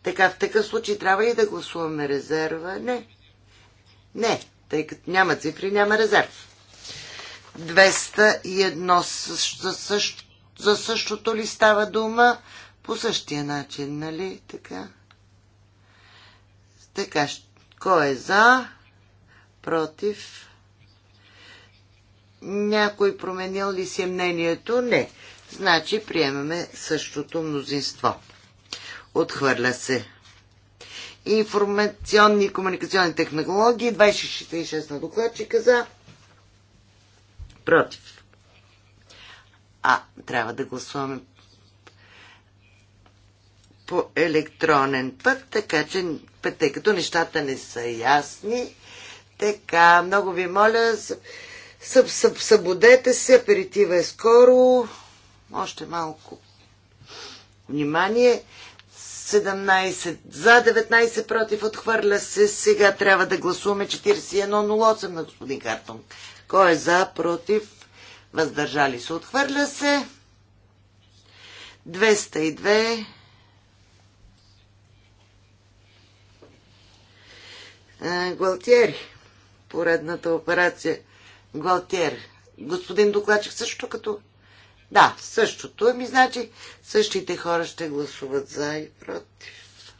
Така, в такъв случай трябва ли да гласуваме резерва? Не. Не, тъй като няма цифри, няма резерв. 201 за същото ли става дума? По същия начин, нали? Така. Така, кой е за? против. Някой променил ли си мнението? Не. Значи приемаме същото мнозинство. Отхвърля се. Информационни и комуникационни технологии 26 на докладчика за против. А, трябва да гласуваме по електронен път, така че, тъй като нещата не са ясни, така, много ви моля, събудете се, аперитива е скоро. Още малко внимание. 17 за, 19 против, отхвърля се. Сега трябва да гласуваме 41.08 на господин Картон. Кой е за, против, въздържали се, отхвърля се. 202. Е, Гвалтиери поредната операция. Галтер. господин докладчик, също като... Да, същото. Ами, значи, същите хора ще гласуват за и против.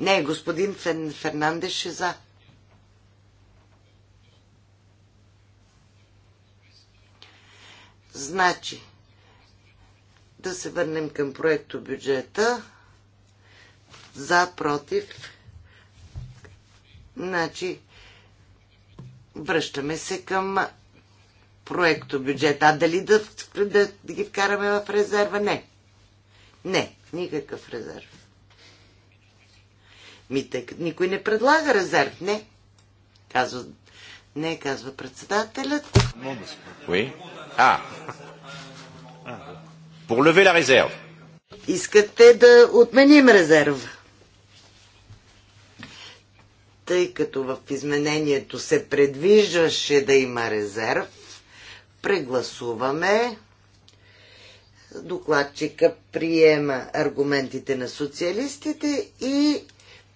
Не, господин Фен... Фернандеш е за. Значи, да се върнем към проекто бюджета. За, против, Значи, връщаме се към проекто бюджет. А дали да, да, да ги вкараме в резерва? Не. Не, никакъв резерв. Ми, никой не предлага резерв, не. Казва, не, казва председателят. Oui. А. Pour lever la réserve. Искате да отменим резерва тъй като в изменението се предвиждаше да има резерв, прегласуваме. Докладчика приема аргументите на социалистите и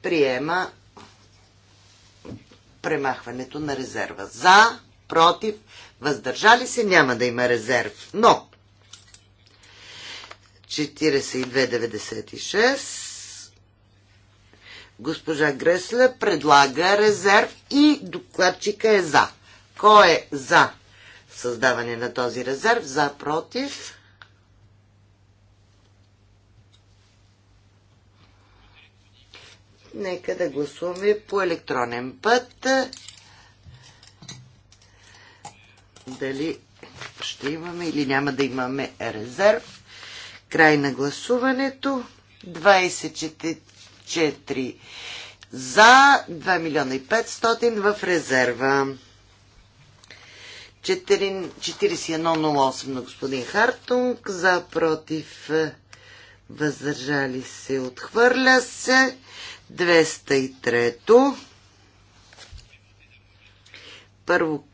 приема премахването на резерва. За, против, въздържали се, няма да има резерв. Но 4296 Госпожа Гресле предлага резерв и докладчика е за. Кой е за създаване на този резерв? За, против? Нека да гласуваме по електронен път. Дали ще имаме или няма да имаме резерв. Край на гласуването. 24 4 за 2 милиона и 500 в резерва. 4108 на господин Хартунг за против въздържали се отхвърля се 203 първо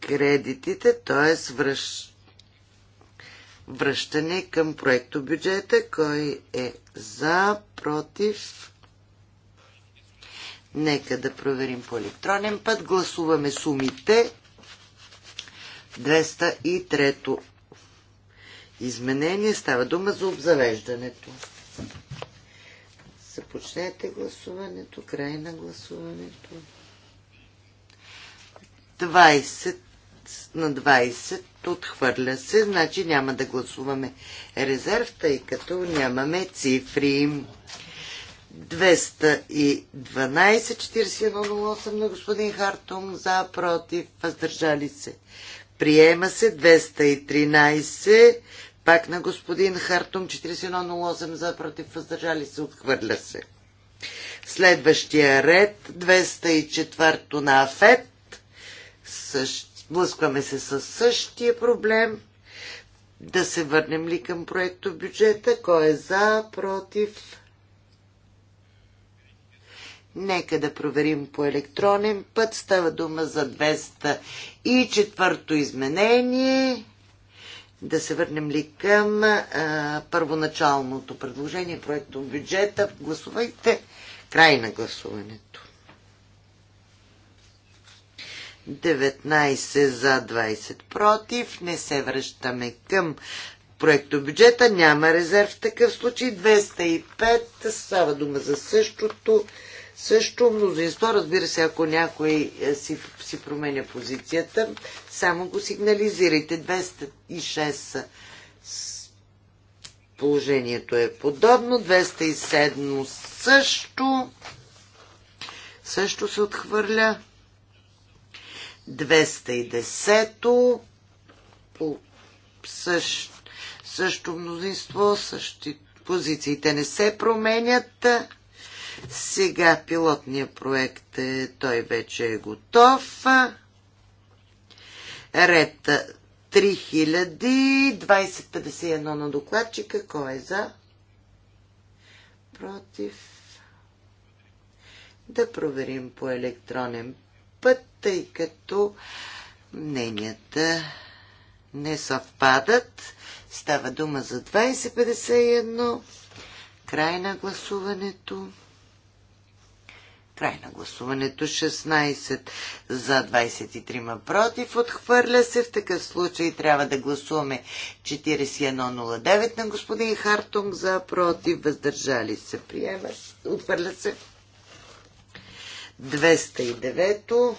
кредитите, т.е. връщ връщане към проекто бюджета. Кой е за, против? Нека да проверим по електронен път. Гласуваме сумите. 203-то изменение. Става дума за обзавеждането. Започнете гласуването, край на гласуването. 20 на 20 отхвърля се, значи няма да гласуваме резерв, тъй като нямаме цифри. 212-4108 на господин Хартум за, против, въздържали се. Приема се 213, пак на господин Хартум 4108 за, против, въздържали се, отхвърля се. Следващия ред 204 на Афет, също Сблъскваме се с същия проблем. Да се върнем ли към проекто бюджета? Кой е за, против? Нека да проверим по електронен път. Става дума за 204 изменение. Да се върнем ли към а, първоначалното предложение, проекто бюджета. Гласувайте край на гласуването. 19 за 20 против. Не се връщаме към проекто бюджета. Няма резерв в такъв случай. 205 става дума за същото. Също мнозинство, разбира се, ако някой е, си, си променя позицията, само го сигнализирайте. 206 положението е подобно. 207 също. Също се отхвърля. 210-то, по също, също мнозинство, същи позициите не се променят. Сега пилотният проект е, той вече е готов. Ред 3021 на докладчика. Кой е за? Против. Да проверим по електронен път тъй като мненията не съвпадат. Става дума за 2051. Край на гласуването. Край на гласуването 16 за 23 против. Отхвърля се. В такъв случай трябва да гласуваме 4109 на господин Хартунг за против. Въздържали се. Приема. Отхвърля се. 209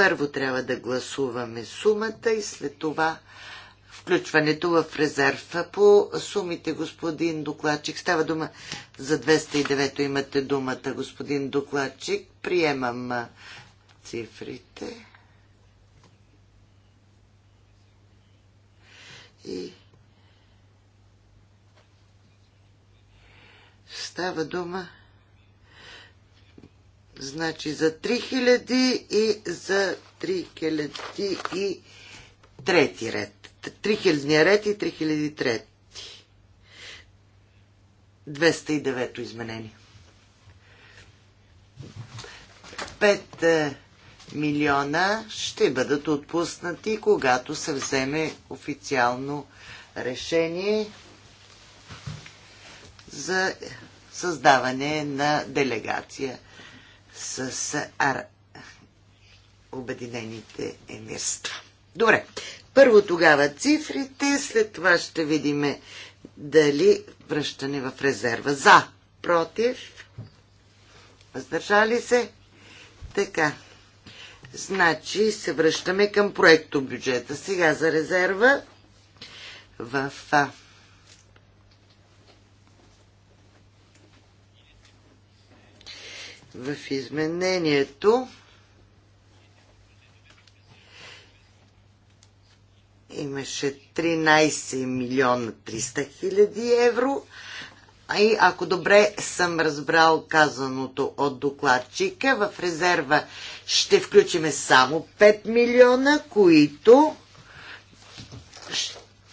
Първо трябва да гласуваме сумата и след това включването в резерв. По сумите, господин докладчик, става дума за 209 имате думата, господин докладчик. Приемам цифрите. И става дума Значи за 3000 и за 3000 и трети ред. 3000 ред и 3003. 209 изменение. 5 е, милиона ще бъдат отпуснати, когато се вземе официално решение за създаване на делегация с ар... Обединените емирства. Добре. Първо тогава цифрите, след това ще видим дали връщане в резерва. За, против, въздържали се. Така. Значи се връщаме към проекто бюджета. Сега за резерва в В изменението имаше 13 милиона 300 хиляди евро. А и ако добре съм разбрал казаното от докладчика, в резерва ще включиме само 5 милиона, които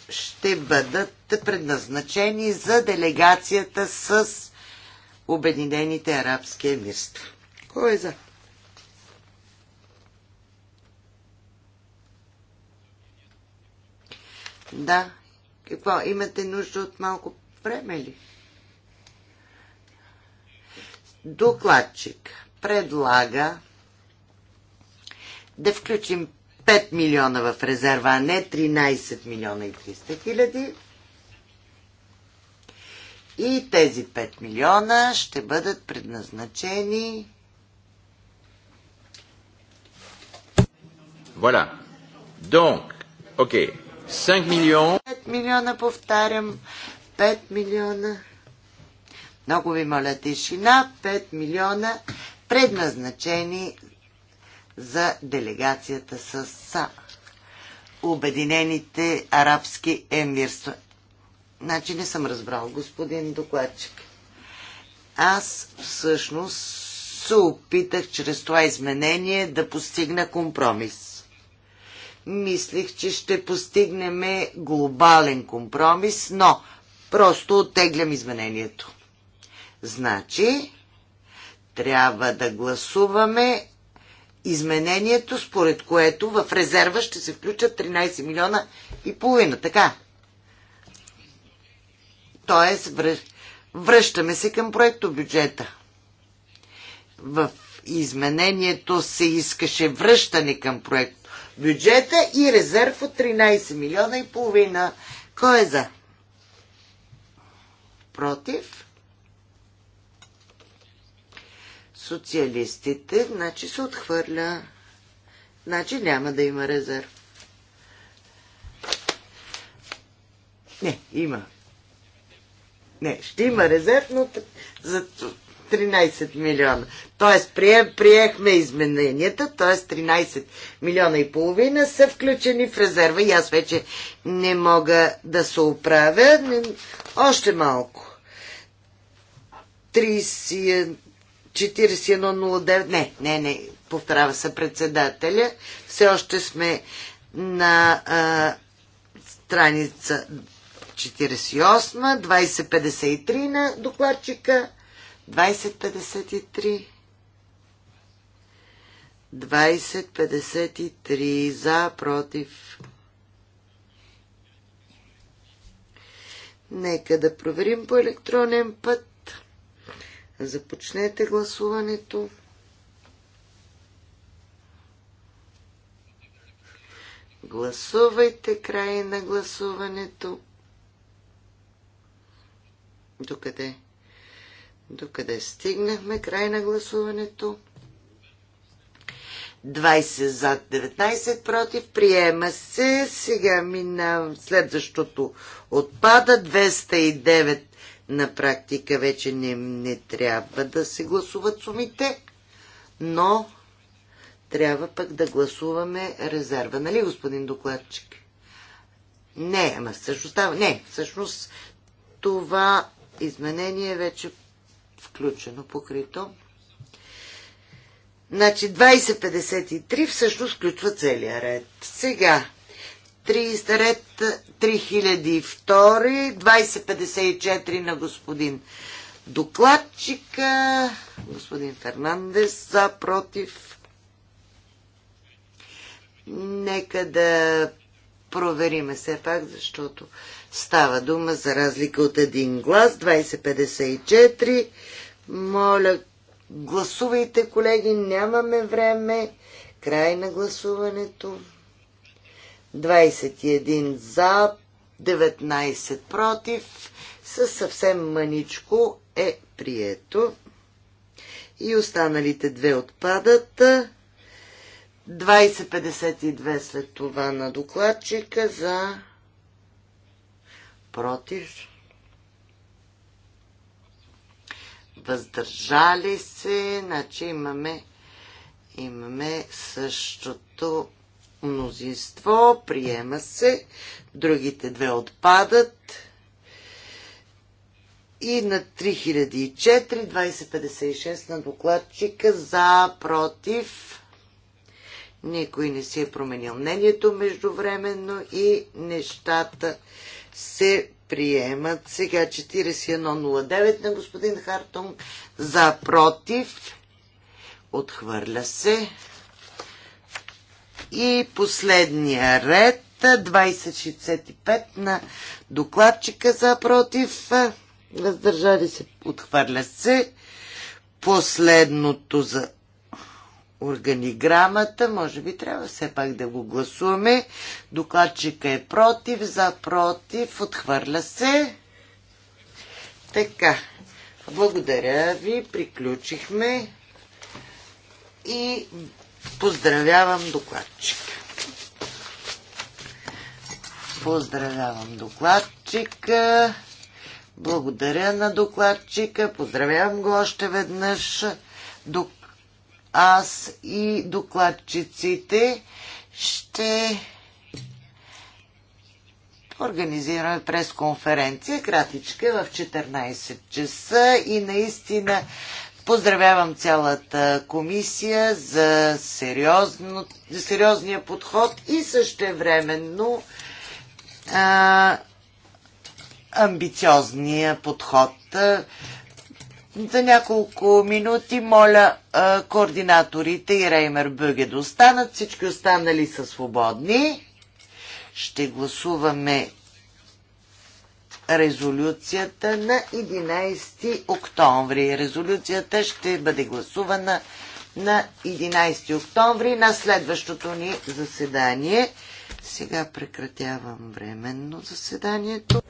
ще бъдат предназначени за делегацията с Обединените арабски емирства. Кой е за? Да. Какво? Имате нужда от малко време ли? Докладчик предлага да включим 5 милиона в резерва, а не 13 милиона и 300 хиляди. И тези 5 милиона ще бъдат предназначени. Voilà. Donc, ok. 5 милиона. 5 милиона, повтарям. 5 милиона. Много ви моля тишина. 5 милиона предназначени за делегацията с Обединените арабски емирства. Значи не съм разбрал, господин докладчик. Аз всъщност се опитах чрез това изменение да постигна компромис. Мислих, че ще постигнем глобален компромис, но просто оттеглям изменението. Значи, трябва да гласуваме изменението, според което в резерва ще се включат 13 милиона и половина. Така. Тоест, връщаме се към проекто бюджета. В изменението се искаше връщане към проект бюджета и резерв от 13 милиона и половина. Кой е за? Против? Социалистите, значи се отхвърля. Значи няма да има резерв. Не, има. Не, ще има резерв, но за 13 милиона. Тоест, прие, приехме измененията, т.е. 13 милиона и половина са включени в резерва и аз вече не мога да се оправя. Не, още малко. 30, 4109, не, не, не, повтарява се председателя. Все още сме на а, страница 48, 2053 на докладчика, 2053. 2053 за, против. Нека да проверим по електронен път. Започнете гласуването. Гласувайте край на гласуването. Докъде? Докъде стигнахме? Край на гласуването. 20 за 19 против. Приема се. Сега минавам следващото отпада. 209 на практика вече не, не трябва да се гласуват сумите, но трябва пък да гласуваме резерва. Нали, господин докладчик? Не, ама всъщност става. Не, всъщност това изменение вече включено, покрито. Значи 2053 всъщност включва целия ред. Сега 30 ред 3002, 2054 на господин докладчика, господин Фернандес, за, против. Нека да провериме все пак, защото Става дума за разлика от един глас. 2054. Моля, гласувайте, колеги. Нямаме време. Край на гласуването. 21 за, 19 против. Със съвсем мъничко е прието. И останалите две отпадат. 2052 след това на докладчика за против, въздържали се, значи имаме, имаме същото мнозинство, приема се, другите две отпадат и на 3004, 2056 на докладчика за, против, никой не си е променил мнението междувременно и нещата се приемат. Сега 4109 на господин Хартунг за против. Отхвърля се. И последния ред 2065 на докладчика за против. Въздържали се. Отхвърля се. Последното за органиграмата, може би трябва все пак да го гласуваме. Докладчика е против, за против, отхвърля се. Така, благодаря ви, приключихме и поздравявам докладчика. Поздравявам докладчика. Благодаря на докладчика. Поздравявам го още веднъж. Док аз и докладчиците ще организираме пресконференция, кратичка, в 14 часа и наистина поздравявам цялата комисия за, сериозно, за сериозния подход и същевременно а, амбициозния подход. За няколко минути моля координаторите и Реймер Бъге да останат. Всички останали са свободни. Ще гласуваме резолюцията на 11 октомври. Резолюцията ще бъде гласувана на 11 октомври на следващото ни заседание. Сега прекратявам временно заседанието.